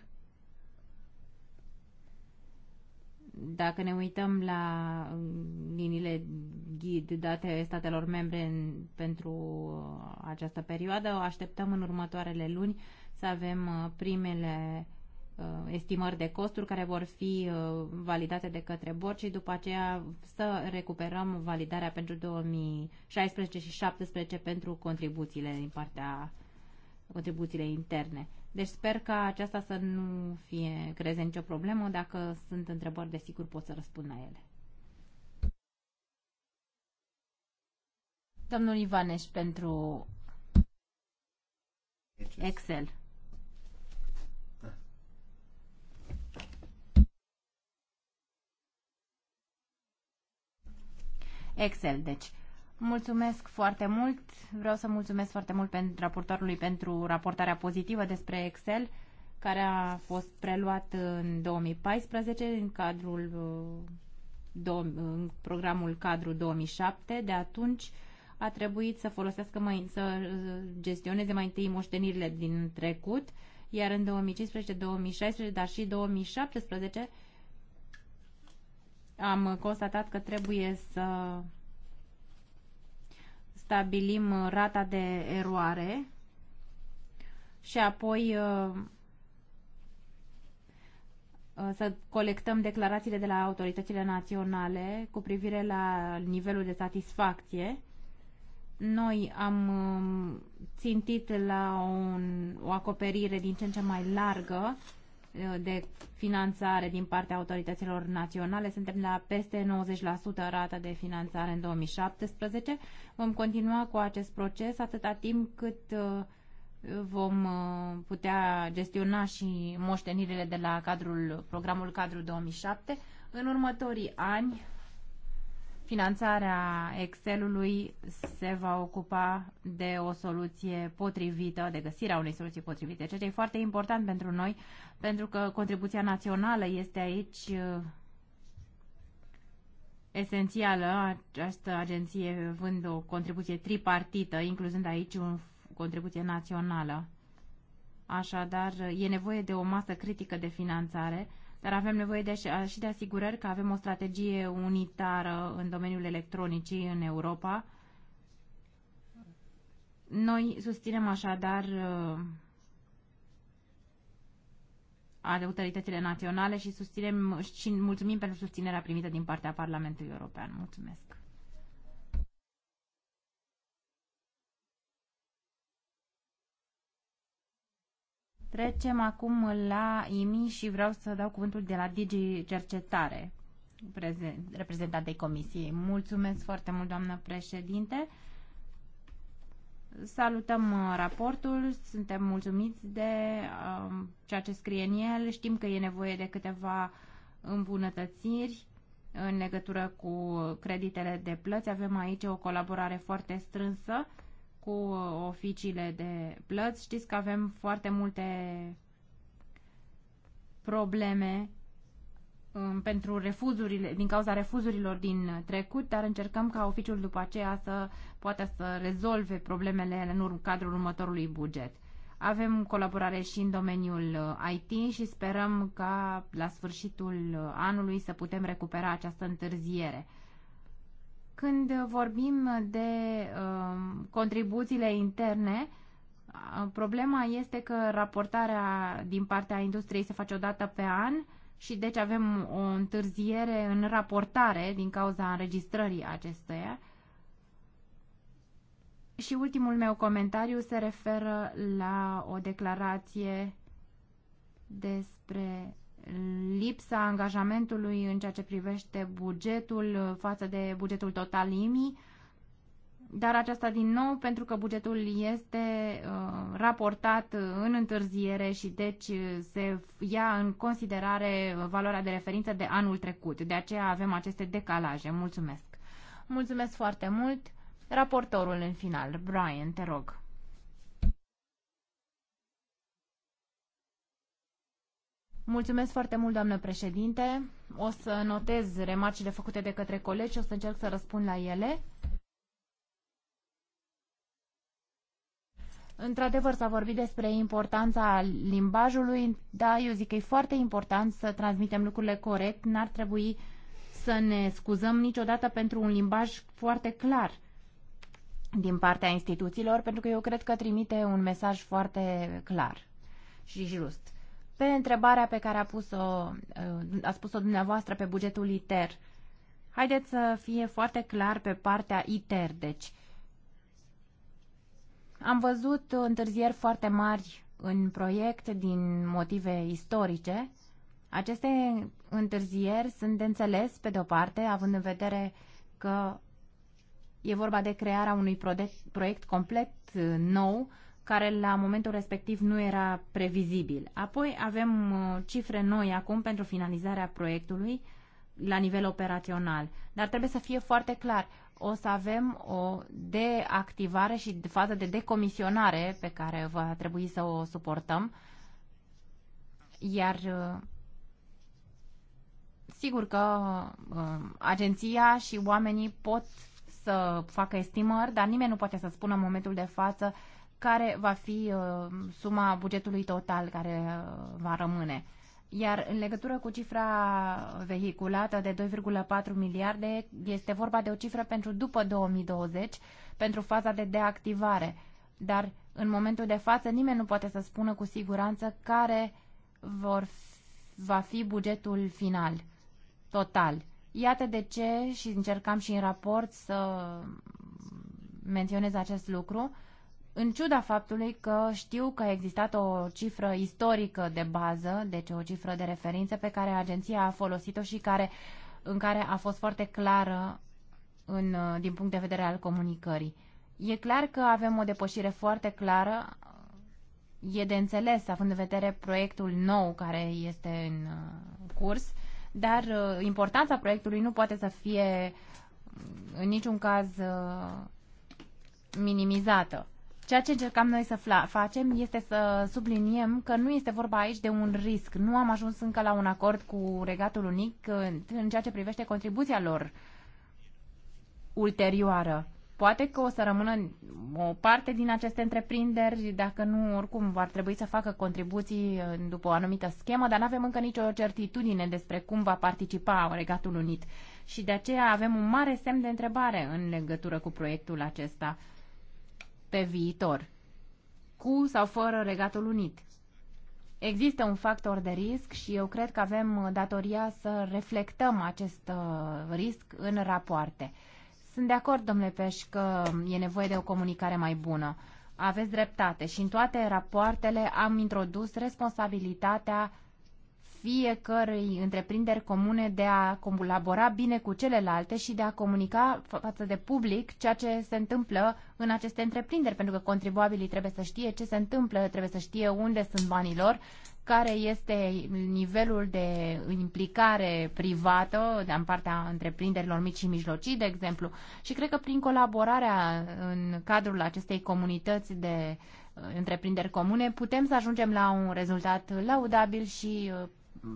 Dacă ne uităm la mm, liniile ghid date statelor membre în, pentru uh, această perioadă, o așteptăm în următoarele luni să avem uh, primele uh, estimări de costuri care vor fi validate de către bord și după aceea să recuperăm validarea pentru 2016 și 2017 pentru contribuțiile din partea contribuțiile interne. Deci sper că aceasta să nu fie creze nicio problemă. Dacă sunt întrebări, desigur pot să răspund la ele. Domnul Ivaneș, pentru Excel. Excel, deci. Mulțumesc foarte mult. Vreau să mulțumesc foarte mult pentru raportorului pentru raportarea pozitivă despre Excel, care a fost preluat în 2014 în cadrul uh, în programul cadru 2007. De atunci a trebuit să folosească mai să uh, gestioneze mai întâi moștenirile din trecut, iar în 2015, 2016, dar și 2017 am constatat că trebuie să stabilim uh, rata de eroare și apoi uh, uh, să colectăm declarațiile de la autoritățile naționale cu privire la nivelul de satisfacție. Noi am um, țintit la un, o acoperire din ce în ce mai largă Eh, de finanțare din partea autorităților naționale. Suntem la peste 90% rată de finanțare în 2017. Vom continua cu acest proces atâta timp cât eh, vom eh, putea gestiona și moștenirile de la cadrul, programul cadru 2007. În următorii ani Finanțarea Excelului se va ocupa de o soluție potrivită, de găsirea unei soluții potrivite, ceea ce e foarte important pentru noi, pentru că contribuția națională este aici uh, esențială. Această agenție vând o contribuție tripartită, incluzând aici o contribuție națională. Așadar, e nevoie de o masă critică de finanțare dar avem nevoie de, și de asigurări că avem o strategie unitară în domeniul electronicii în Europa. Noi susținem așadar uh, autoritățile naționale și susținem și mulțumim pentru susținerea primită din partea Parlamentului European. Mulțumesc! Trecem acum la IMI și vreau să dau cuvântul de la Digi Cercetare, de Comisiei. Mulțumesc foarte mult, doamnă președinte. Salutăm uh, raportul, suntem mulțumiți de um, ceea ce scrie în el. Știm că e nevoie de câteva îmbunătățiri în legătură cu creditele de plăți. Avem aici o colaborare foarte strânsă cu oficiile de plăți. Știți că avem foarte multe probleme um, pentru refuzurile, din cauza refuzurilor din trecut, dar încercăm ca oficiul după aceea să poată să rezolve problemele în cadrul următorului buget. Avem colaborare și în domeniul uh, IT și sperăm ca la sfârșitul anului să putem recupera această întârziere. Când vorbim de uh, contribuțiile interne, problema este că raportarea din partea industriei se face o dată pe an și deci avem o întârziere în raportare din cauza înregistrării acesteia. Și ultimul meu comentariu se referă la o declarație despre lipsa angajamentului în ceea ce privește bugetul față de bugetul total IMI, dar aceasta din nou pentru că bugetul este uh, raportat în întârziere și deci uh, se ia în considerare valoarea de referință de anul trecut. De aceea avem aceste decalaje. Mulțumesc! Mulțumesc foarte mult! Raportorul în final, Brian, te rog. Mulțumesc foarte mult, doamnă președinte. O să notez remarcile făcute de către colegi și o să încerc să răspund la ele. Într-adevăr, s-a vorbit despre importanța limbajului, da, eu zic că e foarte important să transmitem lucrurile corect, n-ar trebui să ne scuzăm niciodată pentru un limbaj foarte clar din partea instituțiilor, pentru că eu cred că trimite un mesaj foarte clar și just. Pe întrebarea pe care a pus-o, uh, a spus-o dumneavoastră pe bugetul ITER, haideți să fie foarte clar pe partea ITER, deci. Am văzut întârzieri foarte mari în proiect din motive istorice. Aceste întârzieri sunt de înțeles, pe de-o parte, având în vedere că e vorba de crearea unui proiect complet uh, nou, care la momentul respectiv nu era previzibil. Apoi avem uh, cifre noi acum pentru finalizarea proiectului la nivel operațional. Dar trebuie să fie foarte clar, o să avem o deactivare și fază de decomisionare pe care va trebui să o suportăm. Iar uh, sigur că uh, agenția și oamenii pot să facă estimări, dar nimeni nu poate să spună în momentul de față uh, care va fi uh, suma bugetului total care uh, va rămâne. Iar în legătură cu cifra vehiculată de 2,4 miliarde, este vorba de o cifră pentru după 2020, pentru faza de deactivare. Dar în momentul de față nimeni nu poate să spună cu siguranță care vor, va fi bugetul final, total. Iată de ce și încercam și în raport să menționez acest lucru în ciuda faptului că știu că a existat o cifră istorică de bază, deci o cifră de referință pe care agenția a folosit-o și care, în care a fost foarte clară în, din punct de vedere al comunicării. E clar că avem o depășire foarte clară, e de înțeles, având în vedere proiectul nou care este în uh, curs, dar uh, importanța proiectului nu poate să fie mm, în niciun caz uh, minimizată. Ceea ce încercam noi să facem este să subliniem că nu este vorba aici de un risc. Nu am ajuns încă la un acord cu Regatul Unic în ceea ce privește contribuția lor ulterioară. Poate că o să rămână o parte din aceste întreprinderi, dacă nu, oricum, ar trebui să facă contribuții uh, după o anumită schemă, dar nu avem încă nicio certitudine despre cum va participa Regatul Unit. Și de aceea avem un mare semn de întrebare în legătură cu proiectul acesta pe viitor, cu sau fără Regatul Unit. Există un factor de risc și eu cred că avem datoria să reflectăm acest uh, risc în rapoarte. Sunt de acord, domnule Peș, că e nevoie de o comunicare mai bună. Aveți dreptate și în toate rapoartele am introdus responsabilitatea fiecărei întreprinderi comune de a colabora bine cu celelalte și de a comunica față de public ceea ce se întâmplă în aceste întreprinderi, pentru că contribuabilii trebuie să știe ce se întâmplă, trebuie să știe unde sunt banii lor, care este nivelul de implicare privată în partea întreprinderilor mici și mijlocii, de exemplu. Și cred că prin colaborarea în cadrul acestei comunități de uh, întreprinderi comune putem să ajungem la un rezultat laudabil și uh,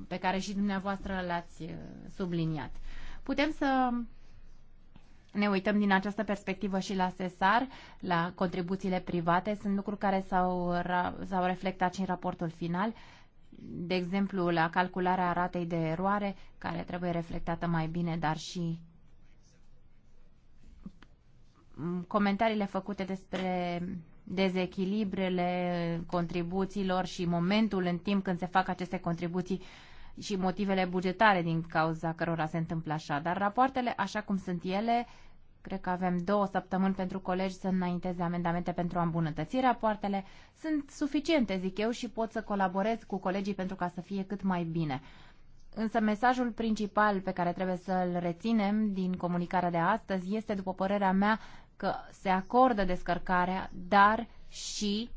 pe care și dumneavoastră l-ați uh, subliniat. Putem să ne uităm din această perspectivă și la SESAR, la contribuțiile private. Sunt lucruri care s-au, s-au reflectat și în raportul final. De exemplu, la calcularea ratei de eroare, care trebuie reflectată mai bine, dar și comentariile făcute despre dezechilibrele contribuțiilor și momentul în timp când se fac aceste contribuții și motivele bugetare din cauza cărora se întâmplă așa. Dar rapoartele, așa cum sunt ele, cred că avem două săptămâni pentru colegi să înainteze amendamente pentru a îmbunătăți rapoartele, sunt suficiente, zic eu, și pot să colaborez cu colegii pentru ca să fie cât mai bine. Însă mesajul principal pe care trebuie să-l reținem din comunicarea de astăzi este, după părerea mea, că se acordă descărcarea, dar și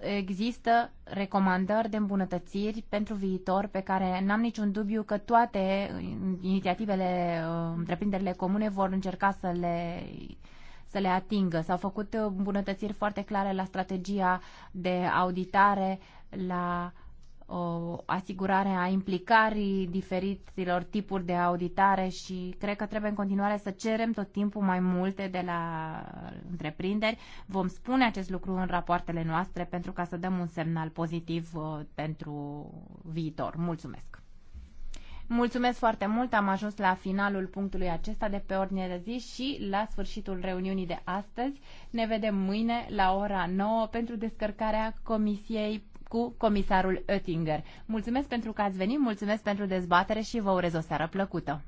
există recomandări de îmbunătățiri pentru viitor pe care n-am niciun dubiu că toate inițiativele, uh, întreprinderile comune vor încerca să le să le atingă. S-au făcut îmbunătățiri foarte clare la strategia de auditare, la uh, o asigurare a implicării diferitilor tipuri de auditare și cred că trebuie în continuare să cerem tot timpul mai multe de la întreprinderi. Vom spune acest lucru în rapoartele noastre pentru ca să dăm un semnal pozitiv uh, pentru viitor. Mulțumesc! Mulțumesc foarte mult, am ajuns la finalul punctului acesta de pe ordine de zi și la sfârșitul reuniunii de astăzi. Ne vedem mâine la ora 9 pentru descărcarea Comisiei cu comisarul Oettinger. Mulțumesc pentru că ați venit, mulțumesc pentru dezbatere și vă urez o seară plăcută.